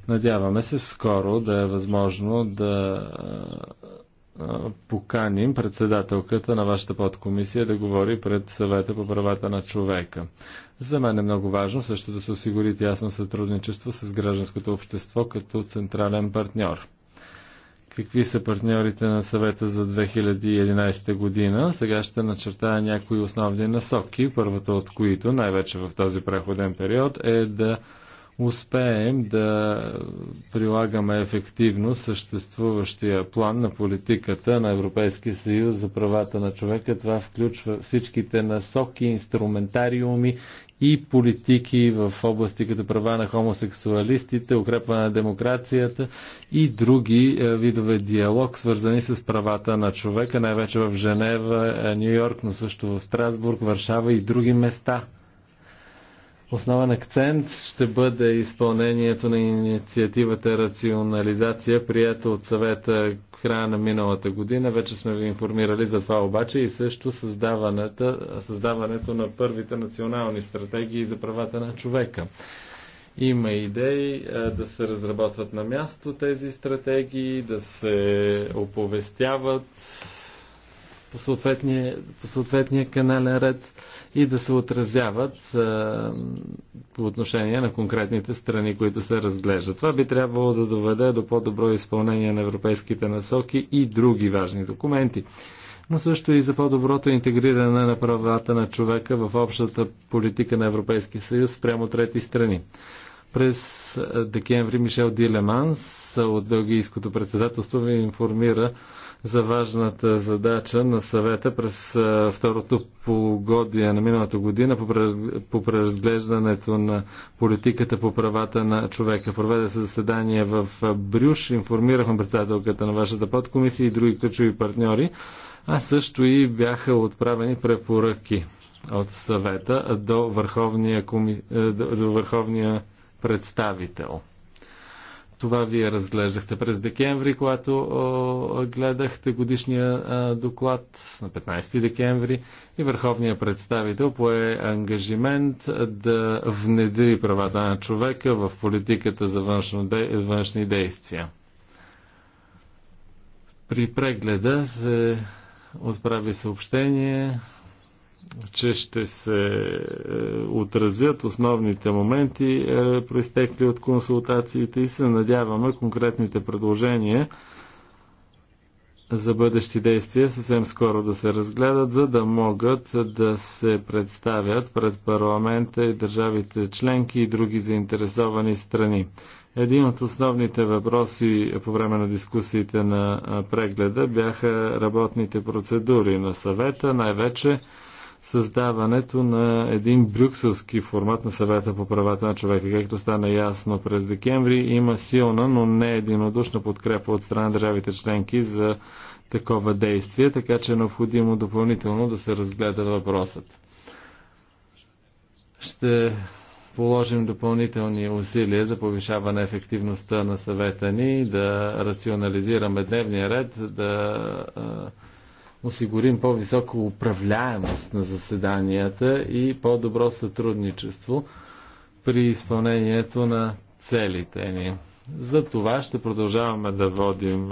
Надяваме се скоро да е възможно да поканим председателката на вашата подкомисия да говори пред съвета по правата на човека. За мен е много важно също да се осигурите ясно сътрудничество с гражданското общество като централен партньор какви са партньорите на съвета за 2011 година. Сега ще начертая някои основни насоки, първата от които, най-вече в този преходен период, е да успеем да прилагаме ефективно съществуващия план на политиката на Европейския съюз за правата на човека. Това включва всичките насоки, инструментариуми и политики в области като права на хомосексуалистите, укрепване на демокрацията и други е, видове диалог, свързани с правата на човека, най-вече в Женева, е, Нью Йорк, но също в Страсбург, Варшава и други места – Основен акцент ще бъде изпълнението на инициативата Рационализация, прията от съвета в края на миналата година. Вече сме ви информирали за това обаче и също създаването, създаването на първите национални стратегии за правата на човека. Има идеи да се разработват на място тези стратегии, да се оповестяват по съответния, по съответния канален ред и да се отразяват а, по отношение на конкретните страни, които се разглеждат. Това би трябвало да доведе до по-добро изпълнение на европейските насоки и други важни документи но също и за по-доброто интегриране на правата на човека в общата политика на Европейския съюз прямо трети страни. През декември Мишел Дилеманс от Белгийското председателство ви информира за важната задача на съвета през второто полугодие на миналата година по преразглеждането на политиката по правата на човека. Проведе се заседание в Брюш, информирахме председателката на вашата подкомисия и други ключови партньори, а също и бяха отправени препоръки от съвета до върховния, коми... до върховния представител това вие разглеждахте през декември, когато о, гледахте годишния а, доклад на 15 декември и върховният представител пое ангажимент да внедри правата на човека в политиката за външно, външни действия. При прегледа се отправи съобщение че ще се е, отразят основните моменти, е, проистекли от консултациите и се надяваме конкретните предложения за бъдещи действия съвсем скоро да се разгледат, за да могат да се представят пред парламента и държавите членки и други заинтересовани страни. Един от основните въпроси по време на дискусиите на прегледа бяха работните процедури на съвета, най-вече създаването на един брюкселски формат на съвета по правата на човека. Както стана ясно през декември, има силна, но не единодушна подкрепа от страна държавите членки за такова действие, така че е необходимо допълнително да се разгледа въпросът. Ще положим допълнителни усилия за повишаване ефективността на съвета ни, да рационализираме дневния ред, да осигурим по-висока управляемост на заседанията и по-добро сътрудничество при изпълнението на целите ни. За това ще продължаваме да водим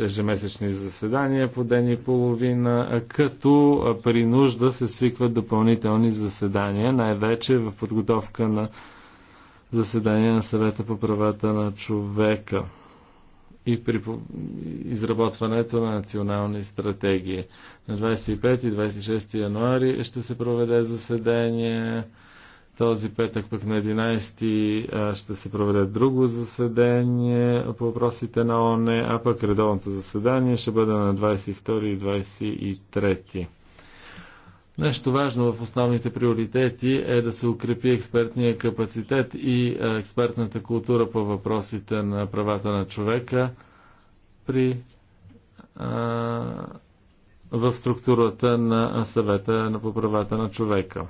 ежемесечни заседания по ден и половина, като при нужда се свикват допълнителни заседания, най-вече в подготовка на заседания на съвета по правата на човека и при изработването на национални стратегии. На 25 и 26 януари ще се проведе заседание. Този петък пък на 11 ще се проведе друго заседание по въпросите на ОНЕ, а пък редовното заседание ще бъде на 22 и 23. Нещо важно в основните приоритети е да се укрепи експертния капацитет и е, експертната култура по въпросите на правата на човека при, а, е, в структурата на съвета на по правата на човека.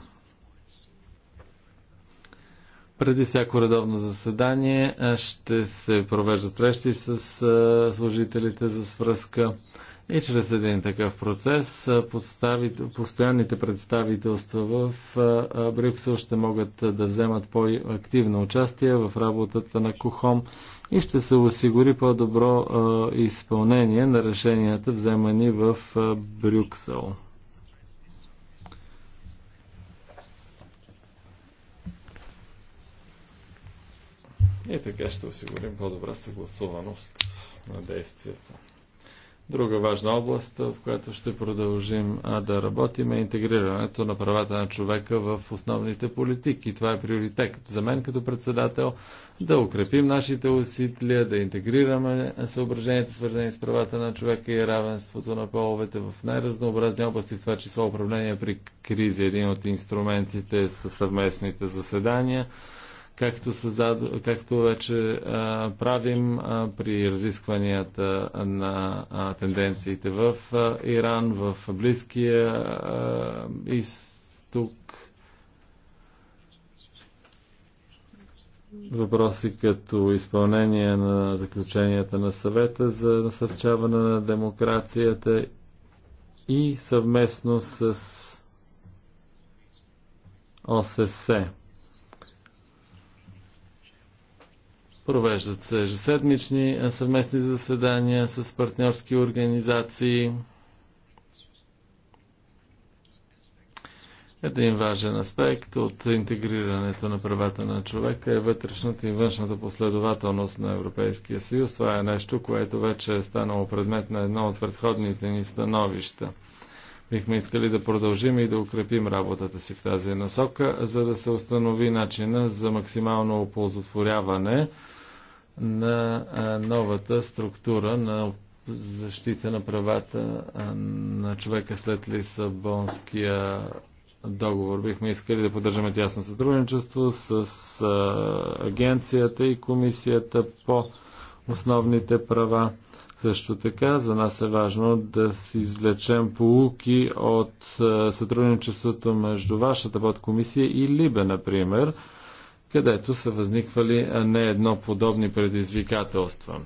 Преди всяко редовно заседание е, ще се провежда срещи с служителите за свръзка. И чрез един такъв процес постоянните представителства в Брюксел ще могат да вземат по-активно участие в работата на КУХОМ и ще се осигури по-добро изпълнение на решенията вземани в Брюксел. И така ще осигурим по-добра съгласуваност на действията. Друга важна област, в която ще продължим да работим е интегрирането на правата на човека в основните политики. Това е приоритет за мен като председател да укрепим нашите усилия, да интегрираме съображенията, свързани с правата на човека и равенството на половете в най-разнообразни области, в това число управление при кризи. Един от инструментите са съвместните заседания както, създад... както вече а, правим а, при разискванията на а, тенденциите в а, Иран, в Близкия а, изток. Въпроси като изпълнение на заключенията на съвета за насърчаване на демокрацията и съвместно с ОССЕ. Провеждат се ежеседмични съвместни заседания с партньорски организации. Един важен аспект от интегрирането на правата на човека е вътрешната и външната последователност на Европейския съюз. Това е нещо, което вече е станало предмет на едно от предходните ни становища. Бихме искали да продължим и да укрепим работата си в тази насока, за да се установи начина за максимално оползотворяване на новата структура на защита на правата на човека след Лисабонския договор. Бихме искали да поддържаме тясно сътрудничество с агенцията и комисията по основните права. Също така за нас е важно да си извлечем полуки от е, сътрудничеството между вашата подкомисия и Либе, например, където са възниквали е, не едно подобни предизвикателства.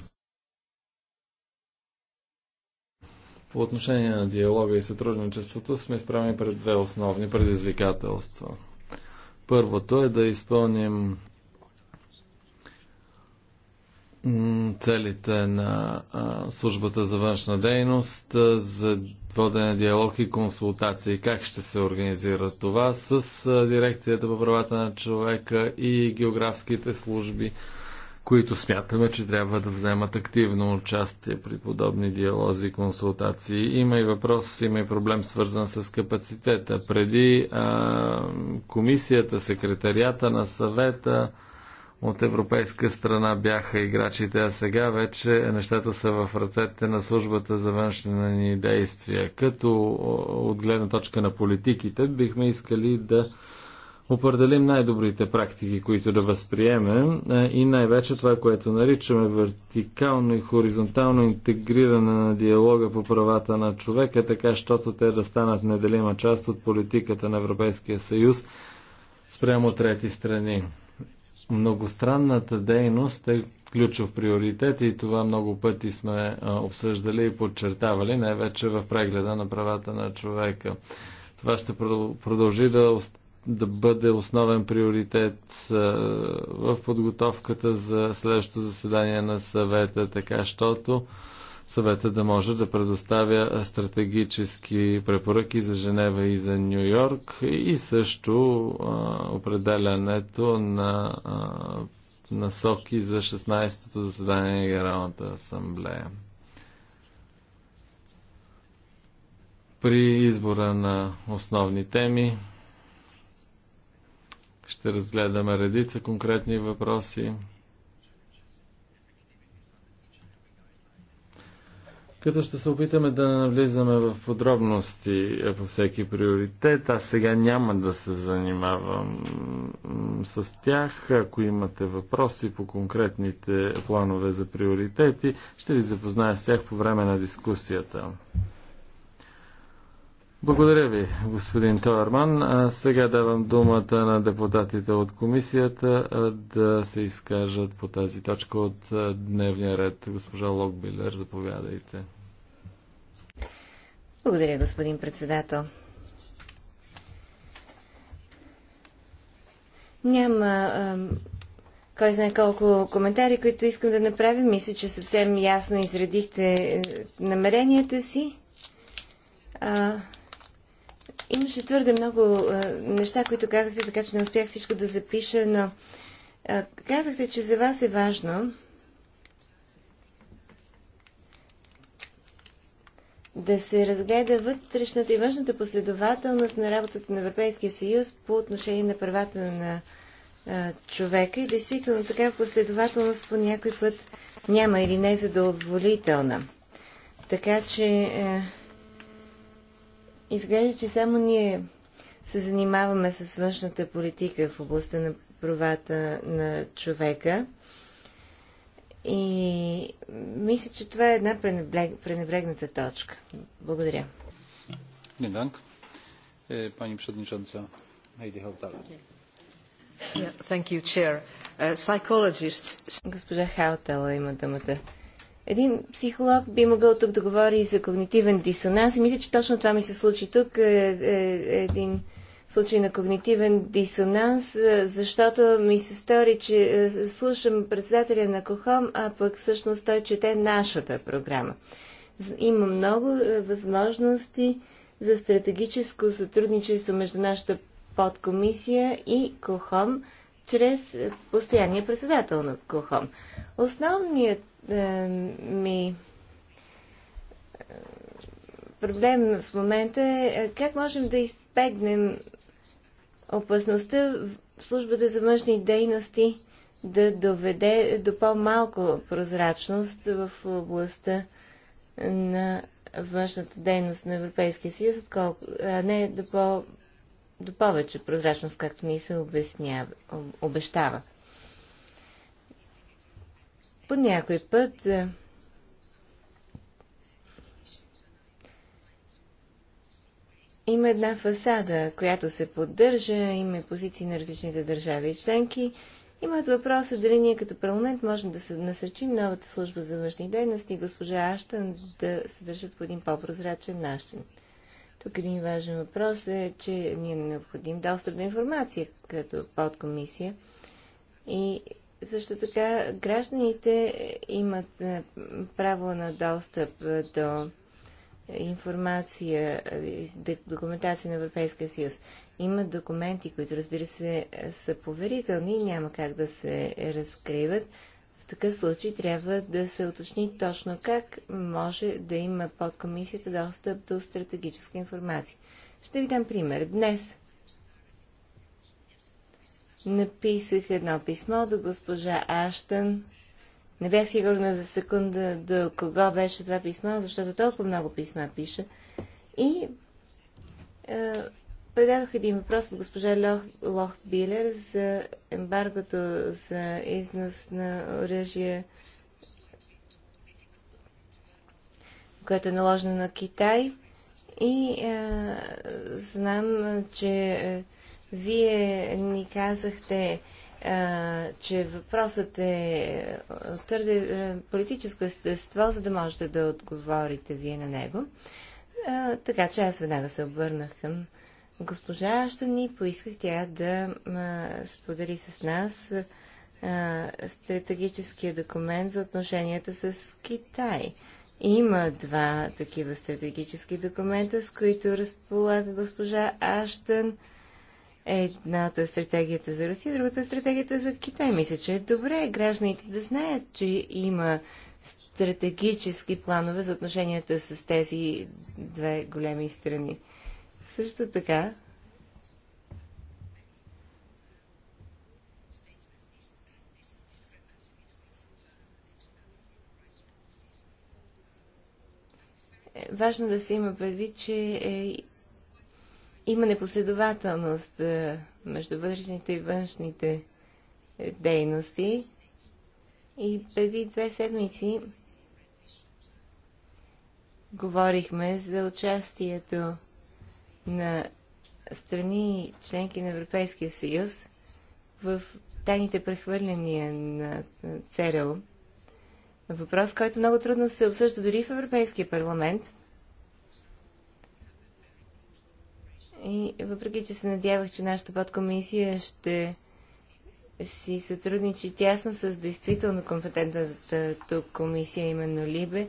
По отношение на диалога и сътрудничеството сме изправени пред две основни предизвикателства. Първото е да изпълним целите на службата за външна дейност за водене диалог и консултации. Как ще се организира това с дирекцията по правата на човека и географските служби, които смятаме, че трябва да вземат активно участие при подобни диалози и консултации. Има и въпрос, има и проблем свързан с капацитета. Преди а, комисията, секретарията на съвета, от европейска страна бяха играчите, а сега вече нещата са в ръцете на службата за външни ни действия. Като от гледна точка на политиките бихме искали да определим най-добрите практики, които да възприемем и най-вече това, което наричаме вертикално и хоризонтално интегриране на диалога по правата на човека, така щото те да станат неделима част от политиката на Европейския съюз спрямо трети страни многостранната дейност е ключов приоритет и това много пъти сме обсъждали и подчертавали, най-вече в прегледа на правата на човека. Това ще продължи да, да бъде основен приоритет в подготовката за следващото заседание на съвета, така щото съвета да може да предоставя стратегически препоръки за Женева и за Нью Йорк и също а, определянето на а, насоки за 16-то заседание на Генералната асамблея. При избора на основни теми ще разгледаме редица конкретни въпроси. като ще се опитаме да навлизаме в подробности по всеки приоритет. Аз сега няма да се занимавам с тях. Ако имате въпроси по конкретните планове за приоритети, ще ви запозная с тях по време на дискусията. Благодаря ви, господин Тоерман. сега давам думата на депутатите от комисията да се изкажат по тази точка от дневния ред. Госпожа Локбилер, заповядайте. Благодаря, господин председател. Няма а, кой знае колко коментари, които искам да направя. Мисля, че съвсем ясно изредихте е, намеренията си. А, имаше твърде много а, е, неща, които казахте, така че не успях всичко да запиша, но а, е, казахте, че за вас е важно да се разгледа вътрешната и външната последователност на работата на Европейския съюз по отношение на правата на човека и действително такава последователност по някой път няма или не е задоволителна. Така че е, изглежда, че само ние се занимаваме с външната политика в областта на правата на човека и мисля, че това е една пренебрегната точка. Благодаря. Не данк. Е, пани Przewodnicząca Heidi Hautala. thank you, Chair. Uh, psychologists... Госпожа Хаутала има думата. Един психолог би могъл тук да говори за когнитивен дисонанс и мисля, че точно това ми се случи тук. Е, е, един случай на когнитивен дисонанс, е, защото ми се стори, че е, слушам председателя на Кохом, а пък всъщност той чете нашата програма. Има много е, възможности за стратегическо сътрудничество между нашата подкомисия и Кохом чрез постоянния председател на Кохом. Основният е, ми проблем в момента е как можем да изпегнем опасността в службата за външни дейности да доведе до по-малко прозрачност в областта на външната дейност на Европейския съюз, отколко, а не до, по, до повече прозрачност, както ми се обяснява, обещава. По някой път има една фасада, която се поддържа, има позиции на различните държави и членки. Имат въпроса дали ние като парламент можем да се насърчим новата служба за външни дейности и госпожа Аштан да се държат по един по-прозрачен начин. Тук един важен въпрос е, че ние е необходим достъп до информация като подкомисия. И също така гражданите имат е, право на достъп е, до информация, е, документация на Европейския съюз. Има документи, които разбира се са поверителни и няма как да се разкриват. В такъв случай трябва да се уточни точно как може да има под комисията достъп до стратегическа информация. Ще ви дам пример. Днес написах едно писмо до госпожа Аштън не бях сигурна за секунда до кого беше това писма, защото толкова много писма пише. И е, предадох един въпрос от госпожа Лох, Лох Билер за ембаргото за износ на оръжие, което е наложено на Китай. И е, знам, че е, вие ни казахте, че въпросът е, е твърде е, политическо естество, за да можете да отговорите вие на него. така че аз веднага се обърнах към госпожа Аштани и поисках тя да сподели с нас стратегическия документ за отношенията с Китай. Има два такива стратегически документа, с които разполага госпожа Аштан. Едната е стратегията за Русия, другата е стратегията за Китай. Мисля, че е добре гражданите да знаят, че има стратегически планове за отношенията с тези две големи страни. Също така, е важно да се има предвид, че е има непоследователност е, между външните и външните е, дейности. И преди две седмици говорихме за участието на страни членки на Европейския съюз в тайните прехвърляния на ЦРУ. Въпрос, който много трудно се обсъжда дори в Европейския парламент. И въпреки, че се надявах, че нашата подкомисия ще си сътрудничи тясно с действително компетентната тук комисия, именно Либе,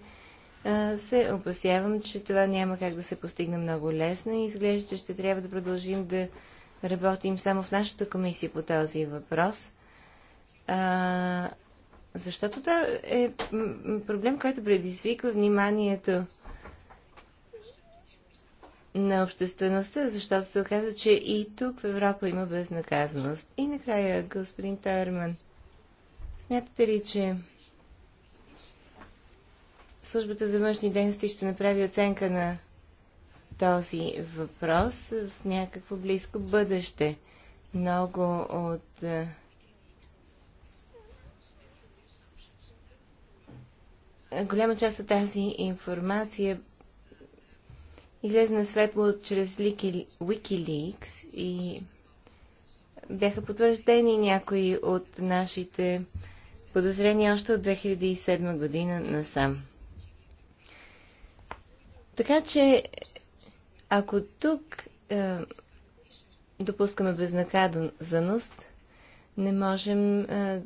се опасявам, че това няма как да се постигне много лесно и изглежда, че ще трябва да продължим да работим само в нашата комисия по този въпрос. А, защото това е проблем, който предизвиква вниманието на обществеността, защото се оказа, че и тук в Европа има безнаказаност. И накрая, господин Тайерман, смятате ли, че службата за външни дейности ще направи оценка на този въпрос в някакво близко бъдеще? Много от е, голяма част от тази информация излезе на светло чрез Wikileaks и бяха потвърждени някои от нашите подозрения още от 2007 година насам. Така че, ако тук е, допускаме безнаказаност, не можем е,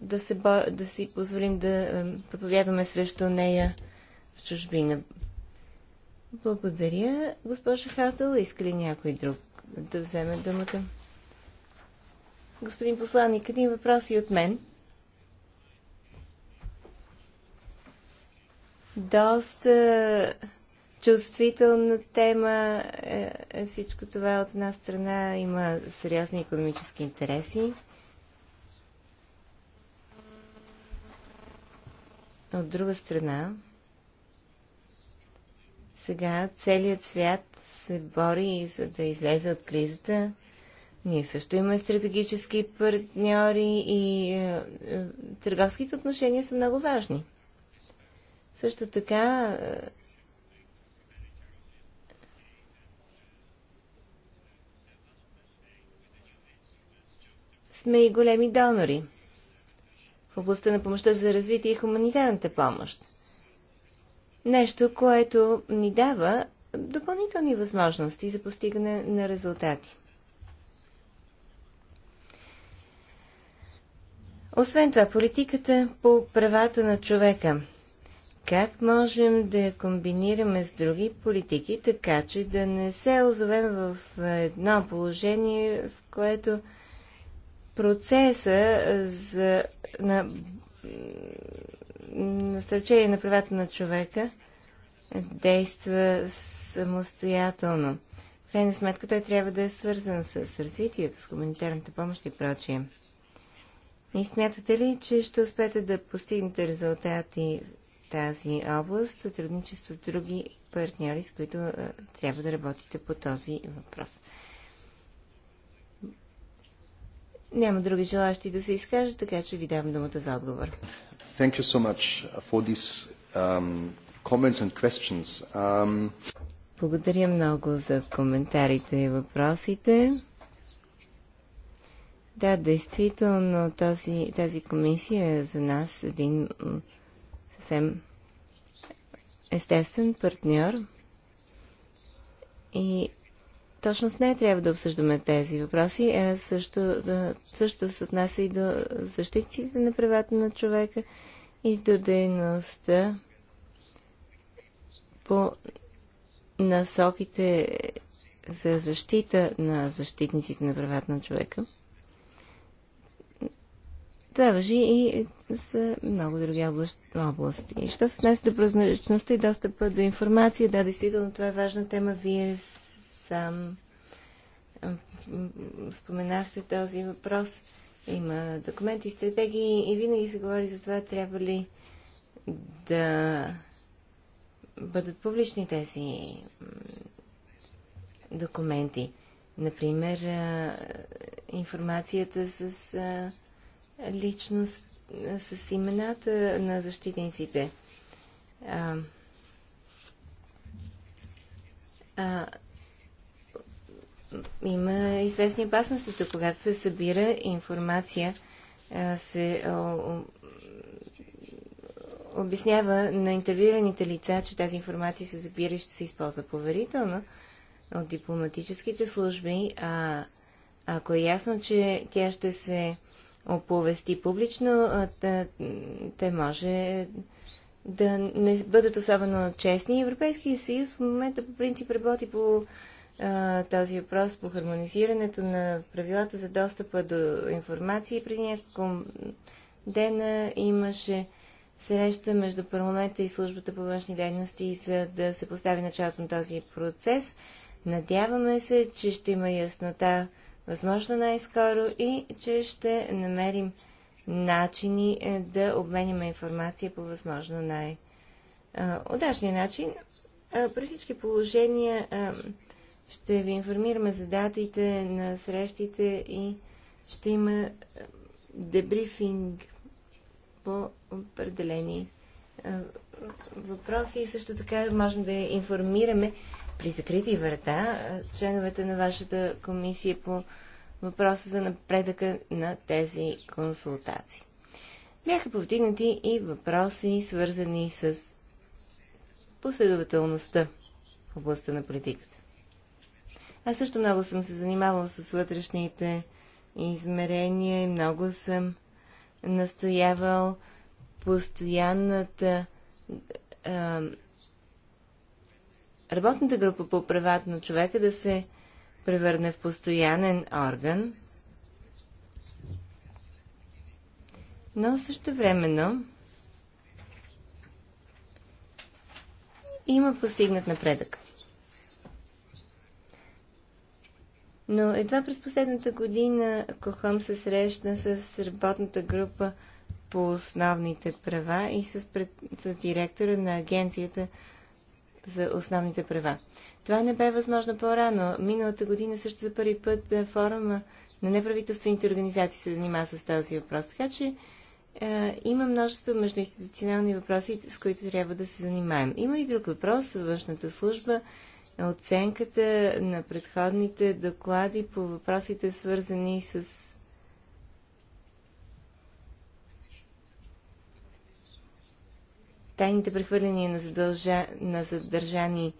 да, се бо... да си позволим да е, проповядваме срещу нея в чужбина. Благодаря, госпожа Хател. Иска ли някой друг да вземе думата? Господин посланник, един въпрос и от мен. Доста чувствителна тема е, е всичко това. От една страна има сериозни економически интереси. От друга страна, сега целият свят се бори за да излезе от кризата. Ние също имаме стратегически партньори и е, е, търговските отношения са много важни. Също така е, сме и големи донори в областта на помощта за развитие и хуманитарната помощ. Нещо, което ни дава допълнителни възможности за постигане на резултати. Освен това, политиката по правата на човека. Как можем да я комбинираме с други политики, така че да не се озовем в едно положение, в което процеса за, на насърчение на правата на човека действа самостоятелно. В крайна сметка той трябва да е свързан с развитието, с хуманитарната помощ и прочие. И смятате ли, че ще успеете да постигнете резултати в тази област, сътрудничество с други партньори, с които а, трябва да работите по този въпрос? Няма други желащи да се изкажат, така че ви давам думата за отговор. Thank you so much uh, for these um, comments and questions. Um... Благодаря много за коментарите и въпросите. Да, действително този, тази комисия е за нас един съвсем естествен партньор и точно с нея трябва да обсъждаме тези въпроси. А е, също, е, също се отнася и до защитите на правата на човека и до дейността по насоките за защита на защитниците на правата на човека. Това въжи и за много други области. що се отнася до празноличността и достъпа до информация, да, действително това е важна тема. Вие сам споменахте този въпрос. Има документи, стратегии и винаги се говори за това, трябва ли да бъдат публични тези документи. Например, информацията с личност, с имената на защитниците. А, има известни опасности, когато се събира информация, се обяснява на интервюираните лица, че тази информация се забира и ще се използва поверително от дипломатическите служби, а ако е ясно, че тя ще се оповести публично, те може да не бъдат особено честни. Европейския съюз в момента по принцип работи по този въпрос по хармонизирането на правилата за достъпа до информация. Преди няколко дена имаше среща между парламента и службата по външни дейности, за да се постави началото на този процес. Надяваме се, че ще има яснота възможно най-скоро и че ще намерим начини е, да обменяме информация по възможно най-удачния начин. При всички положения ще ви информираме за датите на срещите и ще има е, дебрифинг по определени е, въпроси и също така можем да информираме при закрити врата е, членовете на вашата комисия по въпроса за напредъка на тези консултации. Бяха повдигнати и въпроси, свързани с последователността в областта на политиката. Аз също много съм се занимавал с вътрешните измерения и много съм настоявал постоянната а, работната група по правата на човека да се превърне в постоянен орган, но също времено има постигнат напредък. Но едва през последната година Кохом се срещна с работната група по основните права и с, пред, с директора на агенцията за основните права. Това не бе възможно по-рано. Миналата година също за първи път е, форума на неправителствените организации се занимава с този въпрос. Така че е, има множество междуинституционални въпроси, с които трябва да се занимаем. Има и друг въпрос външната служба оценката на предходните доклади по въпросите, свързани с тайните прехвърляния на, задължа... на задържани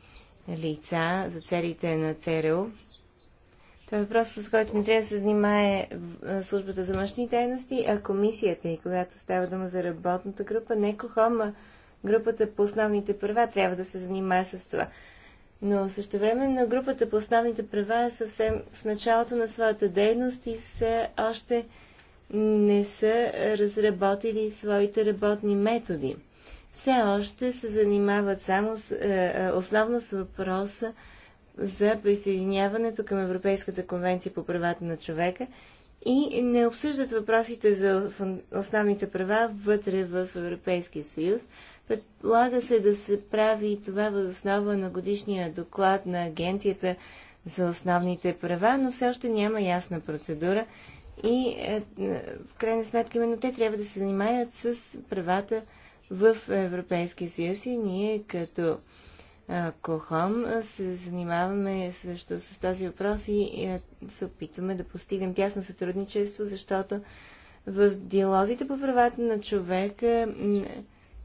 лица за целите на ЦРУ. Това е въпрос, с който не трябва да се занимае службата за мъжни тайности, а комисията. И когато става дума за работната група, не Кохома, групата по основните права трябва да се занимае с това. Но също време на групата по основните права е съвсем в началото на своята дейност и все още не са разработили своите работни методи. Все още се занимават само с, е, е основно с въпроса за присъединяването към Европейската конвенция по правата на човека и не обсъждат въпросите за основните права вътре в Европейския съюз, Предлага се да се прави това възоснова на годишния доклад на Агенцията за основните права, но все още няма ясна процедура и е, е, в крайна сметка именно те трябва да се занимаят с правата в Европейския съюз и ние като е, Кохом се занимаваме също с този въпрос и се опитваме да постигнем тясно сътрудничество, защото в диалозите по правата на човека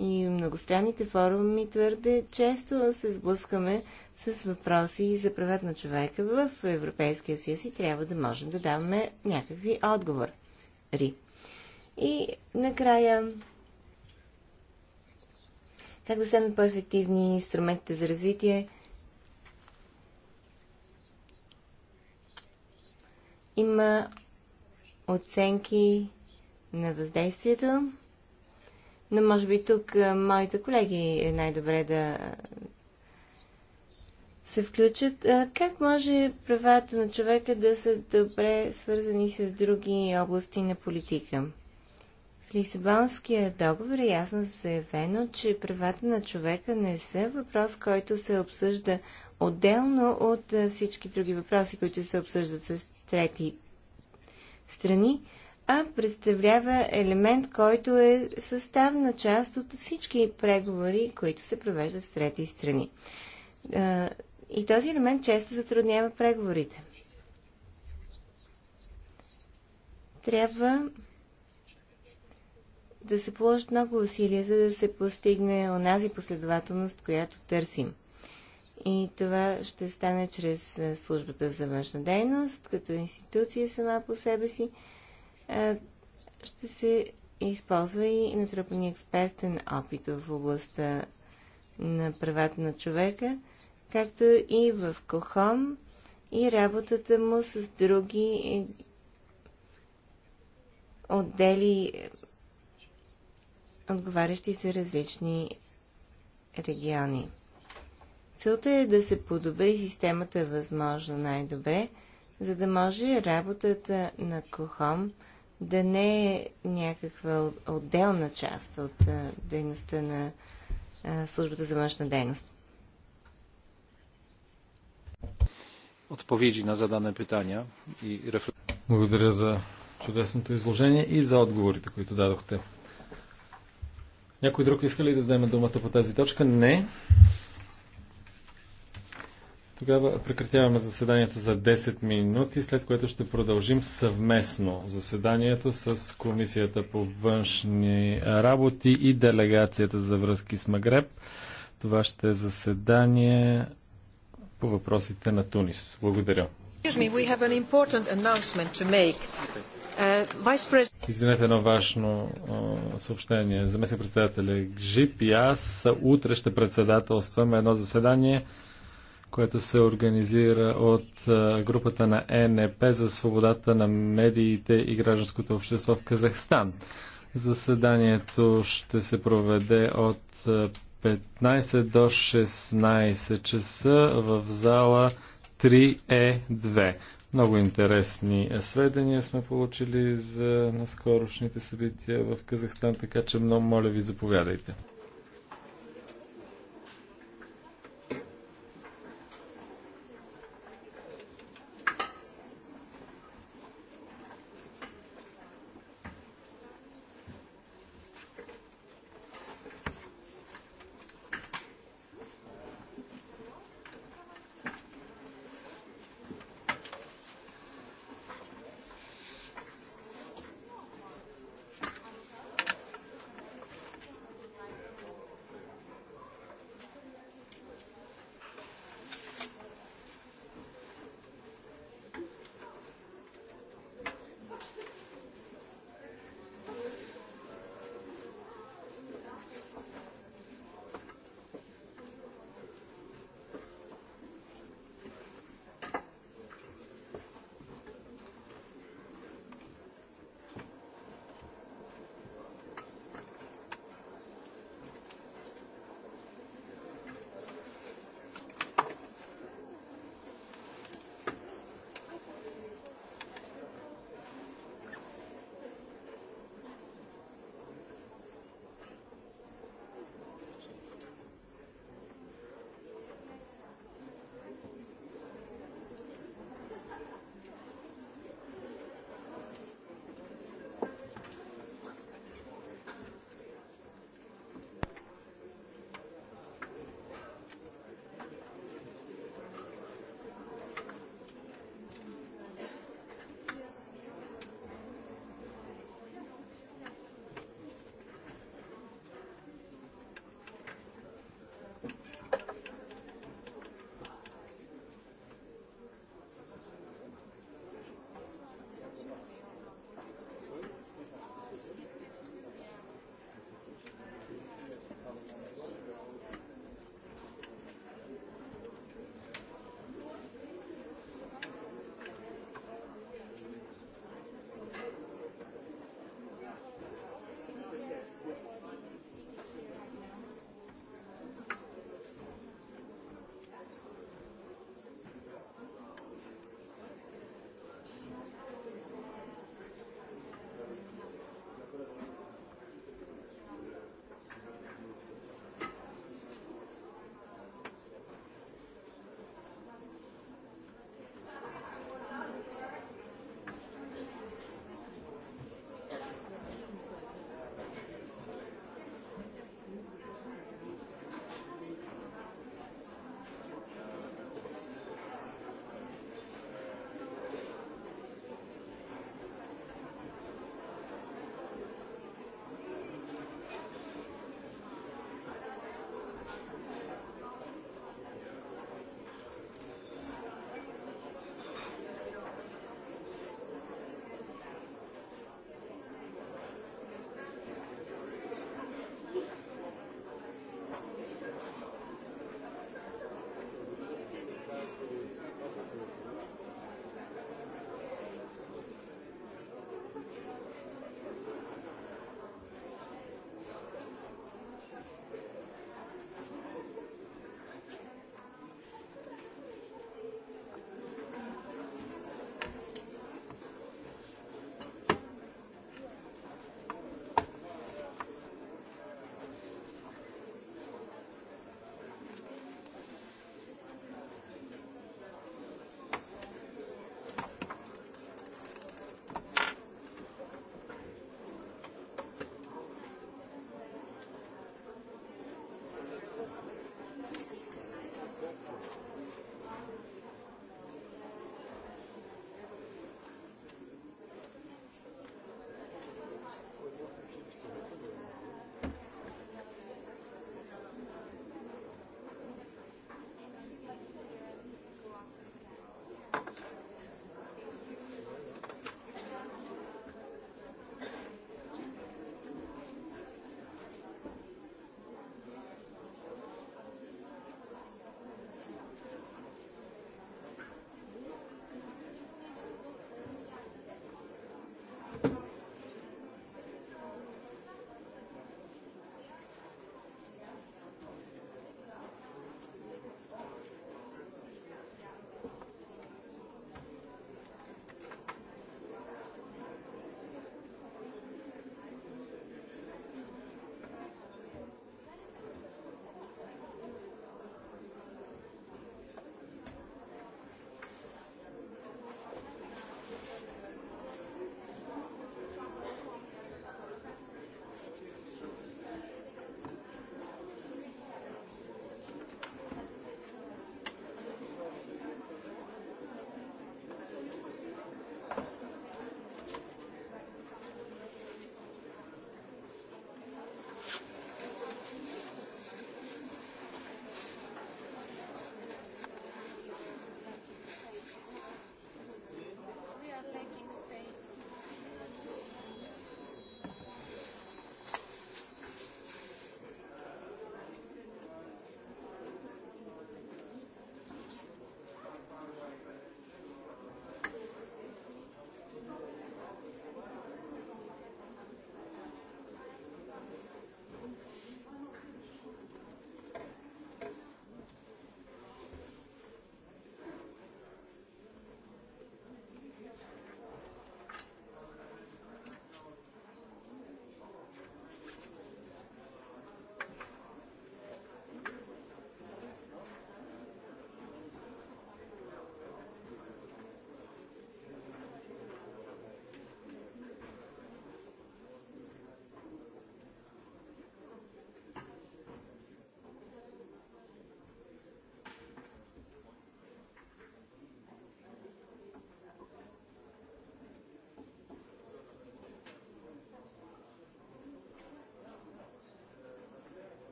и многостранните форуми твърде често се сблъскаме с въпроси за правата на човека в Европейския съюз и трябва да можем да даваме някакви отговори. И накрая, как да станат по-ефективни инструментите за развитие? Има оценки на въздействието. Но може би тук моите колеги е най-добре да се включат. Как може правата на човека да са добре свързани с други области на политика? В Лисабонския договор е ясно заявено, че правата на човека не са въпрос, който се обсъжда отделно от всички други въпроси, които се обсъждат с трети страни, а представлява елемент, който е съставна част от всички преговори, които се провеждат с трети страни. И този елемент често затруднява преговорите. Трябва да се положат много усилия, за да се постигне онази последователност, която търсим. И това ще стане чрез службата за външна дейност, като институция сама по себе си, е, ще се използва и натрупани експертен опит в областта на правата на човека, както и в КОХОМ и работата му с други отдели, отговарящи за различни региони. Целта е да се подобри системата възможно най-добре, за да може работата на КОХОМ – да не е някаква отделна част от дейността на службата за външна дейност. Отповеди на зададени питания и рефлексии. Благодаря за чудесното изложение и за отговорите, които дадохте. Някой друг иска ли да вземе думата по тази точка? Не. Тогава прекратяваме заседанието за 10 минути, след което ще продължим съвместно заседанието с Комисията по външни работи и Делегацията за връзки с Магреб. Това ще е заседание по въпросите на Тунис. Благодаря. Uh, Извинете едно важно съобщение. Заместник председателя Гжип и аз утре ще председателстваме едно заседание което се организира от групата на ЕНП за свободата на медиите и гражданското общество в Казахстан. Заседанието ще се проведе от 15 до 16 часа в зала 3 е 2 Много интересни сведения сме получили за наскорошните събития в Казахстан, така че много моля ви заповядайте.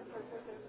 interpreters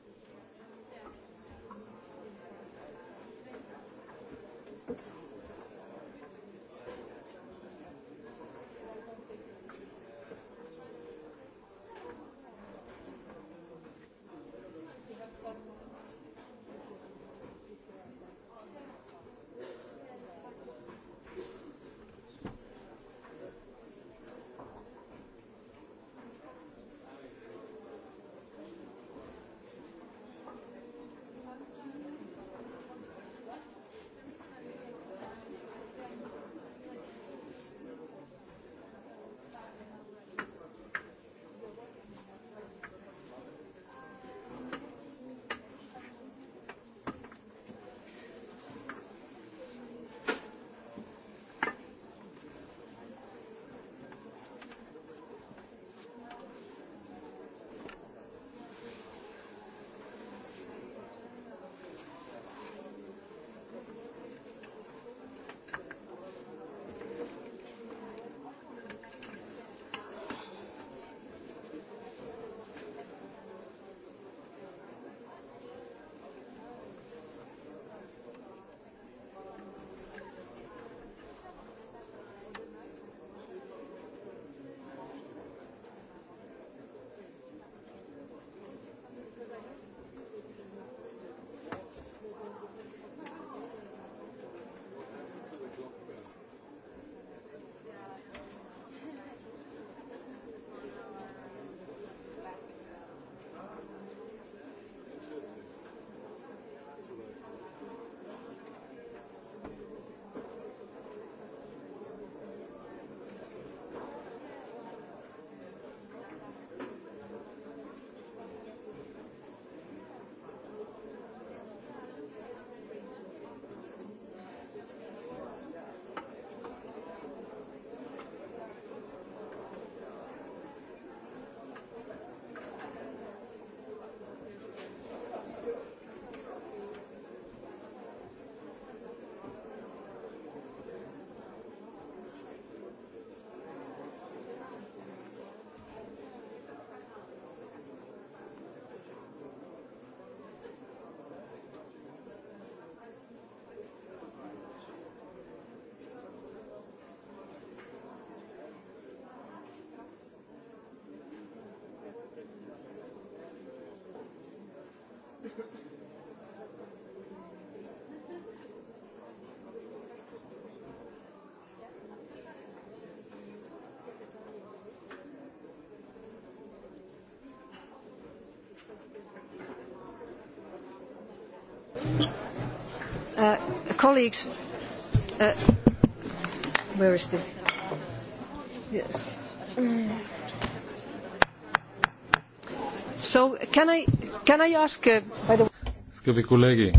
colleagues, where is the... Yes. So can I, can I ask... Uh, by the Скъпи колеги,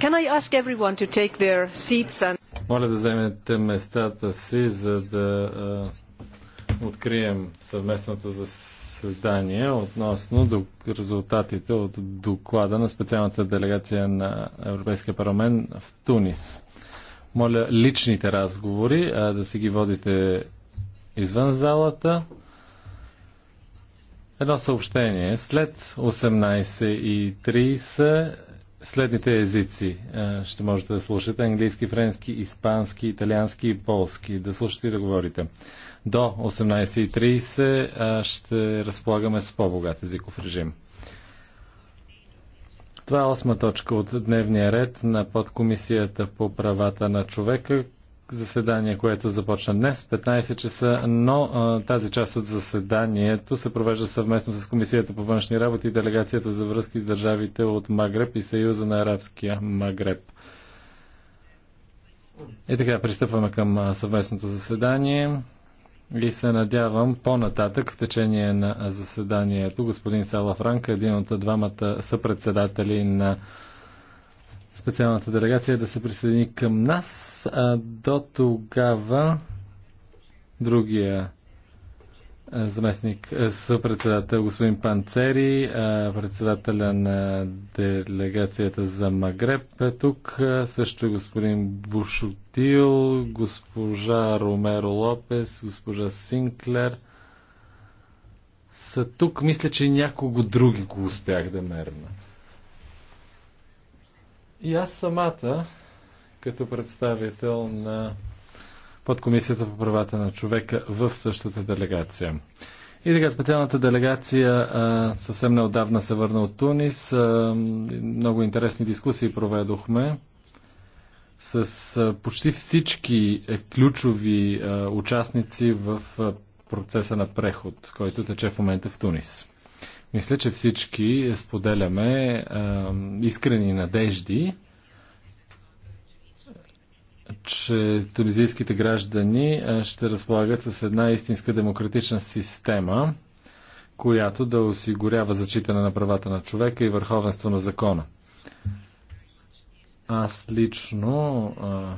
can I ask everyone to take their seats and... Моля да вземете местата си, за да uh, открием съвместното заседание заседание относно резултатите от доклада на специалната делегация на Европейския парламент в Тунис. Моля личните разговори а, да си ги водите извън залата. Едно съобщение. След 18.30 следните езици ще можете да слушате. Английски, френски, испански, италиански и полски. Да слушате и да говорите до 18.30 ще разполагаме с по-богат езиков режим. Това е осма точка от дневния ред на подкомисията по правата на човека, заседание, което започна днес, 15 часа, но а, тази част от заседанието се провежда съвместно с Комисията по външни работи и Делегацията за връзки с държавите от Магреб и Съюза на арабския Магреб. И така, пристъпваме към съвместното заседание. И се надявам по-нататък в течение на заседанието господин Сала Франка, един от двамата съпредседатели на специалната делегация, да се присъедини към нас. А до тогава другия е, заместник е, съпредседател господин Панцери, е, председателя на делегацията за Магреб е тук, също господин Бушутил, госпожа Ромеро Лопес, госпожа Синклер. Са тук, мисля, че някого други го успях да мерна. И аз самата, като представител на под Комисията по правата на човека в същата делегация. И така, специалната делегация а, съвсем неодавна се върна от Тунис. А, много интересни дискусии проведохме с а, почти всички е, ключови а, участници в а, процеса на преход, който тече в момента в Тунис. Мисля, че всички споделяме а, искрени надежди че тунизийските граждани ще разполагат с една истинска демократична система, която да осигурява зачитане на правата на човека и върховенство на закона. Аз лично а,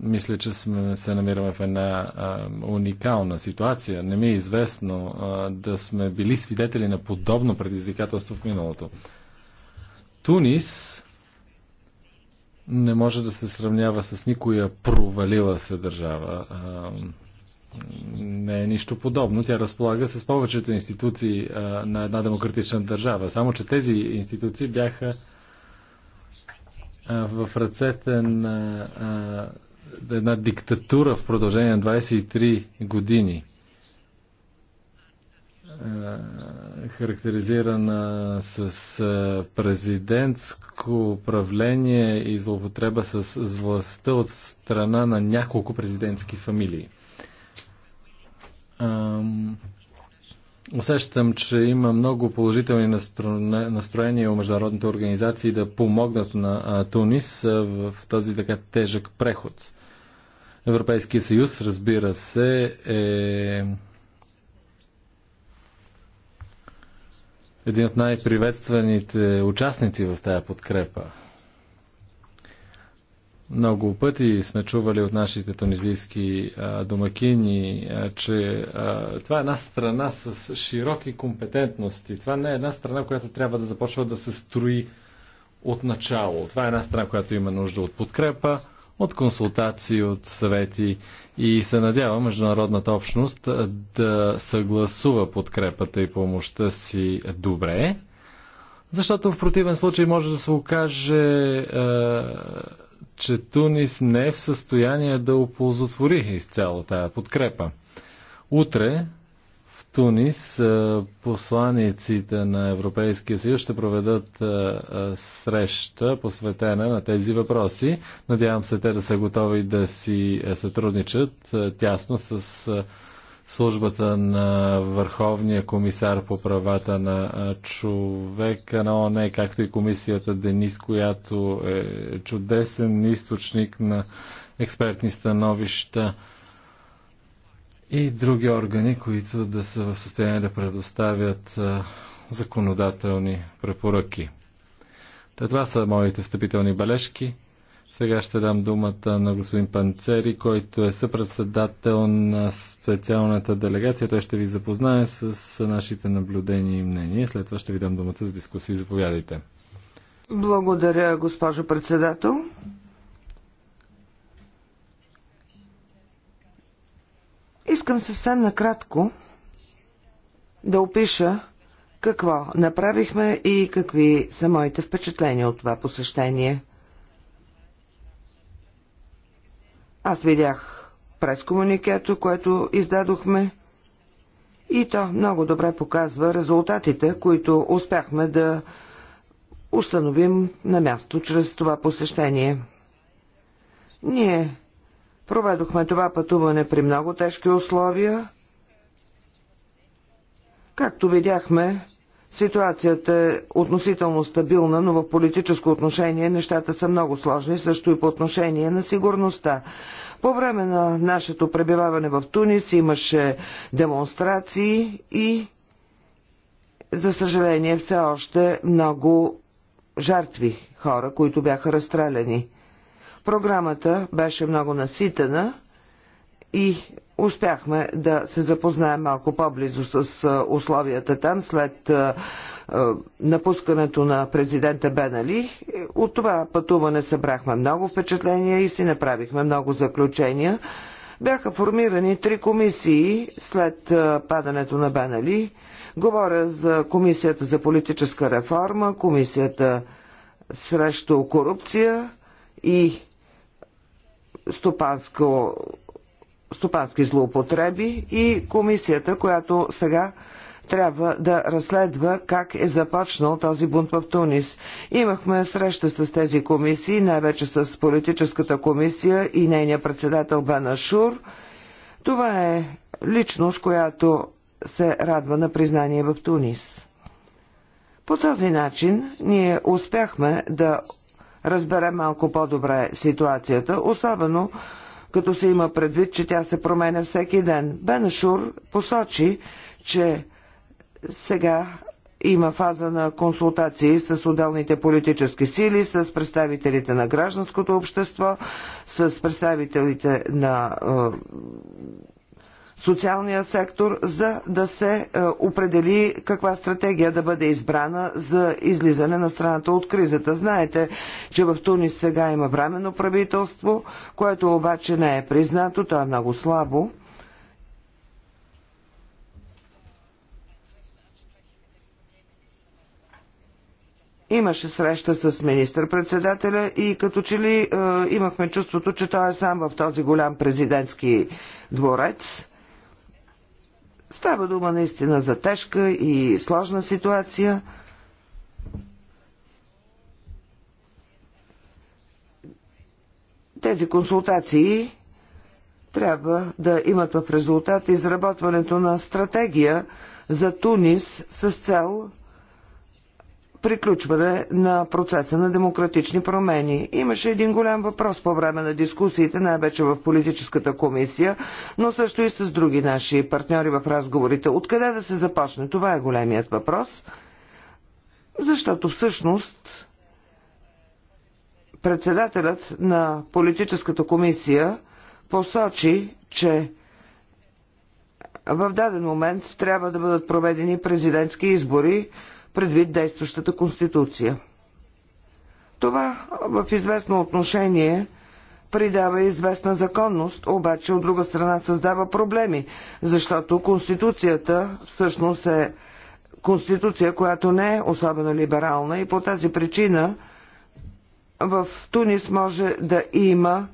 мисля, че сме, се намираме в една а, уникална ситуация. Не ми е известно а, да сме били свидетели на подобно предизвикателство в миналото. Тунис не може да се сравнява с никоя провалила се държава. Не е нищо подобно. Тя разполага с повечето институции на една демократична държава. Само, че тези институции бяха в ръцете на една диктатура в продължение на 23 години. Е, характеризирана с е, президентско управление и злоупотреба с властта от страна на няколко президентски фамилии. Усещам, че има много положителни настроения у международните организации да помогнат на Тунис в този така тежък преход. Европейския съюз, разбира се, е един от най-приветстваните участници в тая подкрепа. Много пъти сме чували от нашите тунизийски а, домакини, а, че а, това е една страна с широки компетентности. Това не е една страна, която трябва да започва да се строи от начало. Това е една страна, която има нужда от подкрепа от консултации, от съвети и се надява международната общност да съгласува подкрепата и помощта си добре, защото в противен случай може да се окаже, е, че Тунис не е в състояние да оползотвори изцяло тая подкрепа. Утре Тунис посланиците на Европейския съюз ще проведат среща посветена на тези въпроси. Надявам се те да са готови да си е, сътрудничат тясно с службата на Върховния комисар по правата на човека на ОНЕ, както и комисията Денис, която е чудесен източник на експертни становища и други органи, които да са в състояние да предоставят законодателни препоръки. Та това са моите встъпителни бележки. Сега ще дам думата на господин Панцери, който е съпредседател на специалната делегация. Той ще ви запознае с нашите наблюдения и мнения. След това ще ви дам думата за дискусия. Заповядайте. Благодаря, госпожо председател. Искам съвсем накратко да опиша какво направихме и какви са моите впечатления от това посещение. Аз видях комуникето, което издадохме и то много добре показва резултатите, които успяхме да установим на място чрез това посещение. Ние Проведохме това пътуване при много тежки условия. Както видяхме, Ситуацията е относително стабилна, но в политическо отношение нещата са много сложни, също и по отношение на сигурността. По време на нашето пребиваване в Тунис имаше демонстрации и, за съжаление, все още много жертви хора, които бяха разстреляни. Програмата беше много наситена и успяхме да се запознаем малко по-близо с условията там след напускането на президента Бенали. От това пътуване събрахме много впечатления и си направихме много заключения. Бяха формирани три комисии след падането на Бенали. Говоря за Комисията за политическа реформа, Комисията срещу корупция и стопанско, стопански злоупотреби и комисията, която сега трябва да разследва как е започнал този бунт в Тунис. Имахме среща с тези комисии, най-вече с политическата комисия и нейния председател Шур. Това е личност, която се радва на признание в Тунис. По този начин ние успяхме да разбере малко по-добре ситуацията, особено като се има предвид, че тя се променя всеки ден. Бенашур посочи, че сега има фаза на консултации с отделните политически сили, с представителите на гражданското общество, с представителите на е, социалния сектор, за да се е, определи каква стратегия да бъде избрана за излизане на страната от кризата. Знаете, че в Тунис сега има временно правителство, което обаче не е признато, то е много слабо. Имаше среща с министър-председателя и като че ли е, имахме чувството, че той е сам в този голям президентски дворец. Става дума наистина за тежка и сложна ситуация. Тези консултации трябва да имат в резултат изработването на стратегия за Тунис с цел приключване на процеса на демократични промени. Имаше един голям въпрос по време на дискусиите, най-вече в политическата комисия, но също и с други наши партньори в разговорите. Откъде да се започне? Това е големият въпрос. Защото всъщност председателят на политическата комисия посочи, че в даден момент трябва да бъдат проведени президентски избори, предвид действащата конституция. Това в известно отношение придава известна законност, обаче от друга страна създава проблеми, защото Конституцията всъщност е Конституция, която не е особено либерална и по тази причина в Тунис може да има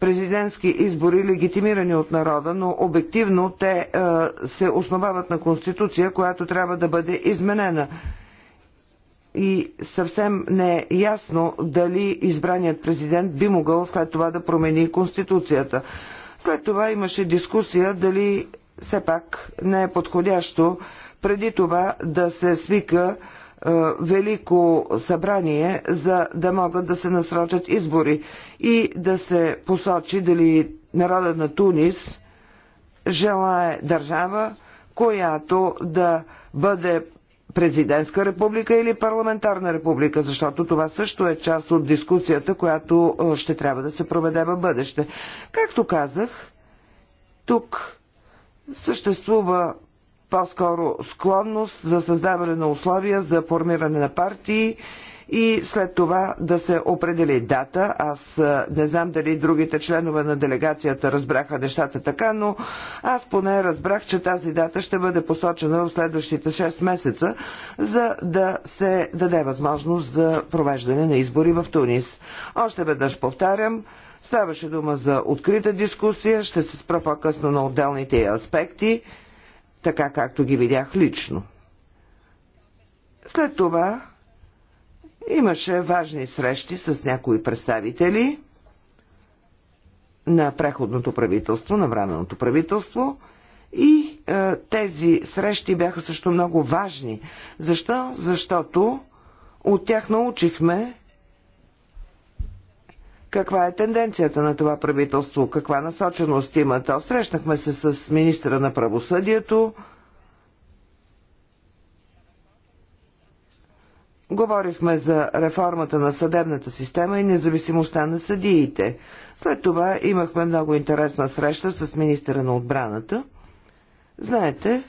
президентски избори, легитимирани от народа, но обективно те е, се основават на Конституция, която трябва да бъде изменена и съвсем не е ясно дали избраният президент би могъл след това да промени конституцията. След това имаше дискусия дали все пак не е подходящо преди това да се свика е, Велико събрание, за да могат да се насрочат избори и да се посочи дали народът на Тунис желае държава, която да бъде президентска република или парламентарна република, защото това също е част от дискусията, която е, ще трябва да се проведе в бъдеще. Както казах, тук съществува по-скоро склонност за създаване на условия за формиране на партии и след това да се определи дата. Аз не знам дали другите членове на делегацията разбраха нещата така, но аз поне разбрах, че тази дата ще бъде посочена в следващите 6 месеца, за да се даде възможност за провеждане на избори в Тунис. Още веднъж повтарям, Ставаше дума за открита дискусия, ще се спра по-късно на отделните аспекти, така както ги видях лично. След това Имаше важни срещи с някои представители на преходното правителство, на временното правителство и е, тези срещи бяха също много важни. Защо? Защото от тях научихме каква е тенденцията на това правителство, каква насоченост има то. Срещнахме се с министра на правосъдието, Говорихме за реформата на съдебната система и независимостта на съдиите. След това имахме много интересна среща с министъра на отбраната. Знаете,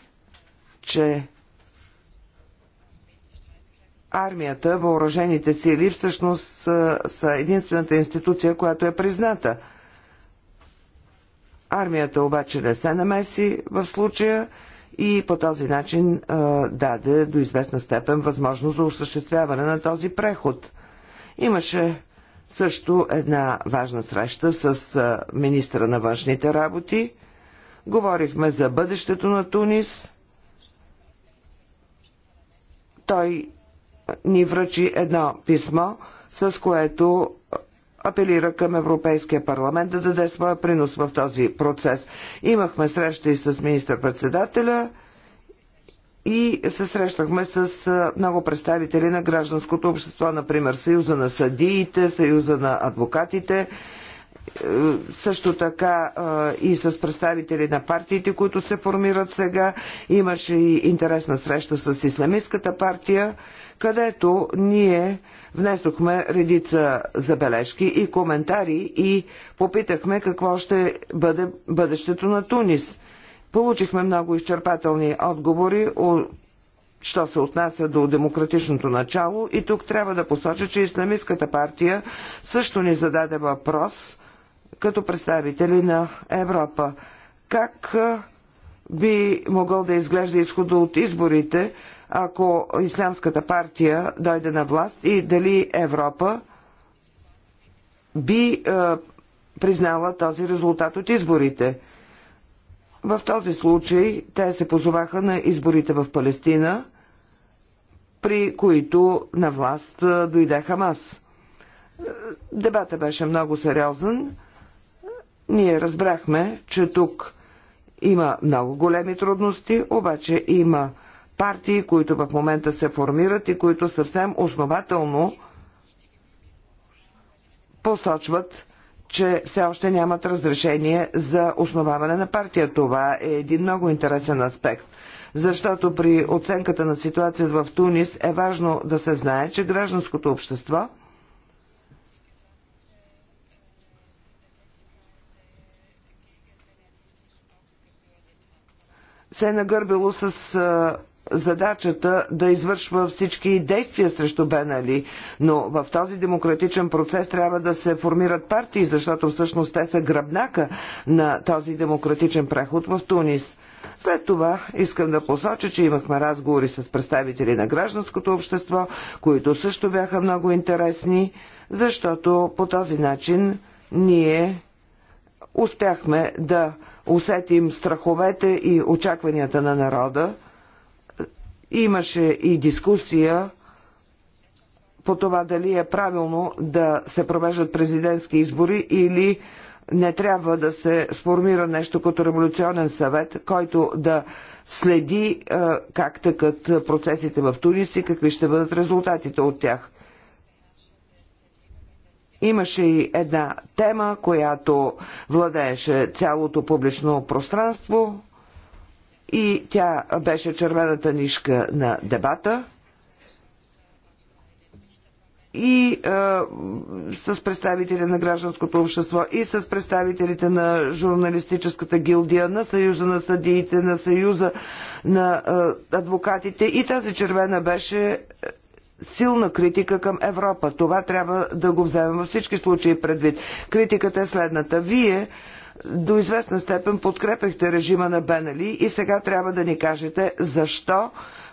че армията, въоръжените сили всъщност са, са единствената институция, която е призната. Армията обаче не се намеси в случая и по този начин даде до известна степен възможност за осъществяване на този преход. Имаше също една важна среща с министра на външните работи. Говорихме за бъдещето на Тунис. Той ни връчи едно писмо, с което апелира към Европейския парламент да даде своя принос в този процес. Имахме среща и с министър-председателя и се срещнахме с много представители на гражданското общество, например Съюза на съдиите, Съюза на адвокатите, е, също така и с представители на партиите, които се формират сега. Имаше и интересна среща с Исламистската партия където ние внесохме редица забележки и коментари и попитахме какво ще бъде бъдещето на Тунис. Получихме много изчерпателни отговори, що се отнася до демократичното начало и тук трябва да посоча, че Исламистската партия също ни зададе въпрос като представители на Европа. Как би могъл да изглежда изхода от изборите, ако Ислямската партия дойде на власт и дали Европа би е, признала този резултат от изборите. В този случай те се позоваха на изборите в Палестина, при които на власт е, дойде Хамас. Е, дебата беше много сериозен. Ние разбрахме, че тук има много големи трудности, обаче има партии, които в момента се формират и които съвсем основателно посочват, че все още нямат разрешение за основаване на партия. Това е един много интересен аспект защото при оценката на ситуацията в Тунис е важно да се знае, че гражданското общество се е нагърбило с задачата да извършва всички действия срещу Бен Али, но в този демократичен процес трябва да се формират партии, защото всъщност те са гръбнака на този демократичен преход в Тунис. След това искам да посоча, че имахме разговори с представители на гражданското общество, които също бяха много интересни, защото по този начин ние успяхме да усетим страховете и очакванията на народа, Имаше и дискусия по това дали е правилно да се провеждат президентски избори или не трябва да се сформира нещо като революционен съвет, който да следи е, как тъкат процесите в Тунис и какви ще бъдат резултатите от тях. Имаше и една тема, която владееше цялото публично пространство и тя беше червената нишка на дебата и а, с представители на гражданското общество, и с представителите на журналистическата гилдия, на Съюза на съдиите, на Съюза на а, адвокатите. И тази червена беше силна критика към Европа. Това трябва да го вземем във всички случаи предвид. Критиката е следната. Вие до известна степен подкрепяхте режима на Бенали и сега трябва да ни кажете защо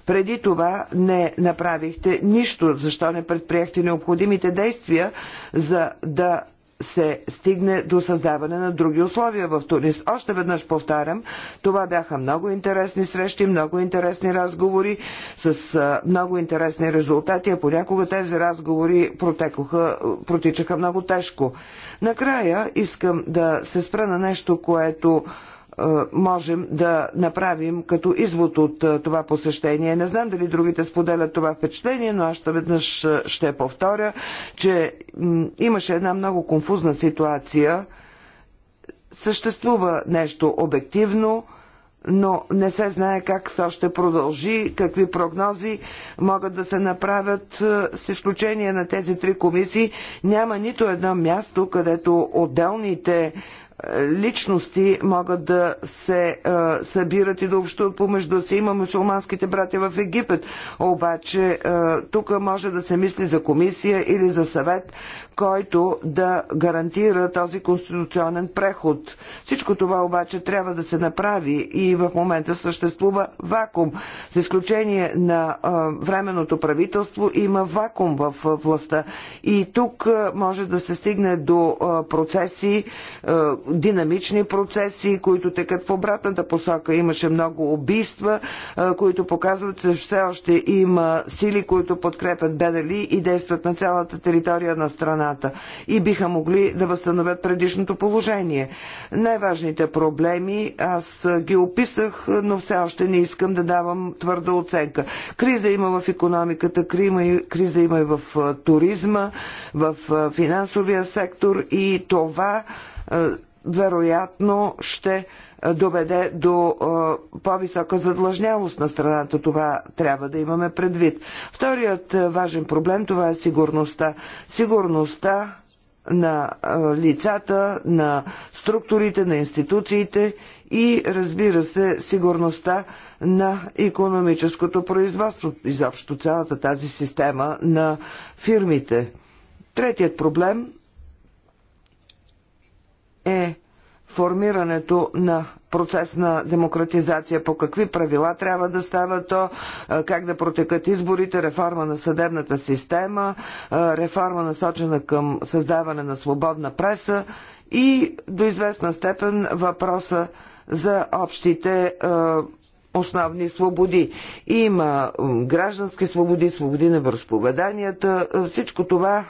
преди това не направихте нищо, защо не предприехте необходимите действия, за да се стигне до създаване на други условия в Тунис. Още веднъж повтарям, това бяха много интересни срещи, много интересни разговори с много интересни резултати, а понякога тези разговори протекоха, протичаха много тежко. Накрая искам да се спра на нещо, което е, можем да направим като извод от е, това посещение. Не знам дали другите споделят това впечатление, но аз ще веднъж е, ще повторя, че имаше една много конфузна ситуация. Съществува нещо обективно, но не се знае как то ще продължи, какви прогнози могат да се направят. С изключение на тези три комисии няма нито едно място, където отделните личности могат да се а, събират и да общуват помежду си. Има мусулманските братя в Египет. Обаче а, тук може да се мисли за комисия или за съвет, който да гарантира този конституционен преход. Всичко това обаче трябва да се направи и в момента съществува вакуум. С изключение на а, временното правителство има вакуум в властта. И тук а, може да се стигне до а, процеси, а, динамични процеси, които текат в обратната посока. Имаше много убийства, които показват, че все още има сили, които подкрепят бедали и действат на цялата територия на страната и биха могли да възстановят предишното положение. Най-важните проблеми аз ги описах, но все още не искам да давам твърда оценка. Криза има в економиката, криза има и в туризма, в финансовия сектор и това вероятно ще доведе до по-висока задлъжнялост на страната. Това трябва да имаме предвид. Вторият важен проблем това е сигурността. Сигурността на лицата, на структурите, на институциите и разбира се сигурността на економическото производство, изобщо цялата тази система на фирмите. Третият проблем е формирането на процес на демократизация, по какви правила трябва да става то, как да протекат изборите, реформа на съдебната система, реформа насочена към създаване на свободна преса и до известна степен въпроса за общите основни свободи. Има граждански свободи, свободи на възповеданията, Всичко това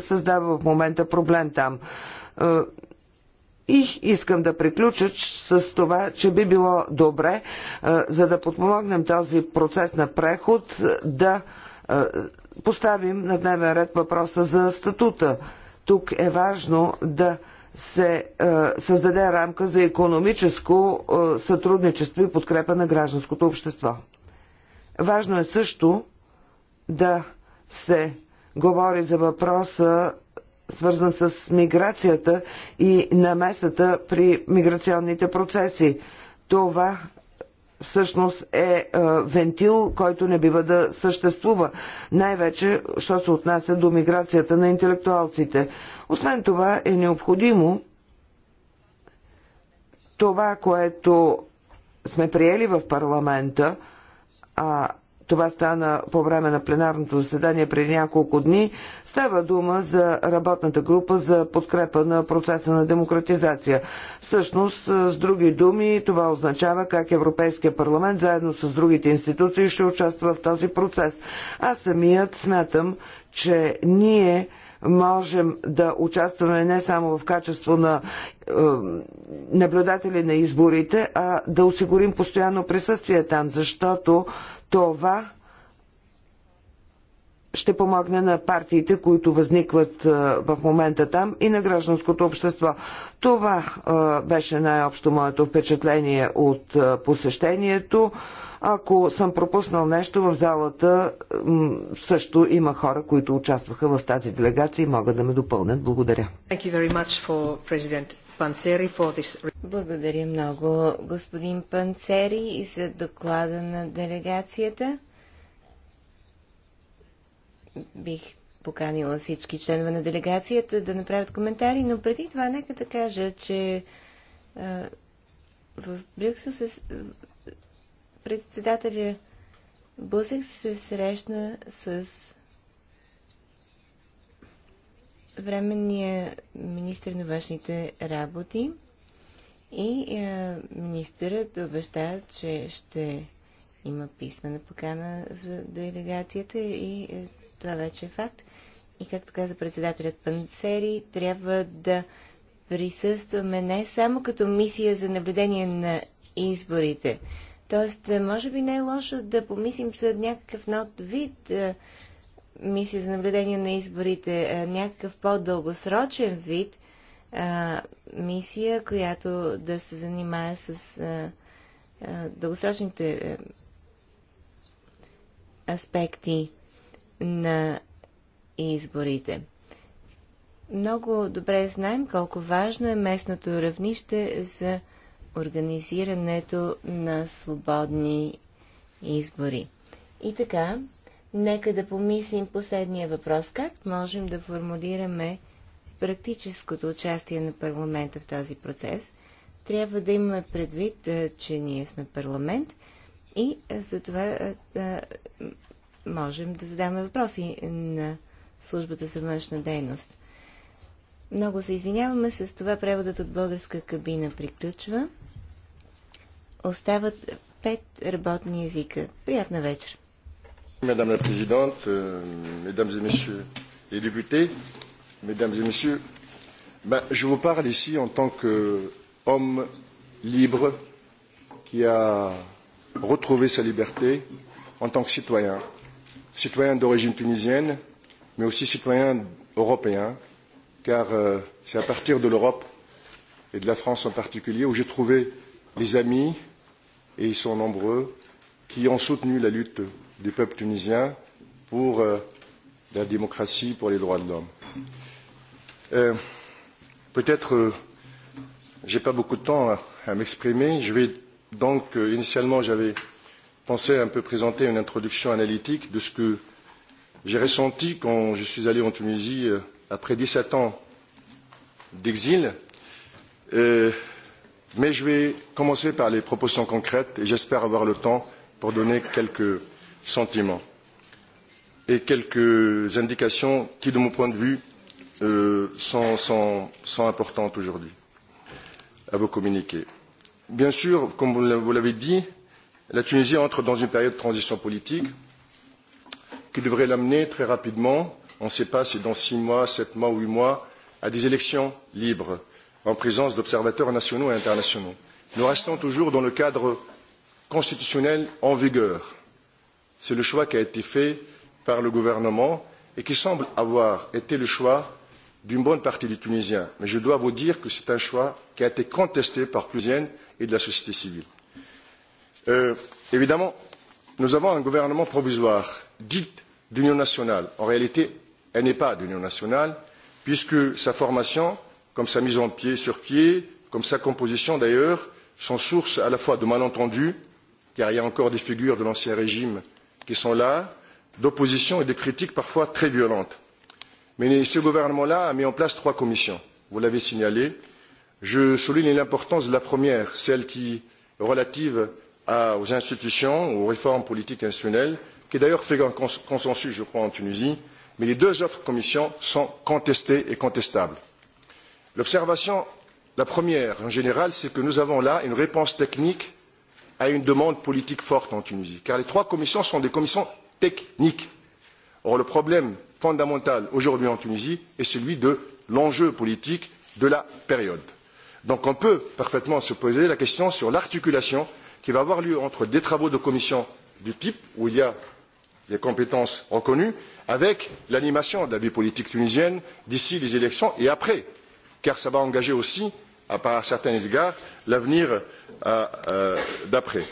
създава в момента проблем там и искам да приключа с това, че би било добре, за да подпомогнем този процес на преход, да поставим на дневен ред въпроса за статута. Тук е важно да се създаде рамка за економическо сътрудничество и подкрепа на гражданското общество. Важно е също да се говори за въпроса свързан с миграцията и намесата при миграционните процеси. Това всъщност е, е вентил, който не бива да съществува, най-вече, що се отнася до миграцията на интелектуалците. Освен това е необходимо това, което сме приели в парламента, а това стана по време на пленарното заседание преди няколко дни, става дума за работната група за подкрепа на процеса на демократизация. Всъщност, с други думи, това означава как Европейския парламент заедно с другите институции ще участва в този процес. Аз самият смятам, че ние можем да участваме не само в качество на е, наблюдатели на изборите, а да осигурим постоянно присъствие там, защото това ще помогне на партиите, които възникват в момента там и на гражданското общество. Това беше най-общо моето впечатление от посещението. Ако съм пропуснал нещо в залата, също има хора, които участваха в тази делегация и могат да ме допълнят. Благодаря. Панцери Благодаря много, господин Панцери, и за доклада на делегацията. Бих поканила всички членове на делегацията да направят коментари, но преди това нека да кажа, че а, в Брюксел се, председателя Бусек се срещна с временния министр на външните работи и е, министърът обеща, че ще има писмена покана за делегацията и е, това вече е факт. И както каза председателят Панцери, трябва да присъстваме не само като мисия за наблюдение на изборите. Тоест, е, може би не е лошо да помислим за някакъв нов вид е, мисия за наблюдение на изборите, е, някакъв по-дългосрочен вид а, е, мисия, която да се занимае с а, е, а, дългосрочните аспекти на изборите. Много добре знаем колко важно е местното равнище за организирането на свободни избори. И така, нека да помислим последния въпрос. Как можем да формулираме практическото участие на парламента в този процес? Трябва да имаме предвид, че ние сме парламент и за това да можем да задаваме въпроси на службата за външна дейност. Много се извиняваме, с това преводът от българска кабина приключва. Остават пет работни езика. Приятна вечер! Madame la Présidente, Mesdames et Messieurs les députés, Mesdames et Messieurs, ben, je vous parle ici en tant qu'homme libre qui a retrouvé sa liberté en tant que citoyen, citoyen d'origine tunisienne, mais aussi citoyen européen, car c'est à partir de l'Europe et de la France en particulier où j'ai trouvé les amis, et ils sont nombreux, qui ont soutenu la lutte du peuple tunisien pour la démocratie, pour les droits de l'homme. Peut-être, je n'ai pas beaucoup de temps à m'exprimer. Je vais donc, initialement, j'avais pensé un peu présenter une introduction analytique de ce que j'ai ressenti quand je suis allé en Tunisie après dix sept ans d'exil. mais je vais commencer par les propositions concrètes et j'espère avoir le temps pour donner quelques sentiments et quelques indications qui, de mon point de vue, sont, importantes aujourd'hui à vous communiquer. Bien sûr, comme vous l'avez dit, la Tunisie entre dans une période de transition politique qui devrait l'amener très rapidement, on ne sait pas si dans six mois, sept mois ou huit mois, à des élections libres en présence d'observateurs nationaux et internationaux. Nous restons toujours dans le cadre constitutionnel en vigueur C'est le choix qui a été fait par le gouvernement et qui semble avoir été le choix d'une bonne partie des Tunisiens. Mais je dois vous dire que c'est un choix qui a été contesté par les Tunisiennes et de la société civile. évidemment, nous avons un gouvernement provisoire, dit d'union nationale. En réalité, elle n'est pas d'union nationale, puisque sa formation, comme sa mise en pied sur pied, comme sa composition d'ailleurs, sont source à la fois de malentendus, car il y a encore des figures de l'ancien régime qui sont là, d'opposition et de critiques parfois très violentes. Mais ce gouvernement-là a mis en place trois commissions. Vous l'avez signalé. Je souligne l'importance de la première, celle qui est relative aux institutions, aux réformes politiques institutionnelles, qui d'ailleurs fait un consensus, je crois, en Tunisie. Mais les deux autres commissions sont contestées et contestables. L'observation, la première en général, c'est que nous avons là une réponse technique à une demande politique forte en Tunisie, car les trois commissions sont des commissions techniques. Or, le problème fondamental aujourd'hui en Tunisie est celui de l'enjeu politique de la période. Donc on peut parfaitement se poser la question sur l'articulation qui va avoir lieu entre des travaux de commission du type où il y a des compétences reconnues avec l'animation de la vie politique tunisienne d'ici les élections et après, car cela va engager aussi à certains égards l'avenir d'après.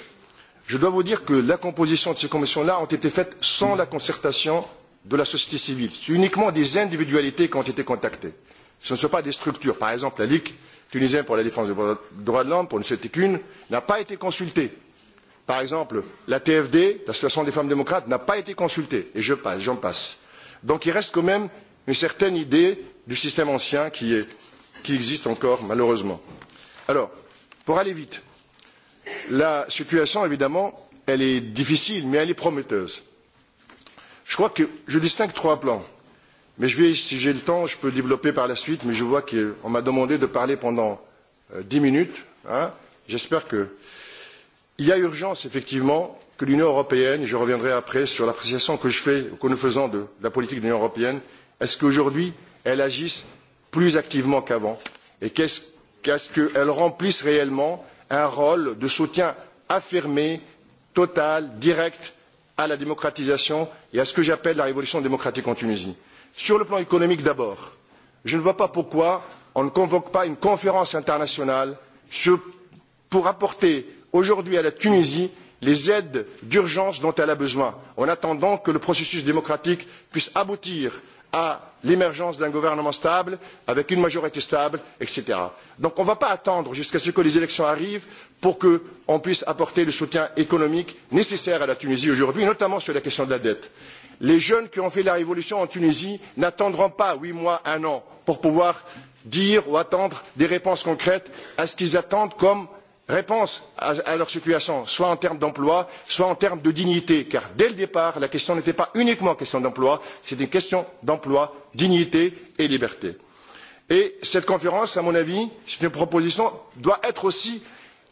je dois vous dire que la composition de ces commissions là a été faite sans la concertation de la société civile. ce sont uniquement des individualités qui ont été contactées. ce ne sont pas des structures. par exemple la ligue tunisienne pour la défense des droits de l'homme pour ne citer qu'une n'a pas été consultée. par exemple la tfd l'association des femmes démocrates n'a pas été consultée et j'en passe. donc il reste quand même une certaine idée du système ancien qui est qui existe encore malheureusement. Alors, pour aller vite, la situation évidemment, elle est difficile, mais elle est prometteuse. Je crois que je distingue trois plans. Mais je vais, si j'ai le temps, je peux développer par la suite, mais je vois qu'on m'a demandé de parler pendant dix minutes. J'espère que. Il y a urgence, effectivement, que l'Union européenne, et je reviendrai après sur l'appréciation que je fais, que nous faisons de la politique de l'Union européenne, est-ce qu'aujourd'hui, elle agisse plus activement qu'avant et qu'à ce qu'elles remplisse réellement un rôle de soutien affirmé, total, direct à la démocratisation et à ce que j'appelle la révolution démocratique en Tunisie. Sur le plan économique d'abord, je ne vois pas pourquoi on ne convoque pas une conférence internationale pour apporter aujourd'hui à la Tunisie les aides d'urgence dont elle a besoin, en attendant que le processus démocratique puisse aboutir à l'émergence d'un gouvernement stable, avec une majorité stable, etc. Donc on ne va pas attendre jusqu'à ce que les élections arrivent pour que qu'on puisse apporter le soutien économique nécessaire à la Tunisie aujourd'hui, notamment sur la question de la dette. Les jeunes qui ont fait la révolution en Tunisie n'attendront pas huit mois, un an pour pouvoir dire ou attendre des réponses concrètes à ce qu'ils attendent comme réponse à leur situation soit en termes d'emploi soit en termes de dignité car dès le départ la question n'était pas uniquement question d'emploi c'est une question d'emploi dignité et liberté. cette conférence à mon avis c'est une proposition doit être aussi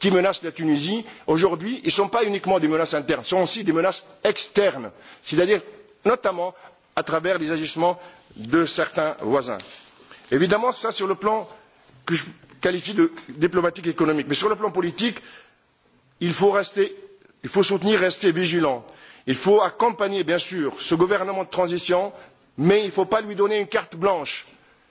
qui menacent la Tunisie aujourd'hui, ne sont pas uniquement des menaces internes, sont aussi des menaces externes, c'est-à-dire notamment à travers les agissements de certains voisins. Évidemment, cela sur le plan que je qualifie de diplomatique et économique, mais sur le plan politique, il faut, soutenir et rester vigilant. Il faut accompagner, bien sûr, ce gouvernement de transition, mais il ne faut pas lui donner une carte blanche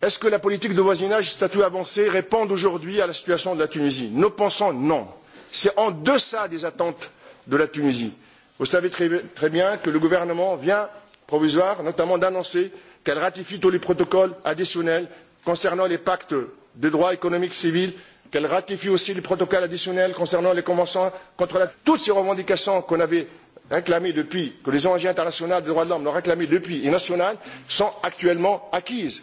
est ce que la politique de voisinage statut avancé répond aujourd'hui à la situation de la tunisie? nous pensons non. c'est en deçà des attentes de la tunisie. vous savez très bien que le gouvernement vient provisoire notamment d'annoncer qu'elle ratifie tous les protocoles additionnels concernant les pactes de droit économique civil qu'elle ratifie aussi les protocoles additionnels concernant les conventions contre la toutes ces revendications qu'on avait réclamées depuis que les ong internationales des droits de l'homme l'ont réclamées depuis et nationales sont actuellement acquises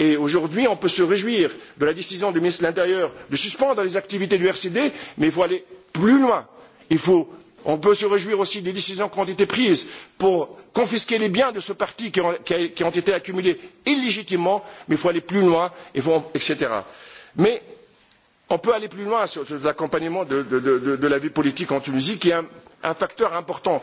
Et aujourd'hui, on peut se réjouir de la décision du ministre de l'Intérieur de suspendre les activités du RCD, mais il faut aller plus loin. on peut se réjouir aussi des décisions qui ont été prises pour confisquer les biens de ce parti qui ont, été accumulés illégitimement, mais il faut aller plus loin, etc. Mais on peut aller plus loin sur, l'accompagnement de, la vie politique en Tunisie, qui est un facteur important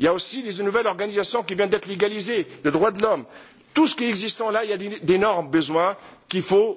Il y a aussi les nouvelles organisations qui viennent d'être légalisées, le droit de l'homme. Tout ce qui est existant là, il y a d'énormes besoins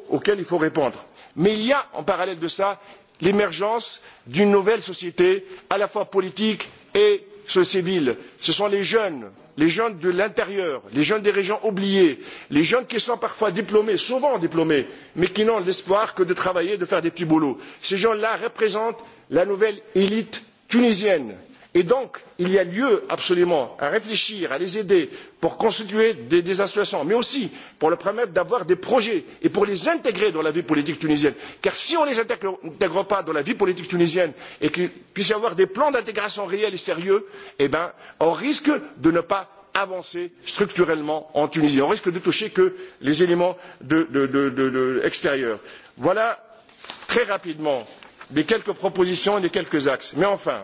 auxquels il faut répondre. Mais il y a, en parallèle de cela, l'émergence d'une nouvelle société, à la fois politique et civile. Ce sont les jeunes, les jeunes de l'intérieur, les jeunes des régions oubliées, les jeunes qui sont parfois diplômés, souvent diplômés, mais qui n'ont l'espoir que de travailler, de faire des petits boulots. Ces gens-là représentent la nouvelle élite tunisienne Et donc, il y a lieu absolument à réfléchir, à les aider pour constituer des, associations, mais aussi pour leur permettre d'avoir des projets et pour les intégrer dans la vie politique tunisienne. Car si on ne les intègre pas dans la vie politique tunisienne et qu'il puisse y avoir des plans d'intégration réels et sérieux, eh bien, on risque de ne pas avancer structurellement en Tunisie. On risque de toucher que les éléments extérieurs. Voilà très rapidement les quelques propositions et les quelques axes. Mais enfin,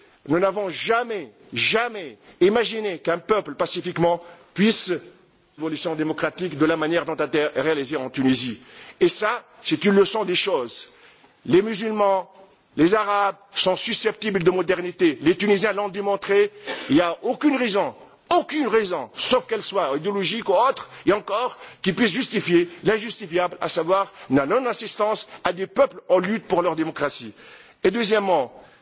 Nous n'avons jamais, jamais imaginé qu'un peuple pacifiquement puisse l'évolution démocratique de la manière dont elle est réalisée en Tunisie. Et ça, c'est une leçon des choses. Les musulmans, les arabes sont susceptibles de modernité. Les Tunisiens l'ont démontré. Il n'y a aucune raison, aucune raison, sauf qu'elle soit idéologique ou autre, et encore, qui puisse justifier l'injustifiable, à savoir la non-assistance à des peuples en lutte pour leur démocratie. Et deuxièmement,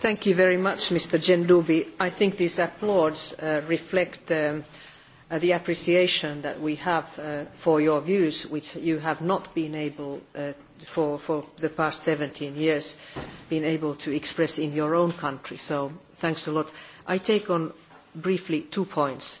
Thank you very much, Mr. Gendoubi. I think these applauds reflect the appreciation that we have for your views, which you have not been able for, for the past 17 years been able to express in your own country. So thanks a lot. I take on briefly two points.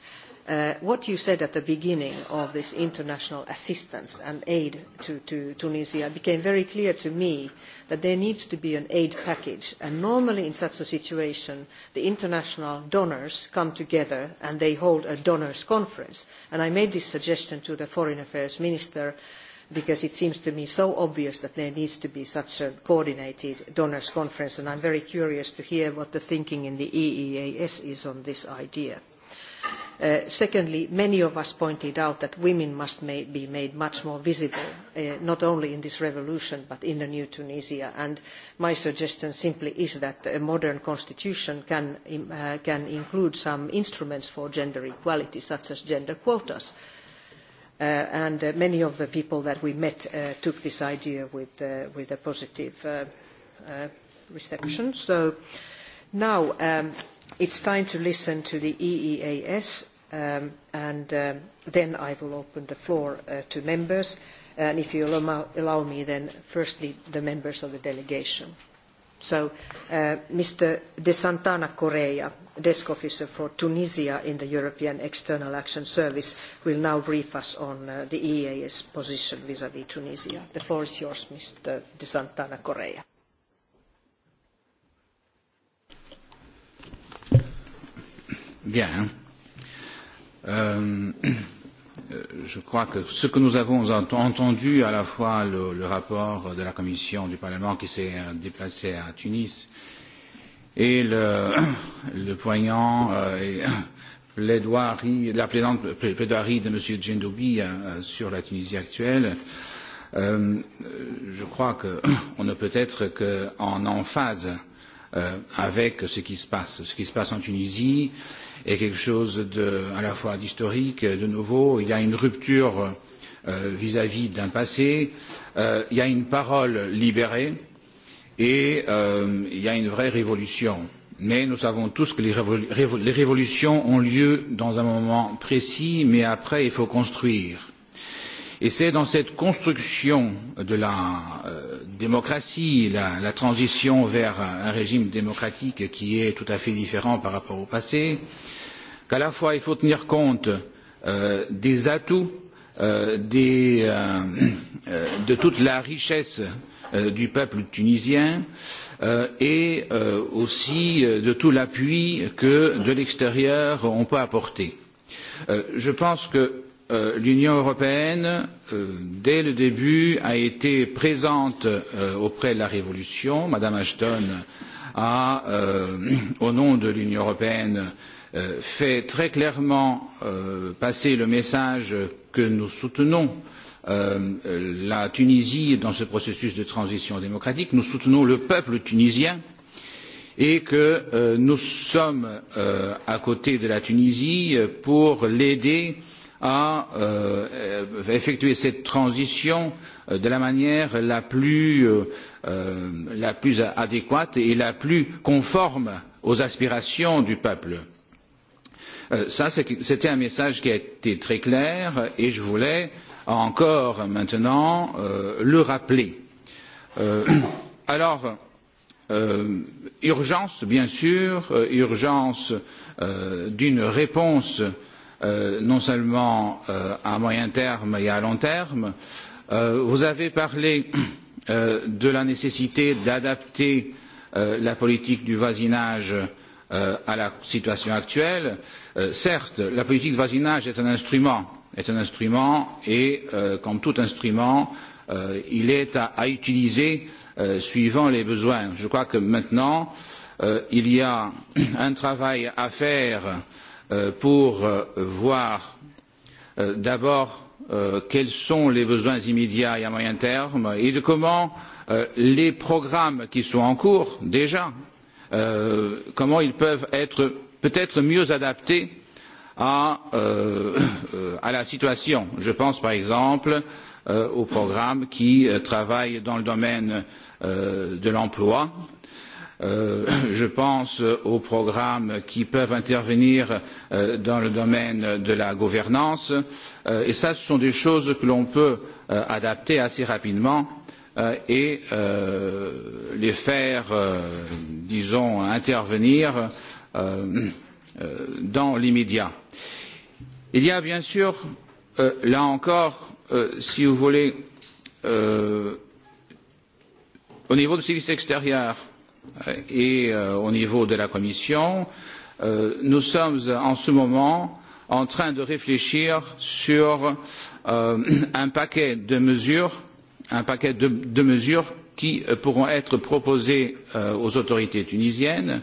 what you said at the beginning of this international assistance and aid to, Tunisia became very clear to me uh, that there needs to be an aid package. And normally in such a situation, the international donors come together and they hold a donors conference. And I made this suggestion to the foreign affairs minister because it seems to me so obvious that there needs to be such a coordinated donors conference and I am very curious to hear what the thinking in the EEAS is on this idea secondly, many of us pointed out that women must be made much more visible, not only in this revolution, but in the new Tunisia. And my suggestion simply is that a modern constitution can, include some instruments for gender equality, such as gender quotas. and many of the people that we met took this idea with, a positive reception. So now, It's time to listen to the EEAS, and then I will open the floor to members. And if you allow me, then firstly, the members of the delegation. So, Mr. De Santana Correa, desk officer for Tunisia in the European External Action Service, will now brief us on the EEAS position vis-à-vis Tunisia. The floor is yours, Mr. De Santana Correa. Bien. je crois que ce que nous avons entendu, à la fois le, rapport de la Commission du Parlement qui s'est déplacé à Tunis et le, le poignant plaidoirie, la plaidoirie de M. Djendoubi sur la Tunisie actuelle, je crois qu'on ne peut être qu'en emphase avec ce qui se passe, ce qui se passe en Tunisie. Euh, est quelque chose de, à la fois d'historique, de nouveau. Il y a une rupture vis-à-vis d'un passé. il y a une parole libérée et il y a une vraie révolution. Mais nous savons tous que les, révolutions ont lieu dans un moment précis, mais après, il faut construire. Et c'est dans cette construction de la démocratie, la, la transition vers un régime démocratique qui est tout à fait différent par rapport au passé, qu'à la fois il faut tenir compte euh, des atouts, euh, des, euh, euh, de toute la richesse euh, du peuple tunisien euh, et euh, aussi de tout l'appui que de l'extérieur on peut apporter. Euh, je pense que l'Union européenne, dès le début, a été présente auprès de la Révolution. Madame Ashton a, au nom de l'Union européenne, fait très clairement passer le message que nous soutenons la Tunisie dans ce processus de transition démocratique, nous soutenons le peuple tunisien et que nous sommes à côté de la Tunisie pour l'aider euh, à effectuer cette transition de la manière la plus, adéquate et la plus conforme aux aspirations du peuple. c'était un message qui a été très clair et je voulais encore maintenant le rappeler. alors, urgence, bien sûr, urgence d'une réponse euh, non seulement à moyen terme et à long terme. vous avez parlé de la nécessité d'adapter la politique du voisinage à la situation actuelle. certes, la politique de voisinage est un instrument, est un instrument et, comme tout instrument, il est à, utiliser suivant les besoins. Je crois que maintenant, il y a un travail à faire euh, pour voir d'abord quels sont les besoins immédiats et à moyen terme et de comment les programmes qui sont en cours déjà comment ils peuvent être peut être mieux adaptés à, la situation. Je pense par exemple aux programmes qui travaillent dans le domaine de l'emploi, je pense aux programmes qui peuvent intervenir dans le domaine de la gouvernance et ce sont des choses que l'on peut adapter assez rapidement et les faire, disons, intervenir dans l'immédiat. Il y a bien sûr, là encore, si vous voulez, au niveau du service extérieur, et au niveau de la Commission, nous sommes en ce moment en train de réfléchir sur un paquet de mesures, un paquet de, mesures qui pourront être proposées aux autorités tunisiennes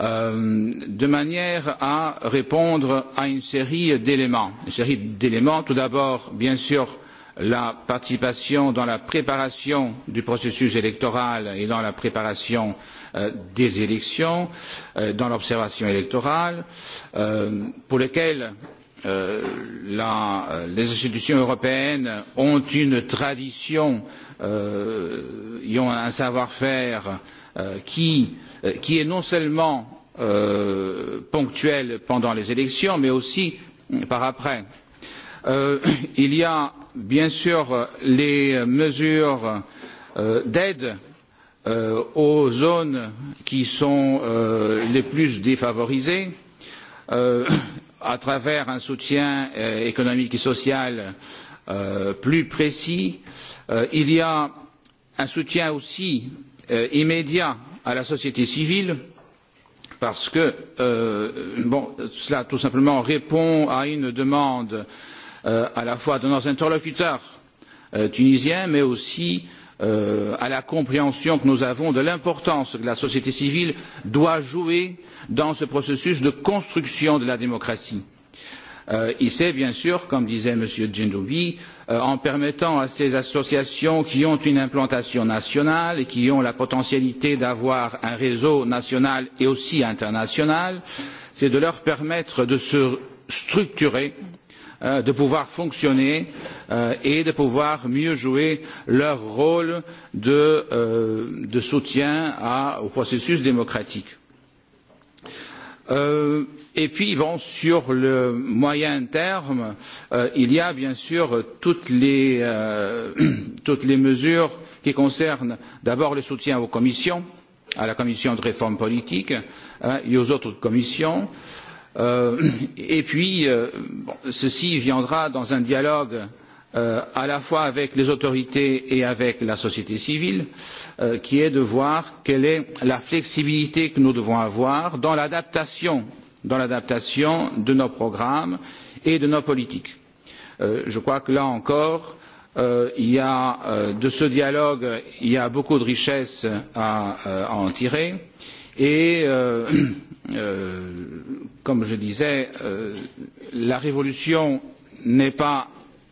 de manière à répondre à une série d'éléments. Une série d'éléments, tout d'abord, bien sûr, la participation dans la préparation du processus électoral et dans la préparation des élections, dans l'observation électorale, pour lesquelles les institutions européennes ont une tradition et ont un savoir-faire qui, est non seulement ponctuel pendant les élections, mais aussi par après. Euh, il y a bien sûr les mesures d'aide aux zones qui sont les plus défavorisées à travers un soutien économique et social plus précis. il y a un soutien aussi immédiat à la société civile parce que cela tout simplement répond à une demande euh, à la fois de nos interlocuteurs tunisiens, mais aussi à la compréhension que nous avons de l'importance que la société civile doit jouer dans ce processus de construction de la démocratie. il sait, bien sûr, comme disait M. Djendoubi, en permettant à ces associations qui ont une implantation nationale et qui ont la potentialité d'avoir un réseau national et aussi international, c'est de leur permettre de se structurer euh, de pouvoir fonctionner et de pouvoir mieux jouer leur rôle de, soutien au processus démocratique. et puis, sur le moyen terme, il y a bien sûr toutes les, mesures qui concernent d'abord le soutien aux commissions, à la commission de réforme politique et aux autres commissions, euh, et puis, ceci viendra dans un dialogue à la fois avec les autorités et avec la société civile, qui est de voir quelle est la flexibilité que nous devons avoir dans l'adaptation de nos programmes et de nos politiques. je crois que là encore, il y a de ce dialogue, il y a beaucoup de richesses à, en tirer. Euh, Et comme je disais, la révolution n'est pas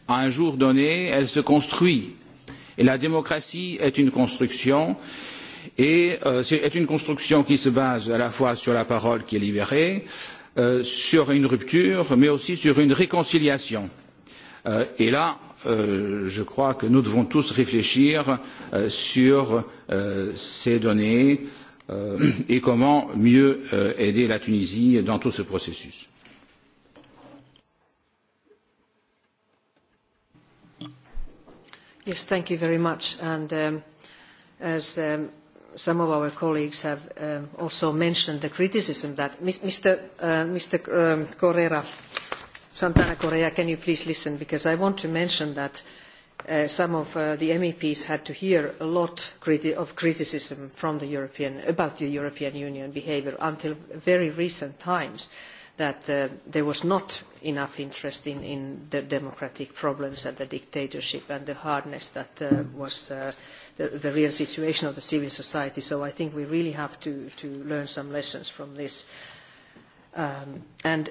à un jour donné, elle se construit. Et la démocratie est une construction, et est une construction qui se base à la fois sur la parole qui est libérée, sur une rupture, mais aussi sur une réconciliation. et là, je crois que nous devons tous réfléchir sur ces données, et comment mieux aider la Tunisie dans tout ce processus. Yes, thank you very much. And um, as um, some of our colleagues have um, also mentioned, the criticism that Mr. Uh, Mr. Correa, Santana Correa, can you please listen? Because I want to mention that uh, some of the MEPs had to hear a lot of criticism from about the European Union behaviour until very recent times that there was not enough interest in, the democratic problems and the dictatorship and the hardness that was the, real situation of the civil society. So I think we really have to, learn some lessons from this. and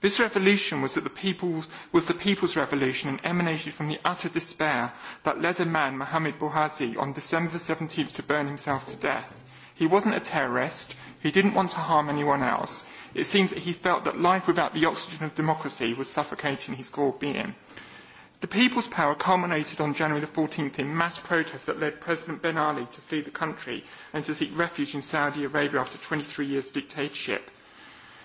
This revolution was, that the people's, was the people's revolution and emanated from the utter despair that led a man, Mohamed Bouhazi, on December 17th to burn himself to death. He wasn't a terrorist. He didn't want to harm anyone else. It seems that he felt that life without the oxygen of democracy was suffocating his core being. The people's power culminated on January the 14th in mass protests that led President Ben Ali to flee the country and to seek refuge in Saudi Arabia after 23 years' dictatorship.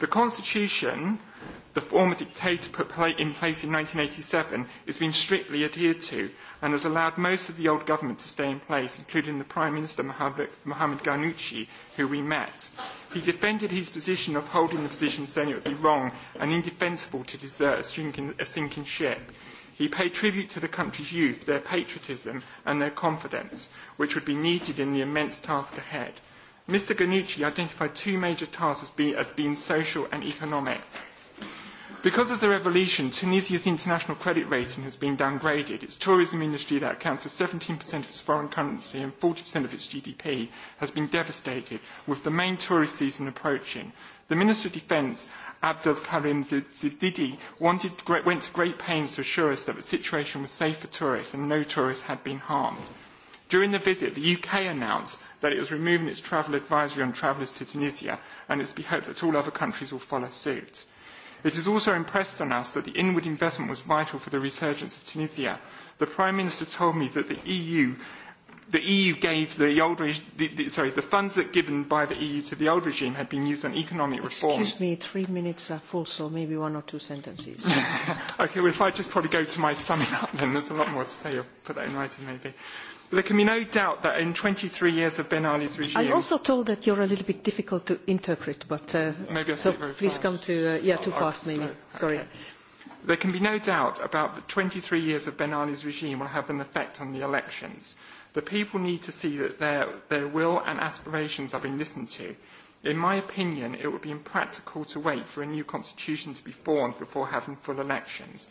The Constitution, the former dictator put in place in 1987, has been strictly adhered to and has allowed most of the old government to stay in place, including the Prime Minister Mohamed Ghanouchi, who we met. He defended his position of holding the position, saying it would be wrong and indefensible to desert a sinking, a sinking ship. He paid tribute to the country's youth, their patriotism and their confidence, which would be needed in the immense task ahead Mr. Ganucci identified two major tasks as being, as being social and economic. Because of the revolution, Tunisia's international credit rating has been downgraded. Its tourism industry, that accounts for 17% of its foreign currency and 40% of its GDP, has been devastated, with the main tourist season approaching. The Minister of Defence, Abdel Karim Zididi, wanted, went to great pains to assure us that the situation was safe for tourists and no tourists had been harmed. During the visit, the UK announced that it was removing its travel advisory on travellers to Tunisia, and it's to be hoped that all other countries will follow suit. It is also impressed on us that the inward investment was vital for the resurgence of Tunisia. The Prime Minister told me that the EU the EU gave the old reg- the, the, sorry the funds that given by the EU to the old regime had been used on economic reform. Excuse me, three minutes are full, so maybe one or two sentences. okay, well, if I just probably go to my summing up, then there's a lot more to say. I'll put that in writing, maybe. There can be no doubt that in 23 years of Ben Ali's regime... I'm also told that you're a little bit difficult to interpret, but... Uh, maybe I so very fast. Please come to... Uh, yeah, too fast, maybe. Sorry. There can be no doubt about that 23 years of Ben Ali's regime will have an effect on the elections. The people need to see that their, their will and aspirations are being listened to. In my opinion, it would be impractical to wait for a new constitution to be formed before having full elections.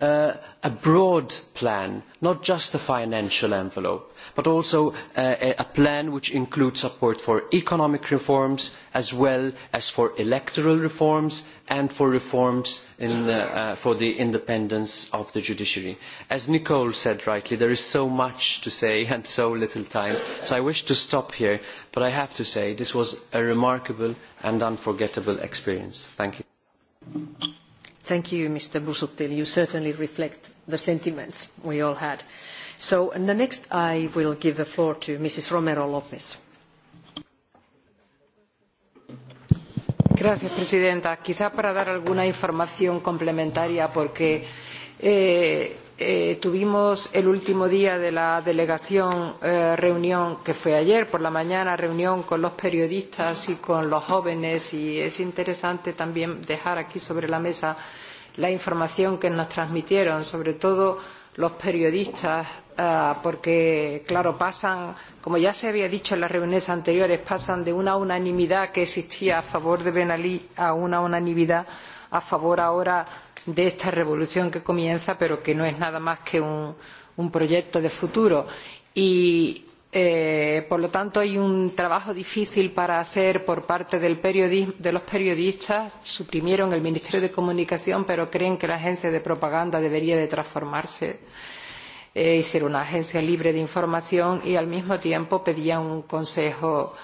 a broad plan, not just a financial envelope, but also a plan which includes support for economic reforms as well as for electoral reforms and for reforms for the independence of the judiciary. As Nicole said rightly, there is so much to say and so little time, so I wish to stop here, but I have to say this was a remarkable and unforgettable experience. Thank you. Thank you, Mr. Busuttil. You certainly reflect the sentiments we all had. So the next I will give the floor to Mrs. Romero Lopez. Gracias, presidenta. Quizá para dar alguna información complementaria, porque tuvimos el último día de la delegación reunión que fue ayer por la mañana reunión con los periodistas y con los jóvenes y es interesante también dejar aquí sobre la mesa la información que nos transmitieron sobre todo los periodistas porque claro pasan como ya se había dicho en las reuniones anteriores pasan de una unanimidad que existía a favor de Ben Ali a una unanimidad a favor ahora de de esta revolución que comienza, pero que no es nada más que un, proyecto de futuro. Y, por lo tanto, hay un trabajo difícil para hacer por parte de los periodistas. Suprimieron el Ministerio de Comunicación, pero creen que la agencia de propaganda debería de transformarse y ser una agencia libre de información y al mismo tiempo pedían un consejo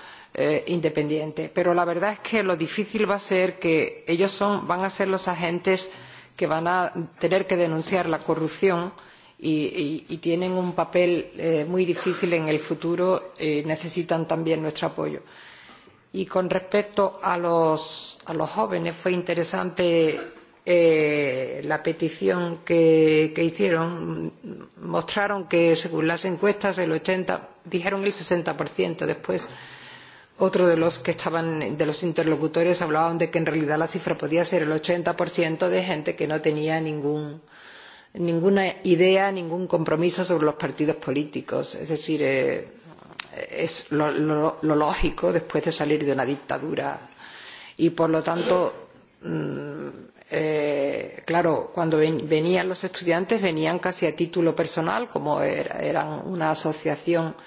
independiente. Pero la verdad es que lo difícil va a ser que ellos van a ser los agentes que van a tener que denunciar la corrupción y, tienen un papel muy difícil en el futuro y necesitan también nuestro apoyo. Y con respecto a los, jóvenes, fue interesante la petición que, hicieron. Mostraron que, según las encuestas, el ochenta dijeron el 60%. Después otro de los que estaban de los interlocutores hablaban de que en realidad la cifra podía ser el 80% de gente que no tenía ningún ninguna idea, ningún compromiso sobre los partidos políticos. Es decir, eh, es lo, lo, lo lógico después de salir de una dictadura. Y por lo tanto, mm, eh, claro, cuando ven, venían los estudiantes venían casi a título personal, como era, eran una asociación eh,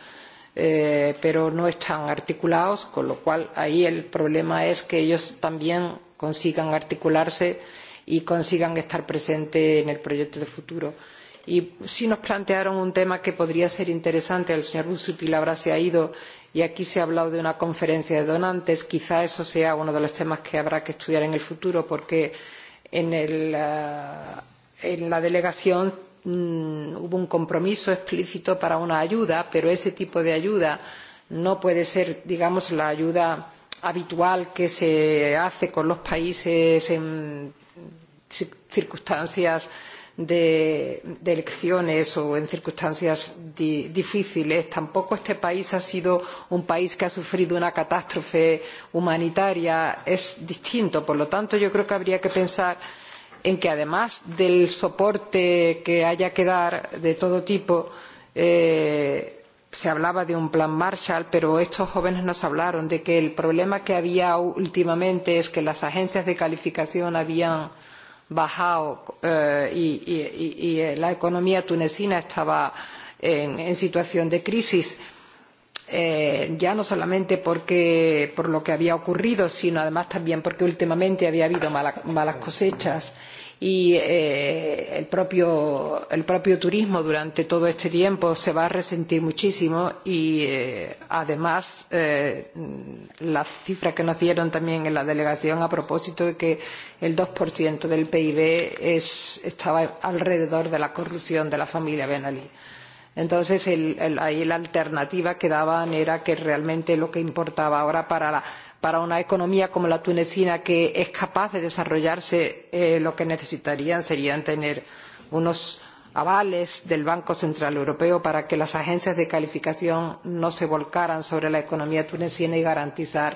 pero no están articulados, con lo cual ahí el problema es que ellos también consigan articularse y consigan estar presentes en el proyecto de futuro. Y sí nos plantearon un tema que podría ser interesante, el señor Busutil ahora se ha ido y aquí se ha hablado de una conferencia de donantes, quizá eso sea uno de los temas que habrá que estudiar en el futuro porque en, la delegación hubo un compromiso explícito para una ayuda, pero ese tipo de ayuda no puede ser, digamos, la ayuda habitual que se hace con los países en circunstancias de, elecciones o en circunstancias difíciles. Tampoco este país ha sido un país que ha sufrido una catástrofe humanitaria. Es distinto. Por lo tanto, yo creo que habría que pensar en que además del soporte que haya que dar de todo tipo, se hablaba de un plan Marshall, pero estos jóvenes nos hablaron de que el problema que había últimamente es que las agencias de calificación habían bajado y, la economía tunecina estaba en situación de crisis ya no solamente porque, por lo que había ocurrido, sino además también porque últimamente había habido malas cosechas y el, propio, turismo durante todo este tiempo se va a resentir muchísimo y además las cifras que nos dieron también en la delegación a propósito de que el dos del PIB estaba alrededor de la corrupción de la familia Ben Ali. Entonces, ahí la alternativa que daban era que realmente lo que importaba ahora para, una economía como la tunecina, que es capaz de desarrollarse, lo que necesitarían serían tener unos avales del Banco Central Europeo para que las agencias de calificación no se volcaran sobre la economía tunecina y garantizar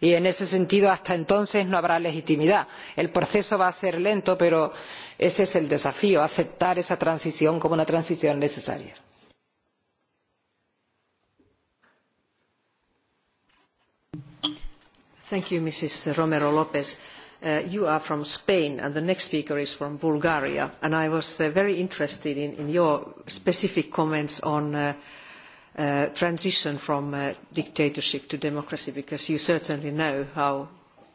y en ese sentido hasta entonces no habrá legitimidad. el proceso va a ser lento pero ese es el desafío aceptar esa transición como una transición necesaria. you, Romero Lopez. you are from Spain, and the next speaker is from Bulgaria. And I was very interested in, your specific comments on the transition from dictatorship to democracy because you certainly know how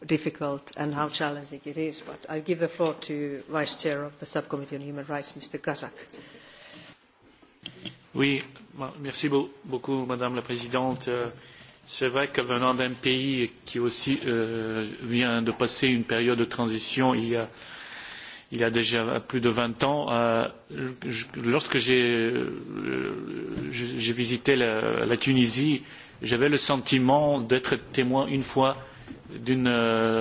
difficult and how challenging it is. But I give the floor to Vice Chair of the Subcommittee on Human Rights, Mr. Kazak. Oui, merci beaucoup, Madame la Présidente. C'est vrai que venant d'un pays qui aussi vient de passer une période de transition, il y a il y a déjà plus de vingt ans, lorsque j'ai visité la, Tunisie, j'avais le sentiment d'être témoin une fois d'une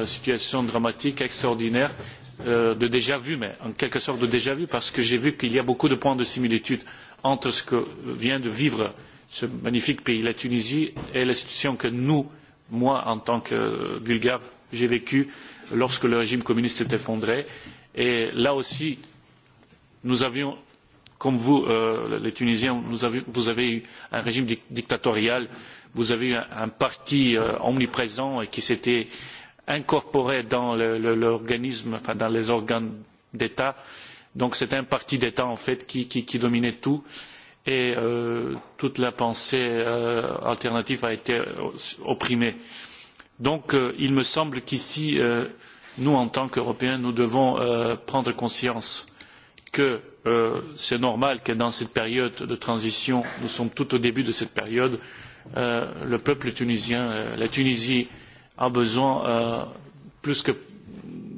situation dramatique, extraordinaire, de déjà vu, mais en quelque sorte de déjà vu, parce que j'ai vu qu'il y a beaucoup de points de similitude entre ce que vient de vivre ce magnifique pays, la Tunisie, et la situation que nous, moi, en tant que Bulgare, j'ai vécue lorsque le régime communiste s'est effondré Et là aussi, nous avions, comme vous, les Tunisiens, vous avez eu un régime dictatorial, vous avez eu un, parti omniprésent et qui s'était incorporé dans l'organisme, enfin dans les organes d'État. Donc c'était un parti d'État en fait qui, dominait tout et toute la pensée alternative a été opprimée. Donc il me semble qu'ici nous, en tant qu'Européens, nous devons prendre conscience que c'est normal que dans cette période de transition, nous sommes tout au début de cette période, le peuple tunisien, la Tunisie a besoin, plus que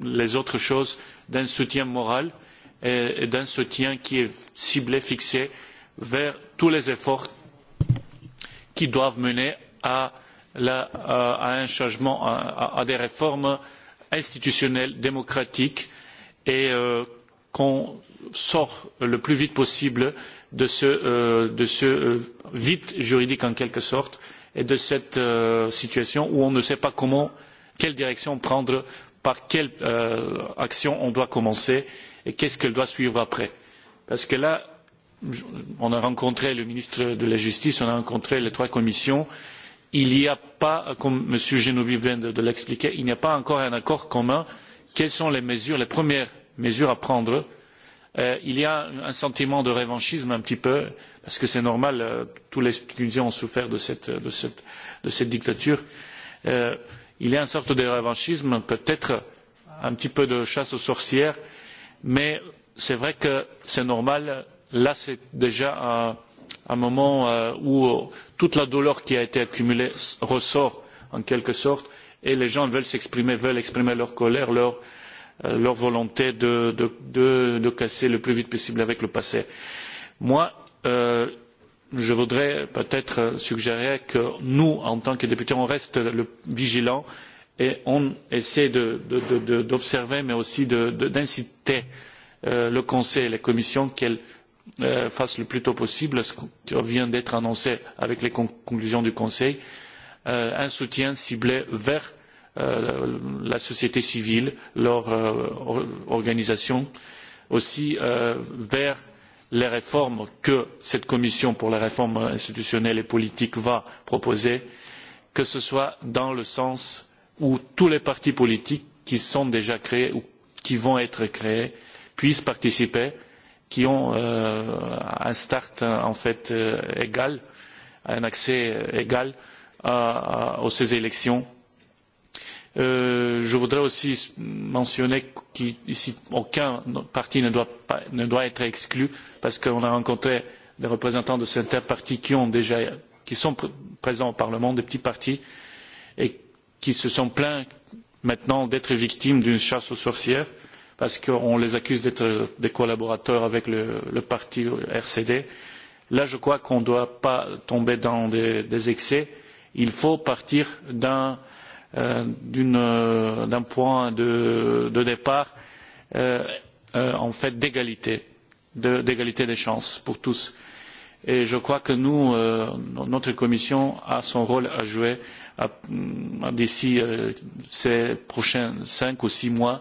les autres choses, d'un soutien moral et d'un soutien qui est ciblé, fixé vers tous les efforts qui doivent mener à, un changement, à des réformes institutionnelle, démocratique et qu'on sorte le plus vite possible de ce, vide juridique en quelque sorte et de cette situation où on ne sait pas comment, quelle direction prendre, par quelle action on doit commencer et qu'est-ce qu'elle doit suivre après. Parce que là, on a rencontré le ministre de la Justice, on a rencontré les trois commissions, il n'y a pas, comme M. genovi vient de, l'expliquer, il n'y a pas encore un accord commun. Quelles sont les mesures, les premières mesures à prendre Il y a un sentiment de revanchisme un petit peu, parce que c'est normal, tous les Tunisiens ont souffert de cette, dictature. il y a une sorte de revanchisme, peut-être un petit peu de chasse aux sorcières, mais c'est vrai que c'est normal. Là, c'est déjà un un moment où toute la douleur qui a été accumulée ressort en quelque sorte et les gens veulent s'exprimer, veulent exprimer leur colère, leur, volonté de, casser le plus vite possible avec le passé. Moi, je voudrais peut-être suggérer que nous, en tant que députés, on reste vigilants et on essaie d'observer, mais aussi d'inciter le Conseil et la Commission qu'elles fasse le plus tôt possible ce qui vient d'être annoncé avec les conclusions du Conseil, un soutien ciblé vers la société civile, leurs organisations, aussi vers les réformes que cette commission pour les réformes institutionnelles et politiques va proposer, que ce soit dans le sens où tous les partis politiques qui sont déjà créés ou qui vont être créés puissent participer qui ont un start en fait égal, un accès égal à, ces élections. je voudrais aussi mentionner qu'ici aucun parti ne doit, être exclu parce qu'on a rencontré des représentants de certains partis qui ont déjà qui sont présents au Parlement, des petits partis, et qui se sont plaints maintenant d'être victimes d'une chasse aux sorcières. Euh, parce qu'on les accuse d'être des collaborateurs avec le, parti RCD. Là, je crois qu'on ne doit pas tomber dans des, excès. Il faut partir d'un point de, départ en fait d'égalité, d'égalité des chances pour tous. Et je crois que nous, notre commission a son rôle à jouer d'ici ces prochains cinq ou six mois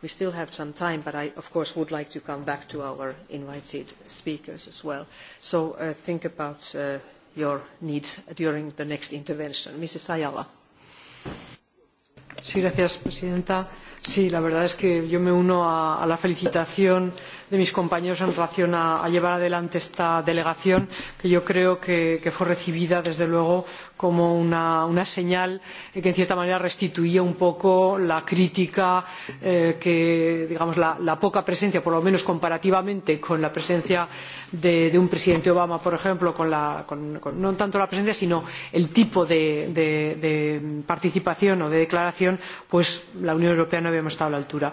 We still have some time, but I, of course, would like to come back to our invited speakers as well. So think about your needs during the next intervention. Mrs. Ayala. Sí, gracias, presidenta. Sí, la verdad es que yo me uno a la felicitación de mis compañeros en relación con llevar adelante esta delegación que yo creo que fue recibida desde luego como una señal que en cierta manera restituía un poco la crítica que digamos la poca presencia por lo menos comparativamente con la presencia de un presidente obama por ejemplo no tanto la presencia sino el tipo de participación o de declaración pues la unión europea no habíamos estado a la altura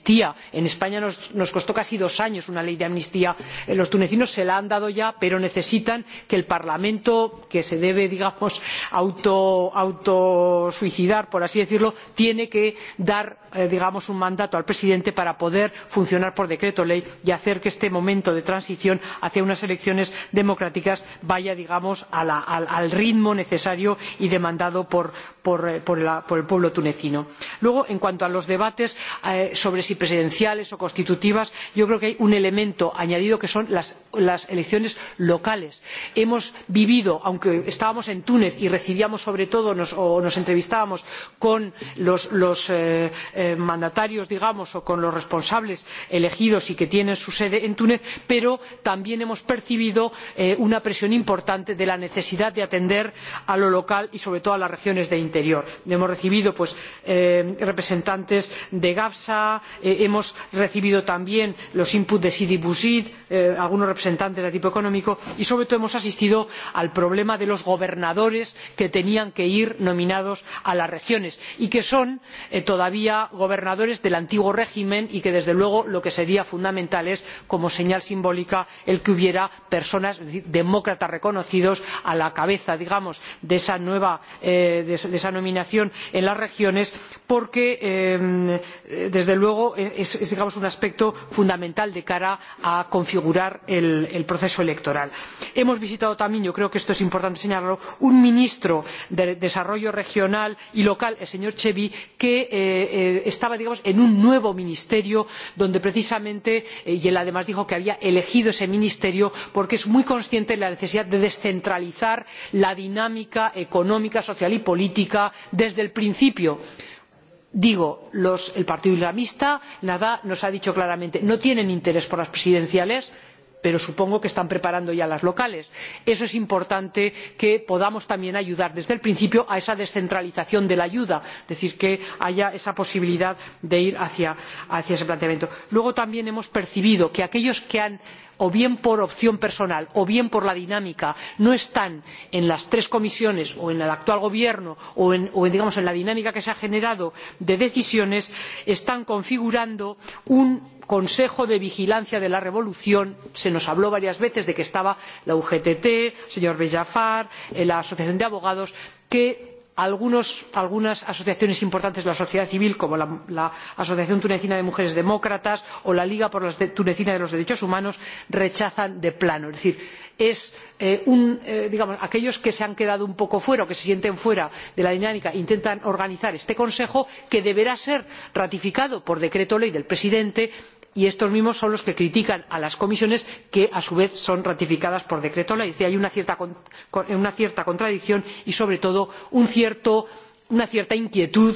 amnistía en españa nos costó casi dos años una ley de amnistía los tunecinos se la han dado ya pero necesitan que el parlamento que se debe digamos autosuicidar por así decirlo dé digamos un mandato al presidente para poder funcionar por decreto ley y hacer que este momento de transición hacia unas elecciones democráticas vaya al ritmo necesario y demandado por el pueblo tunecino. luego en cuanto a los debates sobre si presidenciales o constitutivas yo creo que hay un elemento añadido que son las elecciones locales. hemos vivido aunque estábamos en túnez y recibíamos sobre todo o nos entrevistábamos con los mandatarios digamos o con los responsables elegidos y que tienen su sede en túnez pero también hemos percibido una presión importante de la necesidad de atender a lo local y sobre todo a las regiones de interior. hemos recibido representantes de gafsa hemos recibido también los inputs de sidi bouzid algunos representantes de tipo económico y sobre todo hemos asistido al problema de los gobernadores que tenían que ir nominados a las regiones y que son todavía gobernadores del antiguo régimen y que desde luego lo que sería fundamental es como señal simbólica que hubiera personas demócratas reconocidos a la cabeza digamos de esa nueva nominación en las regiones porque desde luego es un aspecto fundamental de cara a configurar el proceso electoral. hemos visitado también yo creo que esto es importante señalarlo un ministro de desarrollo regional y local el señor chebbi que estaba en un nuevo ministerio donde precisamente y él además dijo que había elegido ese ministerio porque es muy consciente de la necesidad de descentralizar la dinámica económica social y política desde el principio digo el partido islamista nos ha dicho claramente no tienen interés por las presidenciales pero supongo que están preparando ya las locales. eso es importante que podamos también ayudar desde el principio a esa descentralización de la ayuda es decir que haya esa posibilidad de ir hacia ese planteamiento. luego también hemos percibido que aquellos que han o bien por opción personal o bien por la dinámica no están en las tres comisiones o en el actual gobierno o digamos en la dinámica que se ha generado de decisiones están configurando un consejo de vigilancia de la revolución se nos habló varias veces de que estaba la ugt el señor bellafar la asociación de abogados que algunas asociaciones importantes de la sociedad civil como la asociación tunecina de mujeres demócratas o la liga tunecina de los derechos humanos rechazan de plano es decir aquellos que se han quedado un poco fuera o que se sienten fuera de la dinámica intentan organizar este consejo que deberá ser ratificado por decreto ley del presidente y estos mismos son los que critican a las comisiones que a su vez son ratificadas por decreto ley. es decir hay una cierta contradicción y sobre todo una cierta inquietud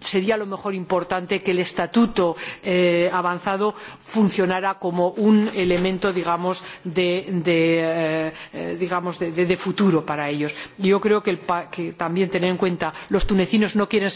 sería a lo mejor importante que el estatuto avanzado funcionara como un elemento digamos de futuro para ellos. yo creo que también tener en cuenta que los tunecinos no quieren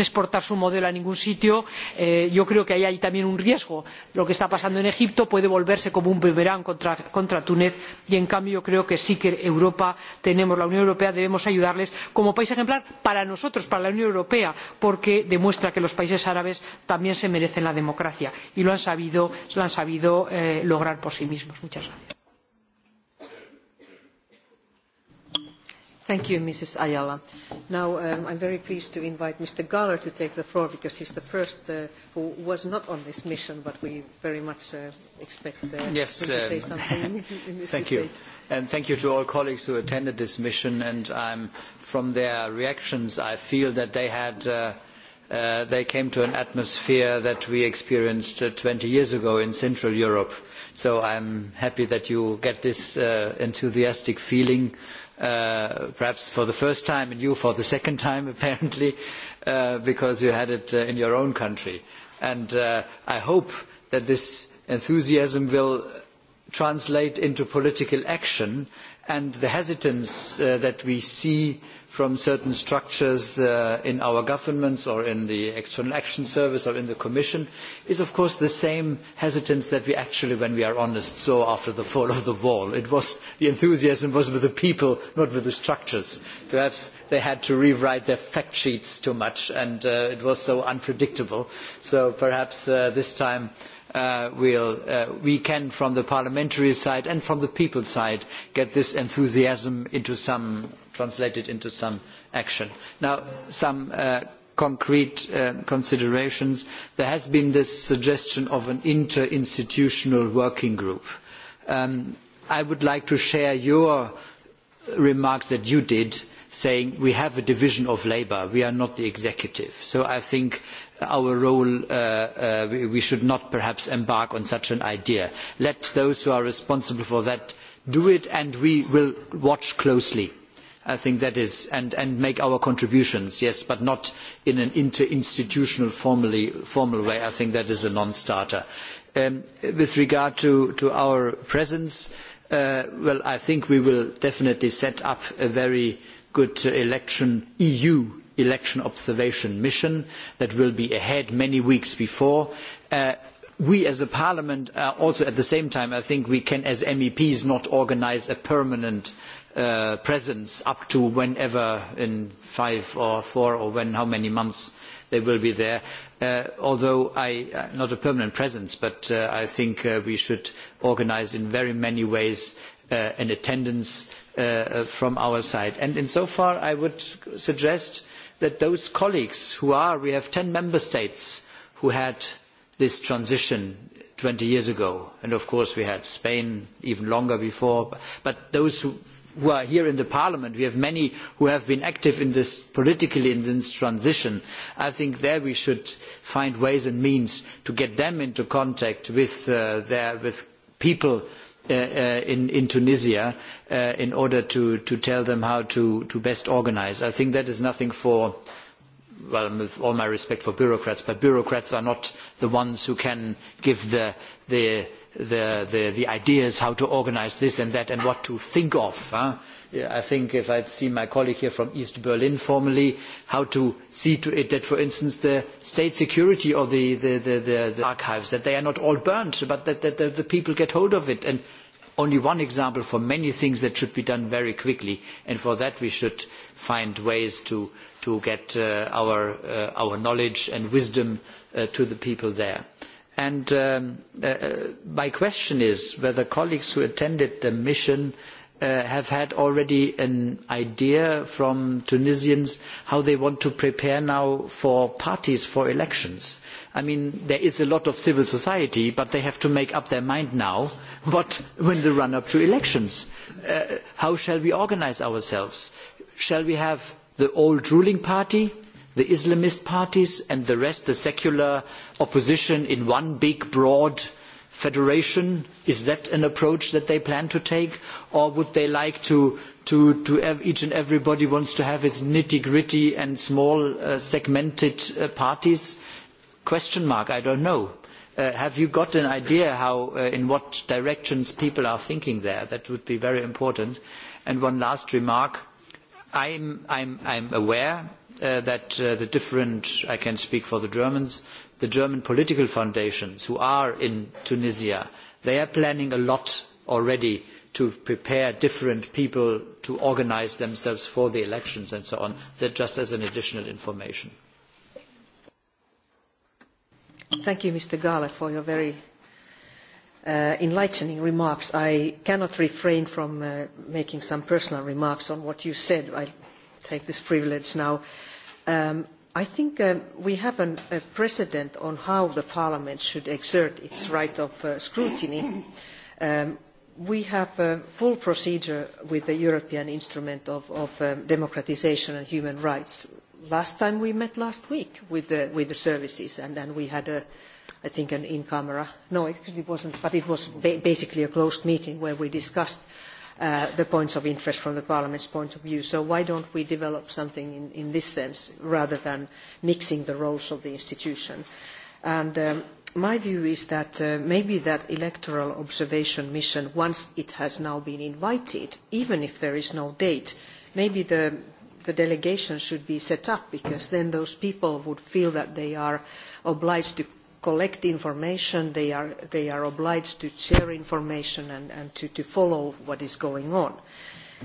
exportar su modelo a ningún sitio yo creo que ahí hay también un riesgo. lo que está pasando en egipto puede volverse como un beberán contra túnez y en cambio yo creo que sí que europa tenemos la unión europea debemos ayudarles como país ejemplar para nosotros para la unión europea porque demuestra que los países árabes también se merecen la democracia y lo han sabido lo han sabido lograr por sí mismos. muchas gracias. Thank you, Mrs. Ayala. Now, um, I'm very pleased to invite Mr. Gahler to take the floor because he's the first uh, who was not on this mission, but we very much uh, expect uh, yes, him to say something in this Thank debate. You And thank you to all colleagues who attended this mission. And I'm, from their reactions, I feel that they had. Uh, they came to an atmosphere that we experienced twenty years ago in Central Europe. So I am happy that you get this enthusiastic feeling, perhaps for the first time and you for the second time, apparently, because you had it in your own country. And I hope that this enthusiasm will translate into political action and the hesitance that we see from certain structures in our governments or in the External Action Service or in the Commission is of course the same hesitance that we actually, when we are honest, saw after the fall of the wall. It was, the enthusiasm was with the people, not with the structures. Perhaps they had to rewrite their fact sheets too much and it was so unpredictable. So perhaps this time we can from the parliamentary side and from the people side get this enthusiasm translated into some action. Now, some concrete considerations. There has been this suggestion of an interinstitutional working group. I would like to share your remarks that you did saying we have a division of labour. We are not the executive. So I think our role we should not perhaps embark on such an idea. let those who are responsible for that do it and we will watch closely I think that is, and, make our contributions, yes, but not in an interinstitutional formal way. I think that is a non-starter. with regard to, our presence, well, I think we will definitely set up a very good election EU election observation mission that will be ahead many weeks before. we as a parliament also at the same time, I think we can as MEPs not organise a permanent presence up to whenever in five or four or when how many months they will be there. although I, not a permanent presence, but I think we should organise in very many ways an attendance from our side. And insofar, I would suggest that those colleagues who are, we have ten member states who had this transition twenty years ago, and of course we had Spain even longer before, but those who, are here in the parliament, we have many who have been active in this politically in this transition. I think there we should find ways and means to get them into contact with, with people in, Tunisia in order to, tell them how to, best organise. I think that is nothing for, well, with all my respect for bureaucrats, but bureaucrats are not the ones who can give the, the, the, the, the ideas how to organise this and that and what to think of. I think if I see my colleague here from East Berlin formally, how to see to it that, for instance, the state security or the, the, the, the, the archives, that they are not all burnt, but that, that the, the people get hold of it. And only one example for many things that should be done very quickly. And for that, we should find ways to, get our, knowledge and wisdom to the people there. my question is whether colleagues who attended the mission have had already an idea from Tunisians how they want to prepare now for parties for elections I mean, there is a lot of civil society, but they have to make up their mind now what when the run-up to elections. how shall we organise ourselves? Shall we have the old ruling party, the Islamist parties, and the rest, the secular opposition, in one big, broad federation? Is that an approach that they plan to take? Or would they like to, each and everybody wants to have its nitty gritty and small segmented parties? question mark i don't know have you got an idea how in what directions people are thinking there that would be very important and one last remark i'm i'm aware that the different i can speak for the germans the german political foundations who are in tunisia they are planning a lot already to prepare different people to organise themselves for the elections and so on that just as an additional information Thank you, Mr. Gahler, for your very enlightening remarks. I cannot refrain from making some personal remarks on what you said. I take this privilege now. I think we have a precedent on how the Parliament should exert its right of scrutiny. we have a full procedure with the European Instrument of, Democratisation and Human Rights, last time we met last week with the, with the services, and, and we had, a, I think, an in-camera, no, it, was wasn't, but it was ba basically a closed meeting where we discussed uh, the points of interest from the Parliament's point of view. So why don't we develop something in, in this sense rather than mixing the roles of the institution? And um, my view is that maybe that electoral observation mission, once it has now been invited, even if there is no date, maybe the the delegation should be set up because then those people would feel that they are obliged to collect information, they are, they are obliged to share information and, and to, to follow what is going on.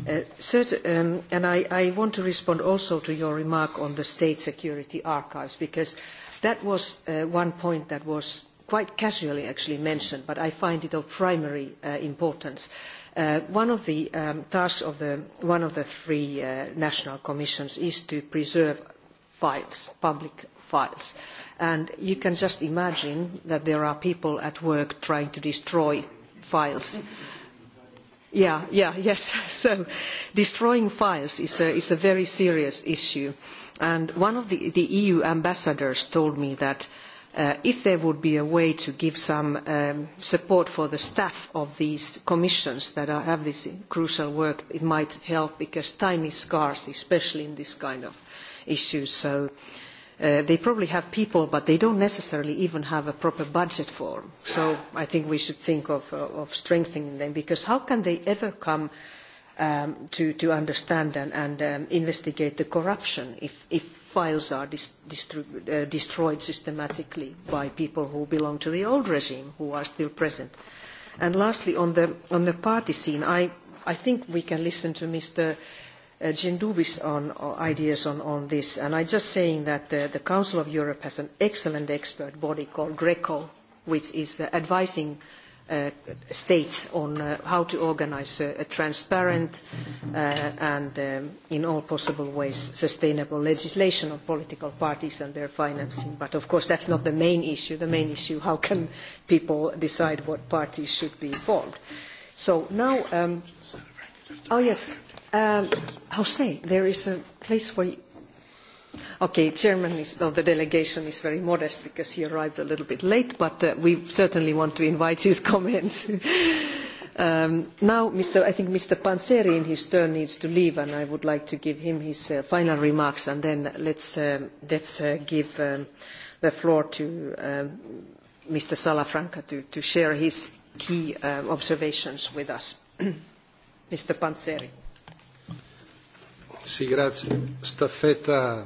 and I, I want to respond also to your remark on the state security archives because that was one point that was quite casually actually mentioned, but I find it of primary importance one of the tasks of one of the three national commissions is to preserve files, public files. And you can just imagine that there are people at work trying to destroy files. Yeah, yeah, yes. So destroying files is a, very serious issue. And one of the, EU ambassadors told me that if there would be a way to give some support for the staff of these commissions that have this crucial work, it might help because time is scarce, especially in this kind of issues. So they probably have people, but they don't necessarily even have a proper budget for them. So I think we should think of, strengthening them because how can they ever come to, understand and, investigate the corruption if, files are destroyed systematically by people who belong to the old regime who are still present. And lastly, on the, on the party scene, I, I think we can listen to Mr. Genduvis on ideas on this. And I'm just saying that the Council of Europe has an excellent expert body called GRECO, which is advising states on how to organise a, transparent and in all possible ways sustainable legislation on political parties and their financing. But of course that's not the main issue. The main issue, is how can people decide what parties should be involved? So now, oh yes, Jose, there is a place where Okay, chairman of the delegation is very modest because he arrived a little bit late, but we certainly want to invite his comments. now, I think Mr. Panzeri in his turn needs to leave, and I would like to give him his final remarks, and then let's, let's give the floor to Mr. Salafranca to, to share his key observations with us. Mr. Panzeri. Sì, grazie. Staffetta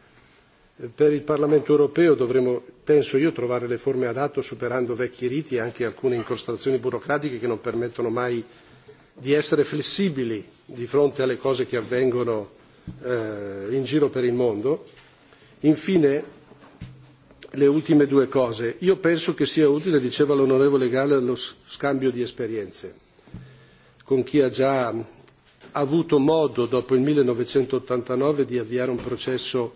per il Parlamento europeo dovremo, penso io, trovare le forme adatto superando vecchi riti e anche alcune incrostazioni burocratiche che non permettono mai di essere flessibili di fronte alle cose che avvengono in giro per il mondo. Infine, le ultime due cose. Io penso che sia utile, diceva l'onorevole Gale, lo scambio di esperienze con chi ha già avuto modo, dopo il millenovecentottantanove, di avviare un processo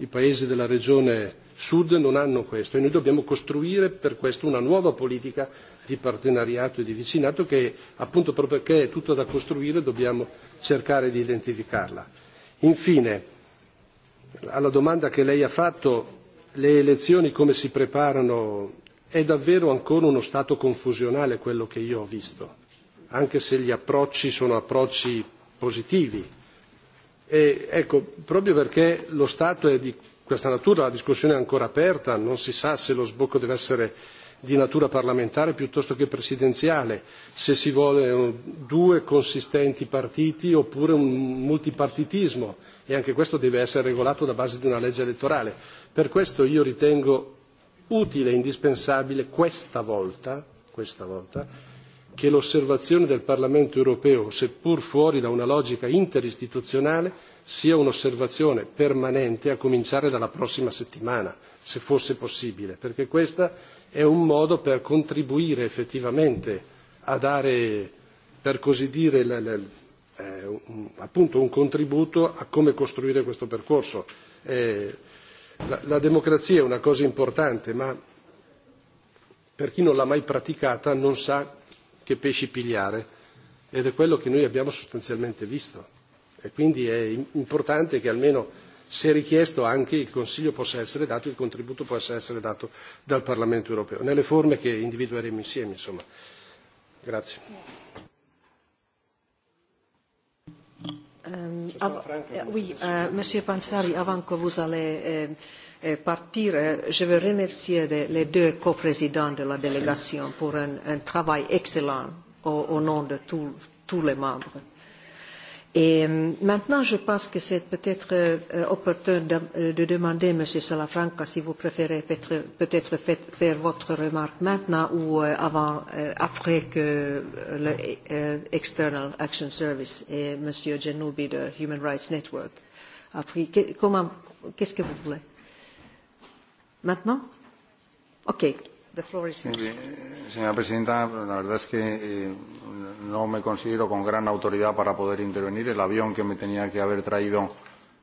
I paesi della regione sud non hanno questo e noi dobbiamo costruire per questo una nuova politica di partenariato e di vicinato che appunto proprio perché è tutto da costruire dobbiamo cercare di identificarla. Infine, alla domanda che lei ha fatto, le elezioni come si preparano? È davvero ancora uno stato confusionale quello che io ho visto, anche se gli approcci sono approcci positivi ecco, proprio perché lo Stato è di questa natura, la discussione è ancora aperta, non si sa se lo sbocco deve essere di natura parlamentare piuttosto che presidenziale, se si vogliono due consistenti partiti oppure un multipartitismo e anche questo deve essere regolato da base di una legge elettorale. Per questo io ritengo utile e indispensabile questa volta, questa volta che l'osservazione del Parlamento europeo, seppur fuori da una logica interistituzionale, sia un'osservazione permanente, a cominciare dalla prossima settimana, se fosse possibile, perché questo è un modo per contribuire effettivamente a dare, per così dire, appunto un contributo a come costruire questo percorso. la democrazia è una cosa importante, ma per chi non l'ha mai praticata non sa che pesci pigliare ed è quello che noi abbiamo sostanzialmente visto e quindi è importante che almeno se richiesto anche il Consiglio possa essere dato, il contributo possa essere dato dal Parlamento europeo, nelle forme che individueremo insieme. Insomma. Grazie. Oui, euh, Monsieur Pansari, avant que vous allez euh, partir, je veux remercier les deux coprésidents de la délégation pour un, travail excellent au, nom de tous les membres. Et maintenant, je pense que c'est peut-être opportun de, demander, Monsieur Salafranca, si vous préférez peut-être faire votre remarque maintenant ou avant, après que l'External Action Service et Monsieur Genoubi de Human Rights Network a pris. Qu'est-ce que vous voulez Señora presidenta, la verdad es que no me considero con gran autoridad para poder intervenir. El avión que me tenía que haber traído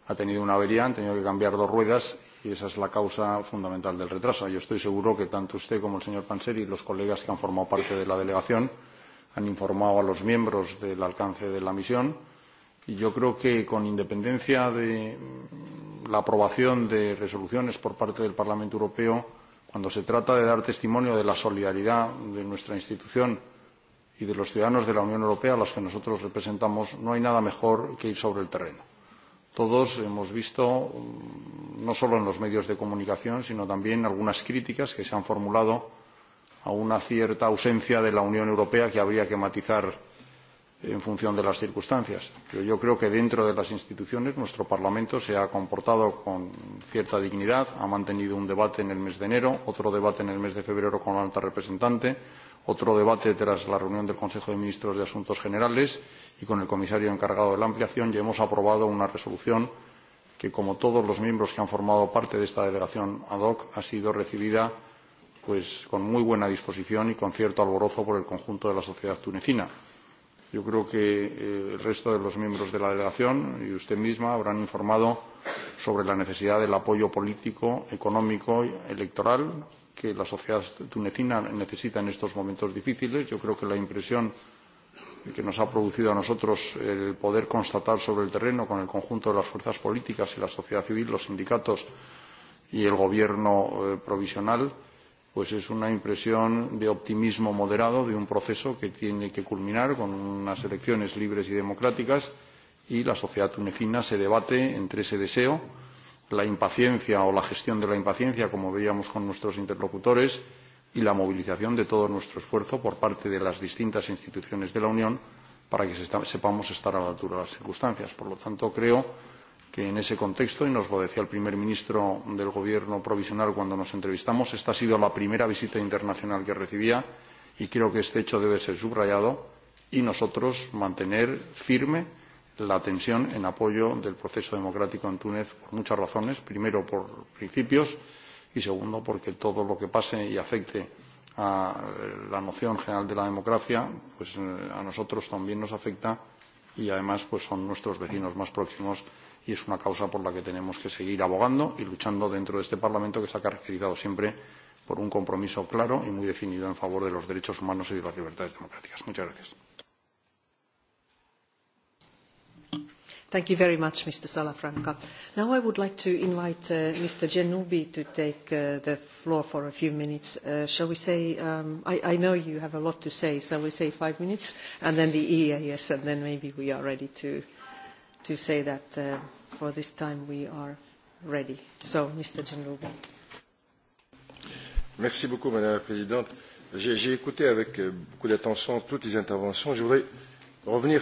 ha tenido una avería, han tenido que cambiar dos ruedas y esa es la causa fundamental del retraso. Yo estoy seguro que tanto usted como el señor Panseri y los colegas que han formado parte de la delegación han informado a los miembros del alcance de la misión y yo creo que con independencia de la aprobación de resoluciones por parte del Parlamento Europeo cuando se trata de dar testimonio de la solidaridad de nuestra institución y de los ciudadanos de la Unión Europea a los que nosotros representamos, no hay nada mejor que ir sobre el terreno. Todos hemos visto, no solo en los medios de comunicación, sino también algunas críticas que se han formulado a una cierta ausencia de la Unión Europea que habría que matizar en función de las circunstancias. Pero yo creo que dentro de las instituciones nuestro Parlamento se ha comportado con cierta dignidad, ha mantenido un debate en el mes de enero, otro debate en el mes de febrero con la alta representante, otro debate tras la reunión del Consejo de Ministros de Asuntos Generales y con el comisario encargado de la ampliación y hemos aprobado una resolución que, como todos los miembros que han formado parte de esta delegación ad hoc, ha sido recibida con muy buena disposición y con cierto alborozo por el conjunto de la sociedad tunecina Yo creo que el resto de los miembros de la delegación y usted misma habrán informado sobre la necesidad del apoyo político, económico, y electoral que la sociedad tunecina necesita en estos momentos difíciles. Yo creo que la impresión que nos ha producido a nosotros el poder constatar sobre el terreno con el conjunto de las fuerzas políticas y la sociedad civil, los sindicatos y el gobierno provisional pues es una impresión de optimismo moderado de un proceso que tiene que culminar con unas elecciones libres y democráticas y la sociedad tunecina se debate entre ese deseo, la impaciencia o la gestión de la impaciencia, como veíamos con nuestros interlocutores, y la movilización de todo nuestro esfuerzo por parte de las distintas instituciones de la Unión para que sepamos estar a la altura de las circunstancias. Por lo tanto, creo que en ese contexto, y nos lo decía el primer ministro del gobierno provisional cuando nos entrevistamos, esta ha sido la primera visita internacional que recibía y creo que este hecho debe ser subrayado y nosotros mantener firme la tensión en apoyo del proceso democrático en Túnez por muchas razones. Primero, por principios y segundo, porque todo lo que pase y afecte a la noción general de la democracia, pues a nosotros también nos afecta y además pues son nuestros vecinos más próximos y es una causa por la que tenemos que seguir abogando y luchando dentro de este Parlamento que se ha caracterizado siempre por un compromiso claro y muy definido en favor de los derechos humanos y de las libertades democráticas. Muchas gracias. Thank you very much, Mr. Salafranca. Now I would like to invite uh Mr. Genubi to take the floor for a few minutes. shall we say, um I, I know you have a lot to say, so we say five minutes, and then the EAS, and then maybe we are ready to, to say that for this time we are ready. So, Mr. Genubi. Merci beaucoup, Madame la Présidente. J'ai écouté avec beaucoup d'attention toutes les interventions. Je voudrais revenir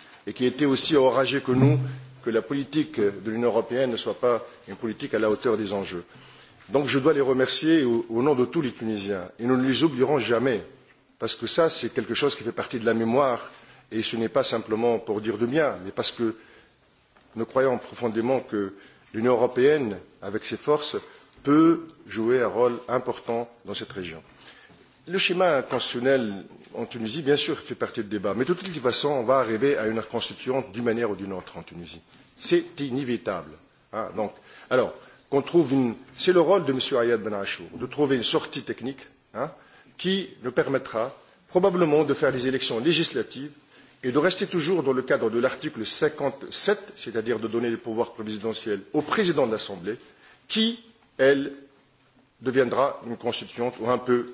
et qui était aussi orageux que nous, que la politique de l'Union européenne ne soit pas une politique à la hauteur des enjeux. Donc je dois les remercier au, nom de tous les Tunisiens et nous ne les oublierons jamais parce que ça c'est quelque chose qui fait partie de la mémoire et ce n'est pas simplement pour dire du bien mais parce que nous croyons profondément que l'Union européenne avec ses forces peut jouer un rôle important dans cette région. Le schéma constitutionnel en Tunisie, bien sûr, fait partie du débat, mais de toute façon, on va arriver à une constituante d'une manière ou d'une autre en Tunisie. C'est inévitable. donc, alors, qu'on trouve une... C'est le rôle de M. Ayad Ben Achour de trouver une sortie technique qui nous permettra probablement de faire des élections législatives et de rester toujours dans le cadre de l'article cinquante sept, c'est-à-dire de donner les pouvoirs présidentiels au président de l'Assemblée, qui, elle, deviendra une constituante ou un peu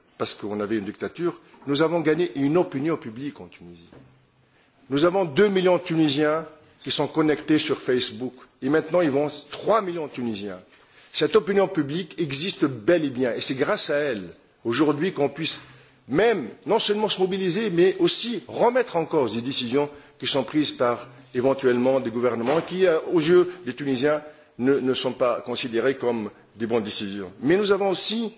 parce qu'on avait une dictature, nous avons gagné une opinion publique en Tunisie. Nous avons deux millions de Tunisiens qui sont connectés sur Facebook. Et maintenant, ils vont trois millions de Tunisiens. Cette opinion publique existe bel et bien. Et c'est grâce à elle, aujourd'hui, qu'on puisse même non seulement se mobiliser, mais aussi remettre en cause des décisions qui sont prises par éventuellement des gouvernements qui, aux yeux des Tunisiens, ne, sont pas considérées comme des bonnes décisions. Mais nous avons aussi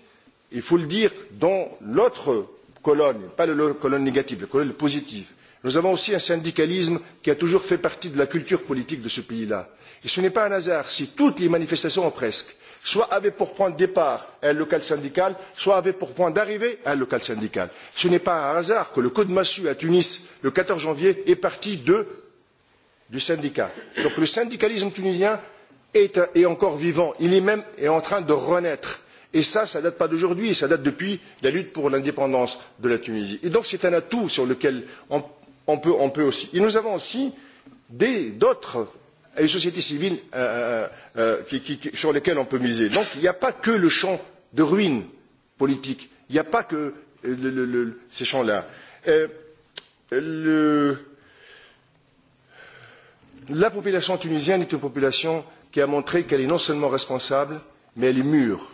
il faut le dire, dans l'autre colonne, pas la colonne négative, la colonne positive, nous avons aussi un syndicalisme qui a toujours fait partie de la culture politique de ce pays-là. Et ce n'est pas un hasard si toutes les manifestations, presque, soit avaient pour point de départ un local syndical, soit avaient pour point d'arrivée un local syndical. Ce n'est pas un hasard que le coup de massue à Tunis, le quatorze janvier, est parti de, du syndicat. Donc le syndicalisme tunisien est encore vivant, il est même en train de renaître Et ça, ça ne date pas d'aujourd'hui, ça date depuis la lutte pour l'indépendance de la Tunisie. Et donc c'est un atout sur lequel on, peut, aussi. Et nous avons aussi d'autres sociétés civiles sur lesquelles on peut miser. Donc il n'y a pas que le champ de ruines politiques, il n'y a pas que ces champs-là. La population tunisienne est une population qui a montré qu'elle est non seulement responsable, mais elle est mûre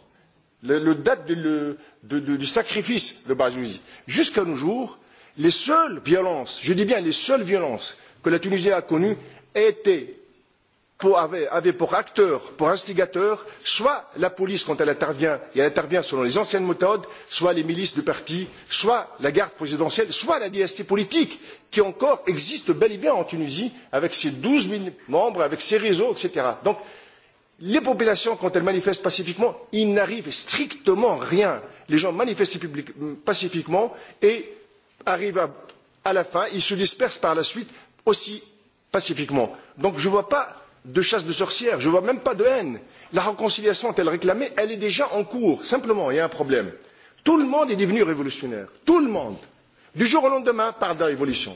le, date du sacrifice de Bazouzi. Jusqu'à nos jours, les seules violences, je dis bien les seules violences que la Tunisie a connues étaient avait, pour acteur, pour instigateur, soit la police quand elle intervient, et elle intervient selon les anciennes méthodes, soit les milices du parti, soit la garde présidentielle, soit la dynastie politique, qui encore existe bel et bien en Tunisie, avec ses douze 000 membres, avec ses réseaux, etc. Donc les populations, quand elles manifestent pacifiquement, il n'arrive strictement rien. Les gens manifestent pacifiquement et arrivent à, la fin, ils se dispersent par la suite aussi pacifiquement. Donc je ne vois pas de chasse de sorcières, je ne vois même pas de haine. La réconciliation telle réclamée, elle est déjà en cours. Simplement, il y a un problème. Tout le monde est devenu révolutionnaire. Tout le monde. Du jour au lendemain, par de la révolution.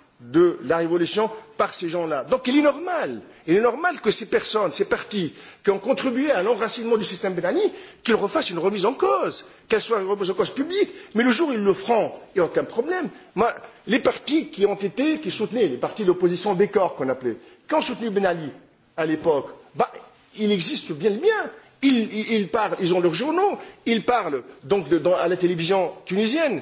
de la révolution par ces gens là. donc il est normal il est normal que ces personnes ces partis qui ont contribué à l'enracinement du système ben ali qu'ils refassent une remise en cause qu'elle soit une remise en cause publique mais le jour où ils le feront il n'y a aucun problème. les partis qui ont été qui soutenaient les partis d'opposition bécor qu'on appelait qui ont soutenu ben ali à l'époque il existe bien le bien ils, parlent, ils ont leurs journaux, ils parlent donc à la télévision tunisienne,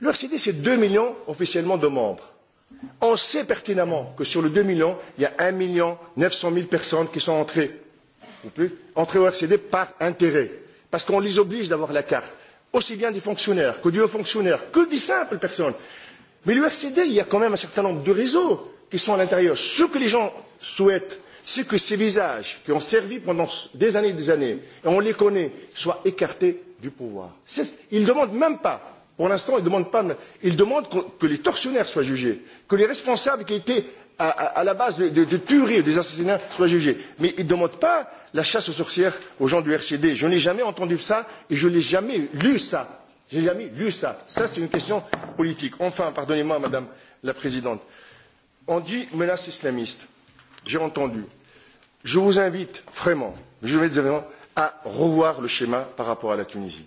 L'OFCDE, c'est deux millions officiellement de membres. On sait pertinemment que sur les deux millions, il y a un million neuf cent mille personnes qui sont entrées, ou plus, entrées au RCD par intérêt, parce qu'on les oblige d'avoir la carte, aussi bien des fonctionnaires que des hauts fonctionnaires, que des simples personnes. Mais le RCD, il y a quand même un certain nombre de réseaux qui sont à l'intérieur. Ce que les gens souhaitent, c'est que ces visages qui ont servi pendant des années et des années, et on les connaît, soient écartés du pouvoir. Ils ne demandent même pas Pour l'instant, ils demande demandent que les tortionnaires soient jugés, que les responsables qui étaient à, la base de, tueries ou des assassinats soient jugés. Mais ils ne demandent pas la chasse aux sorcières aux gens du RCD. Je n'ai jamais entendu ça et je n'ai jamais lu ça. J'ai jamais lu ça. Ça, c'est une question politique. Enfin, pardonnez-moi, Madame la Présidente. On dit menace islamiste. J'ai entendu. Je vous invite vraiment, je vais dire vraiment, à revoir le schéma par rapport à la Tunisie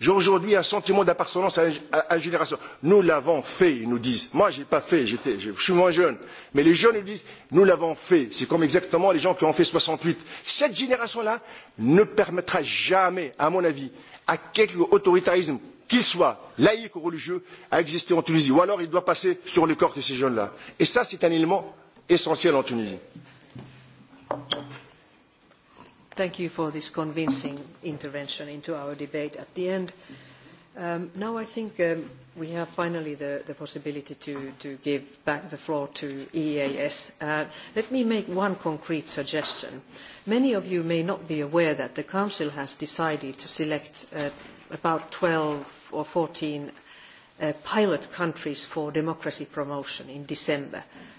J'ai aujourd'hui un sentiment d'appartenance à une génération. Nous l'avons fait, ils nous disent. Moi, je n'ai pas fait, je suis moins jeune. Mais les jeunes, ils disent, nous l'avons fait. C'est comme exactement les gens qui ont fait soixante huit. Cette génération-là ne permettra jamais, à mon avis, à quelque autoritarisme, qu'il soit laïque ou religieux, à exister en Tunisie. Ou alors, il doit passer sur le corps de ces jeunes-là. Et ça, c'est un élément essentiel en Tunisie. Thank you for this convincing intervention into our debate at the end. Now I think we have finally the possibility to give back the floor to EAS. Let me make one concrete suggestion. Many of you may not be aware that the Council has decided to select about twelve or fourteen pilot countries for democracy promotion in December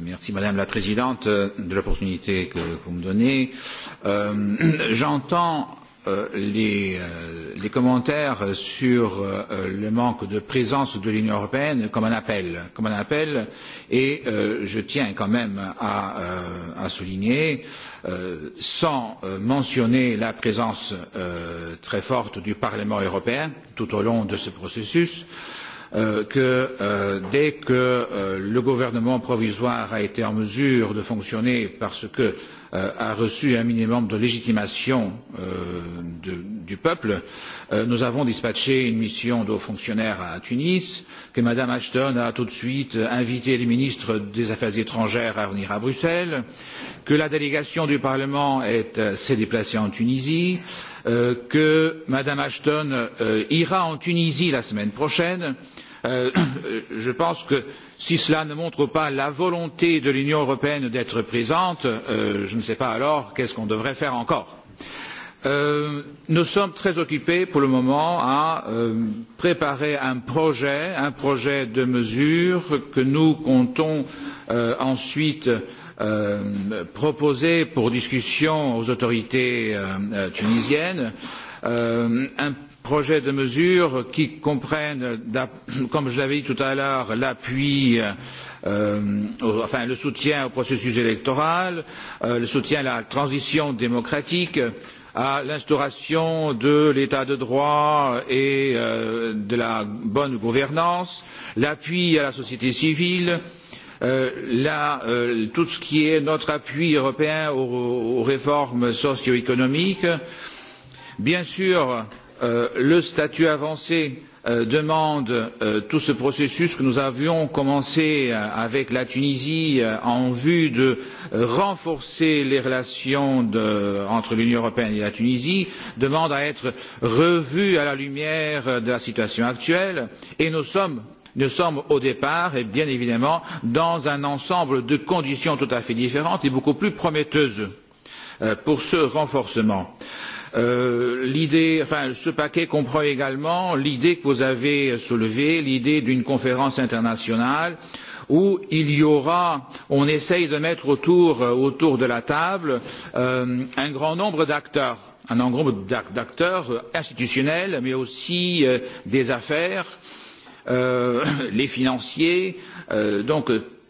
merci Madame la Présidente de l'opportunité que vous me donnez. J'entends les, commentaires sur le manque de présence de l'Union européenne comme un appel, comme un appel, et je tiens quand même à, souligner, sans mentionner la présence très forte du Parlement européen tout au long de ce processus, euh, que dès que le gouvernement provisoire a été en mesure de fonctionner parce que a reçu un minimum de légitimation du peuple. nous avons dispatché une mission de hauts fonctionnaires à Tunis, que Mme Ashton a tout de suite invité les ministres des Affaires étrangères à venir à Bruxelles, que la délégation du Parlement s'est déplacée en Tunisie, que Mme Ashton ira en Tunisie la semaine prochaine, euh, je pense que si cela ne montre pas la volonté de l'Union européenne d'être présente, je ne sais pas alors qu'est-ce qu'on devrait faire encore. nous sommes très occupés pour le moment à préparer un projet, un projet de mesures que nous comptons ensuite proposer pour discussion aux autorités tunisiennes un projets de mesures qui comprennent, comme je l'avais dit tout à l'heure, l'appui, enfin le soutien au processus électoral, le soutien à la transition démocratique, à l'instauration de l'état de droit et de la bonne gouvernance, l'appui à la société civile, tout ce qui est notre appui européen aux, réformes socio-économiques. Bien sûr, le statut avancé demande tout ce processus que nous avions commencé avec la Tunisie en vue de renforcer les relations entre l'Union européenne et la Tunisie demande à être revu à la lumière de la situation actuelle et nous sommes nous sommes au départ et bien évidemment dans un ensemble de conditions tout à fait différentes et beaucoup plus prometteuses pour ce renforcement. Euh, l'idée, enfin, ce paquet comprend également l'idée que vous avez soulevée, l'idée d'une conférence internationale où il y aura, on essaye de mettre autour, de la table un grand nombre d'acteurs un grand nombre d'acteurs institutionnels, mais aussi des affaires, les financiers, donc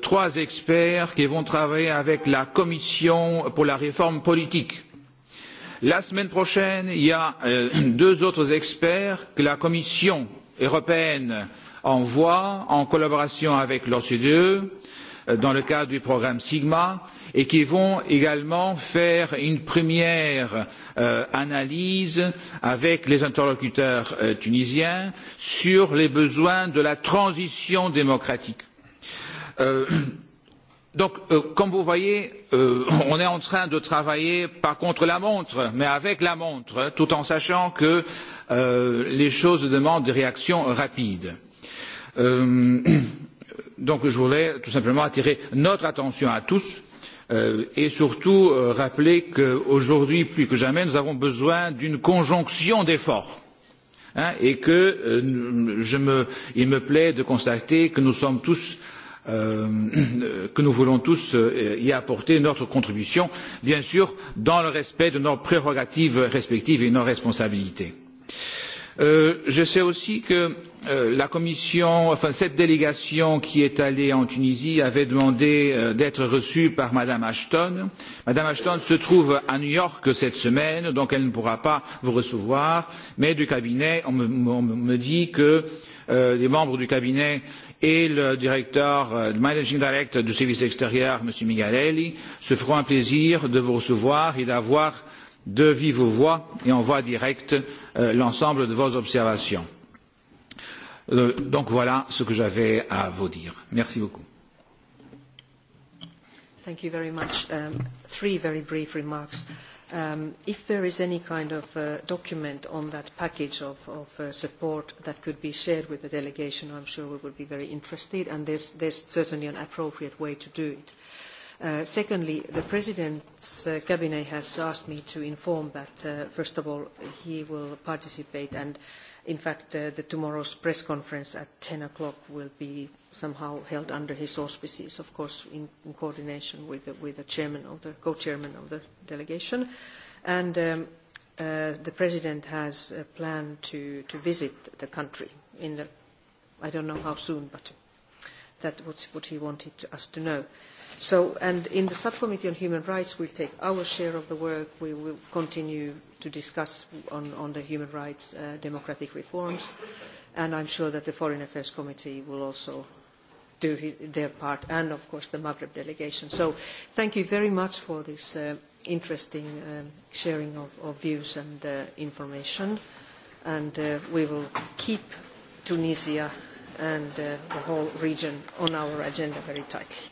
trois experts qui vont travailler avec la Commission pour la réforme politique. La semaine prochaine, il y a deux autres experts que la Commission européenne envoie en collaboration avec l'OCDE dans le cadre du programme Sigma et qui vont également faire une première analyse avec les interlocuteurs tunisiens sur les besoins de la transition démocratique donc, comme vous voyez, on est en train de travailler pas contre la montre, mais avec la montre, tout en sachant que les choses demandent des réactions rapides. donc, je voulais tout simplement attirer notre attention à tous et surtout rappeler qu'aujourd'hui, plus que jamais, nous avons besoin d'une conjonction d'efforts et que il me plaît de constater que nous sommes tous que nous voulons tous y apporter notre contribution, bien sûr dans le respect de nos prérogatives respectives et de nos responsabilités. je sais aussi que la commission, enfin cette délégation qui est allée en Tunisie avait demandé d'être reçue par Madame Ashton. Madame Ashton se trouve à New York cette semaine, donc elle ne pourra pas vous recevoir, mais du cabinet, on me, dit que les membres du cabinet et le directeur, le managing director du service extérieur, M. Migarelli, se feront un plaisir de vous recevoir et d'avoir de vive voix et en voix directe euh, l'ensemble de vos observations. Euh, donc voilà ce que j'avais à vous dire. Merci beaucoup. Thank you very much. Um, three very brief remarks if there is any kind of document on that package of, support that could be shared with the delegation, I am sure we would be very interested, and there is certainly an appropriate way to do it. secondly, the President's Cabinet has asked me to inform that, first of all, he will participate, and in fact, tomorrow's press conference at ten o'clock will be somehow held under his auspices, of course, in, in coordination with the, with the chairman of the co-chairman of the delegation. And um, uh, the president has a plan to, to visit the country in the, I don't know how soon, but that was what he wanted us to know. So, and in the subcommittee on human rights, we'll take our share of the work. We will continue to discuss on, on the human rights, uh, democratic reforms, and I'm sure that the Foreign Affairs Committee will also do their part, and of course the Maghreb delegation. So thank you very much for this interesting sharing of, views and information. And we will keep Tunisia and the whole region on our agenda very tightly.